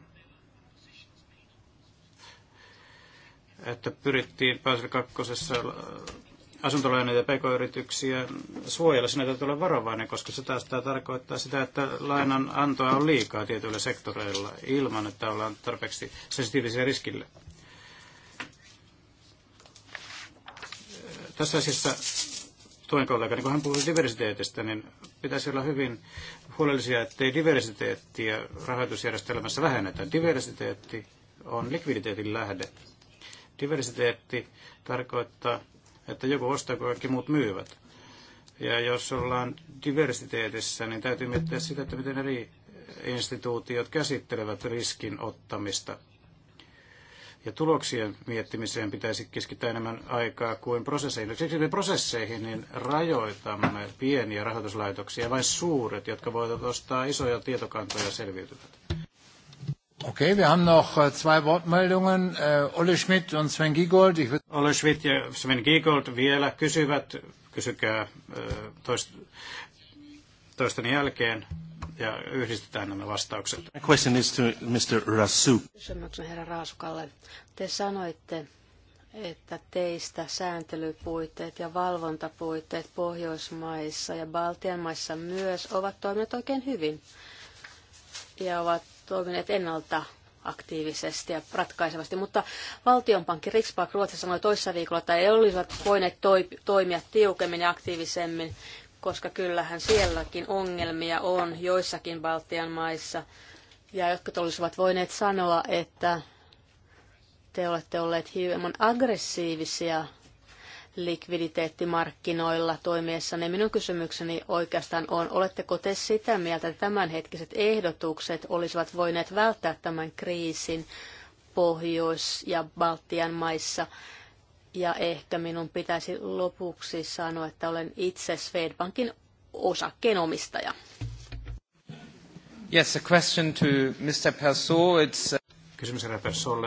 että pyrittiin Basel kakkosessa äh, asuntolainoja ja pk-yrityksiä suojella. Sinä täytyy olla varovainen, koska se taas tarkoittaa sitä, että lainan antoa on liikaa tietyillä sektoreilla ilman, että ollaan tarpeeksi sensitiivisiä riskille. Tässä asiassa tuen niin kun hän puhui diversiteetistä, niin pitäisi olla hyvin huolellisia, ettei diversiteettiä rahoitusjärjestelmässä vähennetä. Diversiteetti on likviditeetin lähde. Diversiteetti tarkoittaa, että joku ostaa, kun kaikki muut myyvät. Ja jos ollaan diversiteetissä, niin täytyy miettiä sitä, että miten eri instituutiot käsittelevät riskin ottamista ja tuloksien miettimiseen pitäisi keskittää enemmän aikaa kuin prosesseihin. Siksi me prosesseihin niin rajoitamme pieniä rahoituslaitoksia, vain suuret, jotka voivat ostaa isoja tietokantoja ja selviytyvät. Okay, wir haben noch äh, zwei Wortmeldungen. Äh, Olli Schmidt und Sven Giegold. Ich Olli Schmidt ja Sven Giegold vielä kysyvät, kysykää äh, toist, toisten jälkeen ja yhdistetään nämä vastaukset. My question is to Mr. Rasu. Kysymyksen herra Raasukalle. Te sanoitte, että teistä sääntelypuitteet ja valvontapuitteet Pohjoismaissa ja Baltian maissa myös ovat toimineet oikein hyvin ja ovat toimineet ennalta aktiivisesti ja ratkaisevasti, mutta valtionpankki Riksbank Ruotsi sanoi toissa viikolla, että ei olisivat voineet toimia tiukemmin ja aktiivisemmin, koska kyllähän sielläkin ongelmia on joissakin Baltian maissa. Ja jotkut olisivat voineet sanoa, että te olette olleet hieman aggressiivisia likviditeettimarkkinoilla toimiessanne. Minun kysymykseni oikeastaan on, oletteko te sitä mieltä, että tämänhetkiset ehdotukset olisivat voineet välttää tämän kriisin Pohjois- ja Baltian maissa? Ja ehkä minun pitäisi lopuksi sanoa, että olen itse Swedbankin osakkeenomistaja. Yes, a question to Mr. Perso. It's... Uh, Kysymys herra Persolle.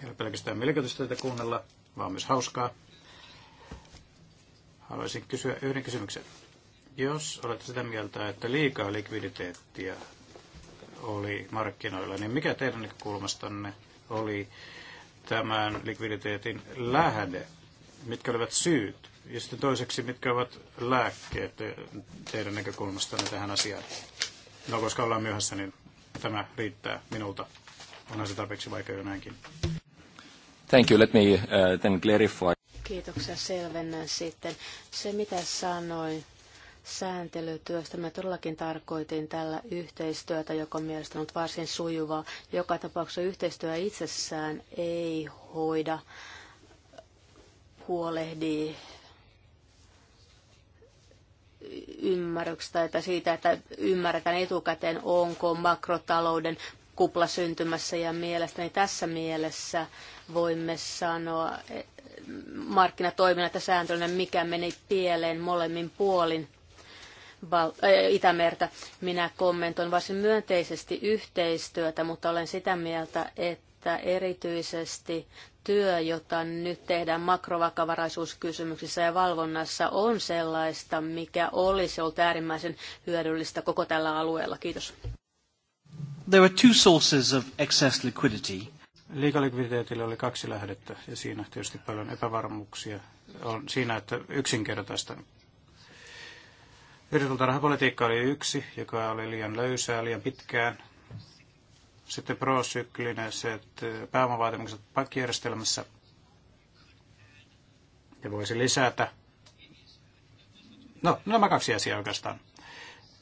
Ei ole pelkästään mielenkiintoista tätä kuunnella, vaan myös hauskaa. Haluaisin kysyä yhden kysymyksen. Jos olette sitä mieltä, että liikaa likviditeettiä oli markkinoilla, niin mikä teidän näkökulmastanne oli tämän likviditeetin lähde, mitkä olivat syyt, ja sitten toiseksi, mitkä ovat lääkkeet teidän näkökulmastanne tähän asiaan. No, koska ollaan myöhässä, niin tämä riittää minulta. Onhan se tarpeeksi vaikea jo näinkin. Thank you. Let me uh, then clarify. Kiitoksia, selvennän sitten. Se, mitä sanoin, sääntelytyöstä. Mä todellakin tarkoitin tällä yhteistyötä, joka on mielestäni on varsin sujuvaa. Joka tapauksessa yhteistyö itsessään ei hoida, huolehdi ymmärryksestä että siitä, että ymmärretään etukäteen, onko makrotalouden kupla syntymässä ja mielestäni tässä mielessä voimme sanoa eh, markkinatoiminnat ja sääntelyn, mikä meni pieleen molemmin puolin. Val- äh, Itämertä. Minä kommentoin varsin myönteisesti yhteistyötä, mutta olen sitä mieltä, että erityisesti työ, jota nyt tehdään makrovakavaraisuuskysymyksissä ja valvonnassa, on sellaista, mikä olisi ollut äärimmäisen hyödyllistä koko tällä alueella. Kiitos. There were two sources of excess liquidity. Liikalikviditeetille oli kaksi lähdettä ja siinä tietysti paljon epävarmuuksia on siinä, että yksinkertaista. Ehdotonta rahapolitiikka oli yksi, joka oli liian löysää, liian pitkään. Sitten prosykliniset pääomavaatimukset pankkijärjestelmässä. Ja voisi lisätä. No, nämä kaksi asiaa oikeastaan.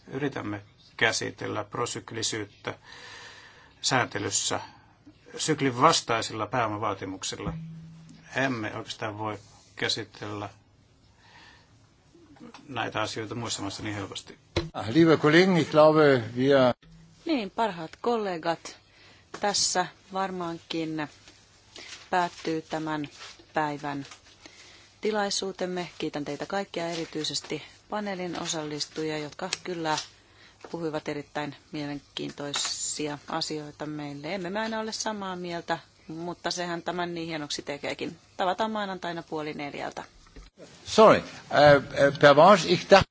Yritämme käsitellä prosyklisyyttä sääntelyssä syklin vastaisilla pääomavaatimuksilla. Emme oikeastaan voi käsitellä näitä asioita muissa maissa niin helposti. Liebe Kollegen, ich glaube, wir... Niin, parhaat kollegat, tässä varmaankin päättyy tämän päivän tilaisuutemme. Kiitän teitä kaikkia, erityisesti paneelin osallistujia, jotka kyllä puhuivat erittäin mielenkiintoisia asioita meille. Emme me aina ole samaa mieltä, mutta sehän tämän niin hienoksi tekeekin. Tavataan maanantaina puoli neljältä. Sorry, uh, äh, äh, Pervanche, ich dachte...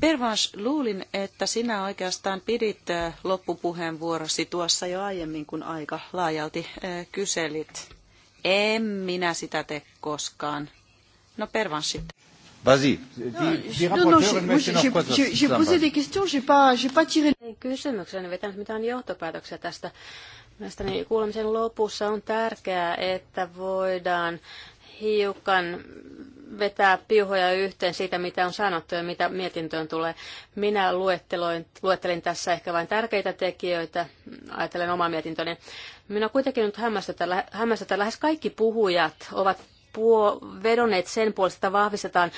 Pervans, luulin, että sinä oikeastaan pidit äh, loppupuheenvuorosi tuossa jo aiemmin, kun aika laajalti kyselit. En minä sitä tee koskaan. No Pervans sitten. Vas-y. Non, non, Kysymyksen vetänyt mitään johtopäätöksiä tästä. Mielestäni niin kuulemisen lopussa on tärkeää, että voidaan hiukan vetää piuhoja yhteen siitä, mitä on sanottu ja mitä mietintöön tulee. Minä luetteloin, luettelin tässä ehkä vain tärkeitä tekijöitä, ajattelen omaa mietintöni. Minä kuitenkin nyt hämmästytän, että lähes kaikki puhujat ovat puo- vedonneet sen puolesta, että vahvistetaan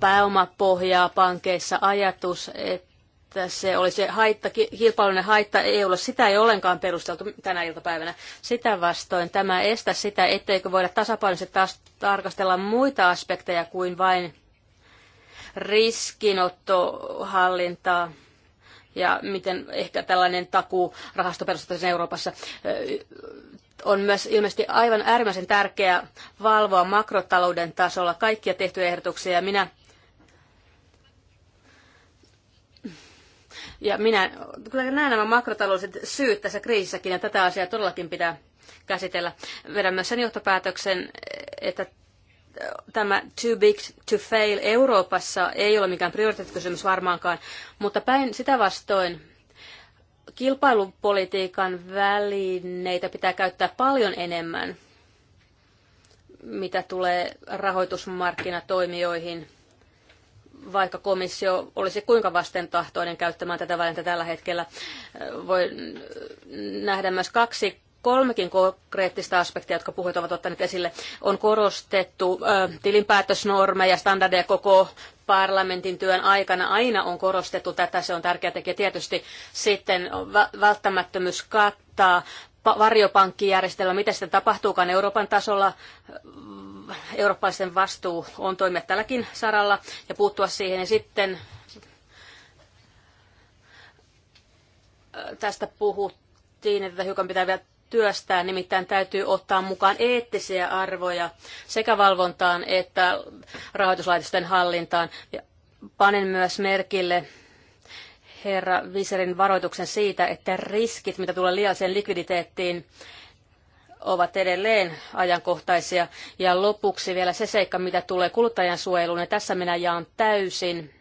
pääomapohjaa pankeissa ajatus, että että se olisi haitta, kilpailullinen haitta EUlle. Sitä ei ollenkaan perusteltu tänä iltapäivänä. Sitä vastoin tämä estä sitä, etteikö voida tasapainoisesti taas tarkastella muita aspekteja kuin vain riskinottohallintaa ja miten ehkä tällainen takuu rahasto perustettaisiin Euroopassa. On myös ilmeisesti aivan äärimmäisen tärkeää valvoa makrotalouden tasolla kaikkia tehtyjä ehdotuksia. Minä Ja minä kyllä näen nämä makrotaloudelliset syyt tässä kriisissäkin, ja tätä asiaa todellakin pitää käsitellä. Vedän myös sen johtopäätöksen, että tämä too big to fail Euroopassa ei ole mikään prioriteettikysymys varmaankaan, mutta päin sitä vastoin kilpailupolitiikan välineitä pitää käyttää paljon enemmän, mitä tulee rahoitusmarkkinatoimijoihin – vaikka komissio olisi kuinka vastentahtoinen käyttämään tätä välintä tällä hetkellä, voi nähdä myös kaksi kolmekin konkreettista aspektia, jotka puhujat ovat ottaneet esille, on korostettu ö, tilinpäätösnormeja, standardeja koko parlamentin työn aikana. Aina on korostettu tätä, se on tärkeä tekijä. Tietysti sitten välttämättömyys kattaa varjopankkijärjestelmä, mitä sitten tapahtuukaan Euroopan tasolla, eurooppalaisten vastuu on toimia tälläkin saralla ja puuttua siihen. Ja sitten tästä puhuttiin, että hiukan pitää vielä työstää, nimittäin täytyy ottaa mukaan eettisiä arvoja sekä valvontaan että rahoituslaitosten hallintaan. Ja panen myös merkille herra Viserin varoituksen siitä, että riskit, mitä tulee liialliseen likviditeettiin, ovat edelleen ajankohtaisia. Ja lopuksi vielä se seikka, mitä tulee kuluttajan suojeluun, ja tässä minä jaan täysin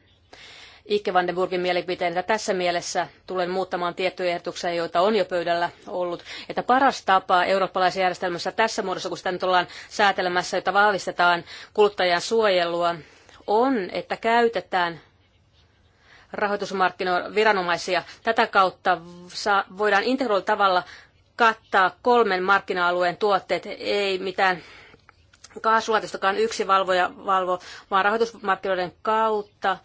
Ikke Vandenburgin mielipiteen, että tässä mielessä tulen muuttamaan tiettyjä ehdotuksia, joita on jo pöydällä ollut. Että paras tapa eurooppalaisessa järjestelmässä tässä muodossa, kun sitä nyt ollaan säätelemässä, jotta vahvistetaan kuluttajan suojelua, on, että käytetään viranomaisia. Tätä kautta voidaan integroilla tavalla kattaa kolmen markkina-alueen tuotteet, ei mitään kaasulaitostakaan yksi valvoja valvo, vaan rahoitusmarkkinoiden kautta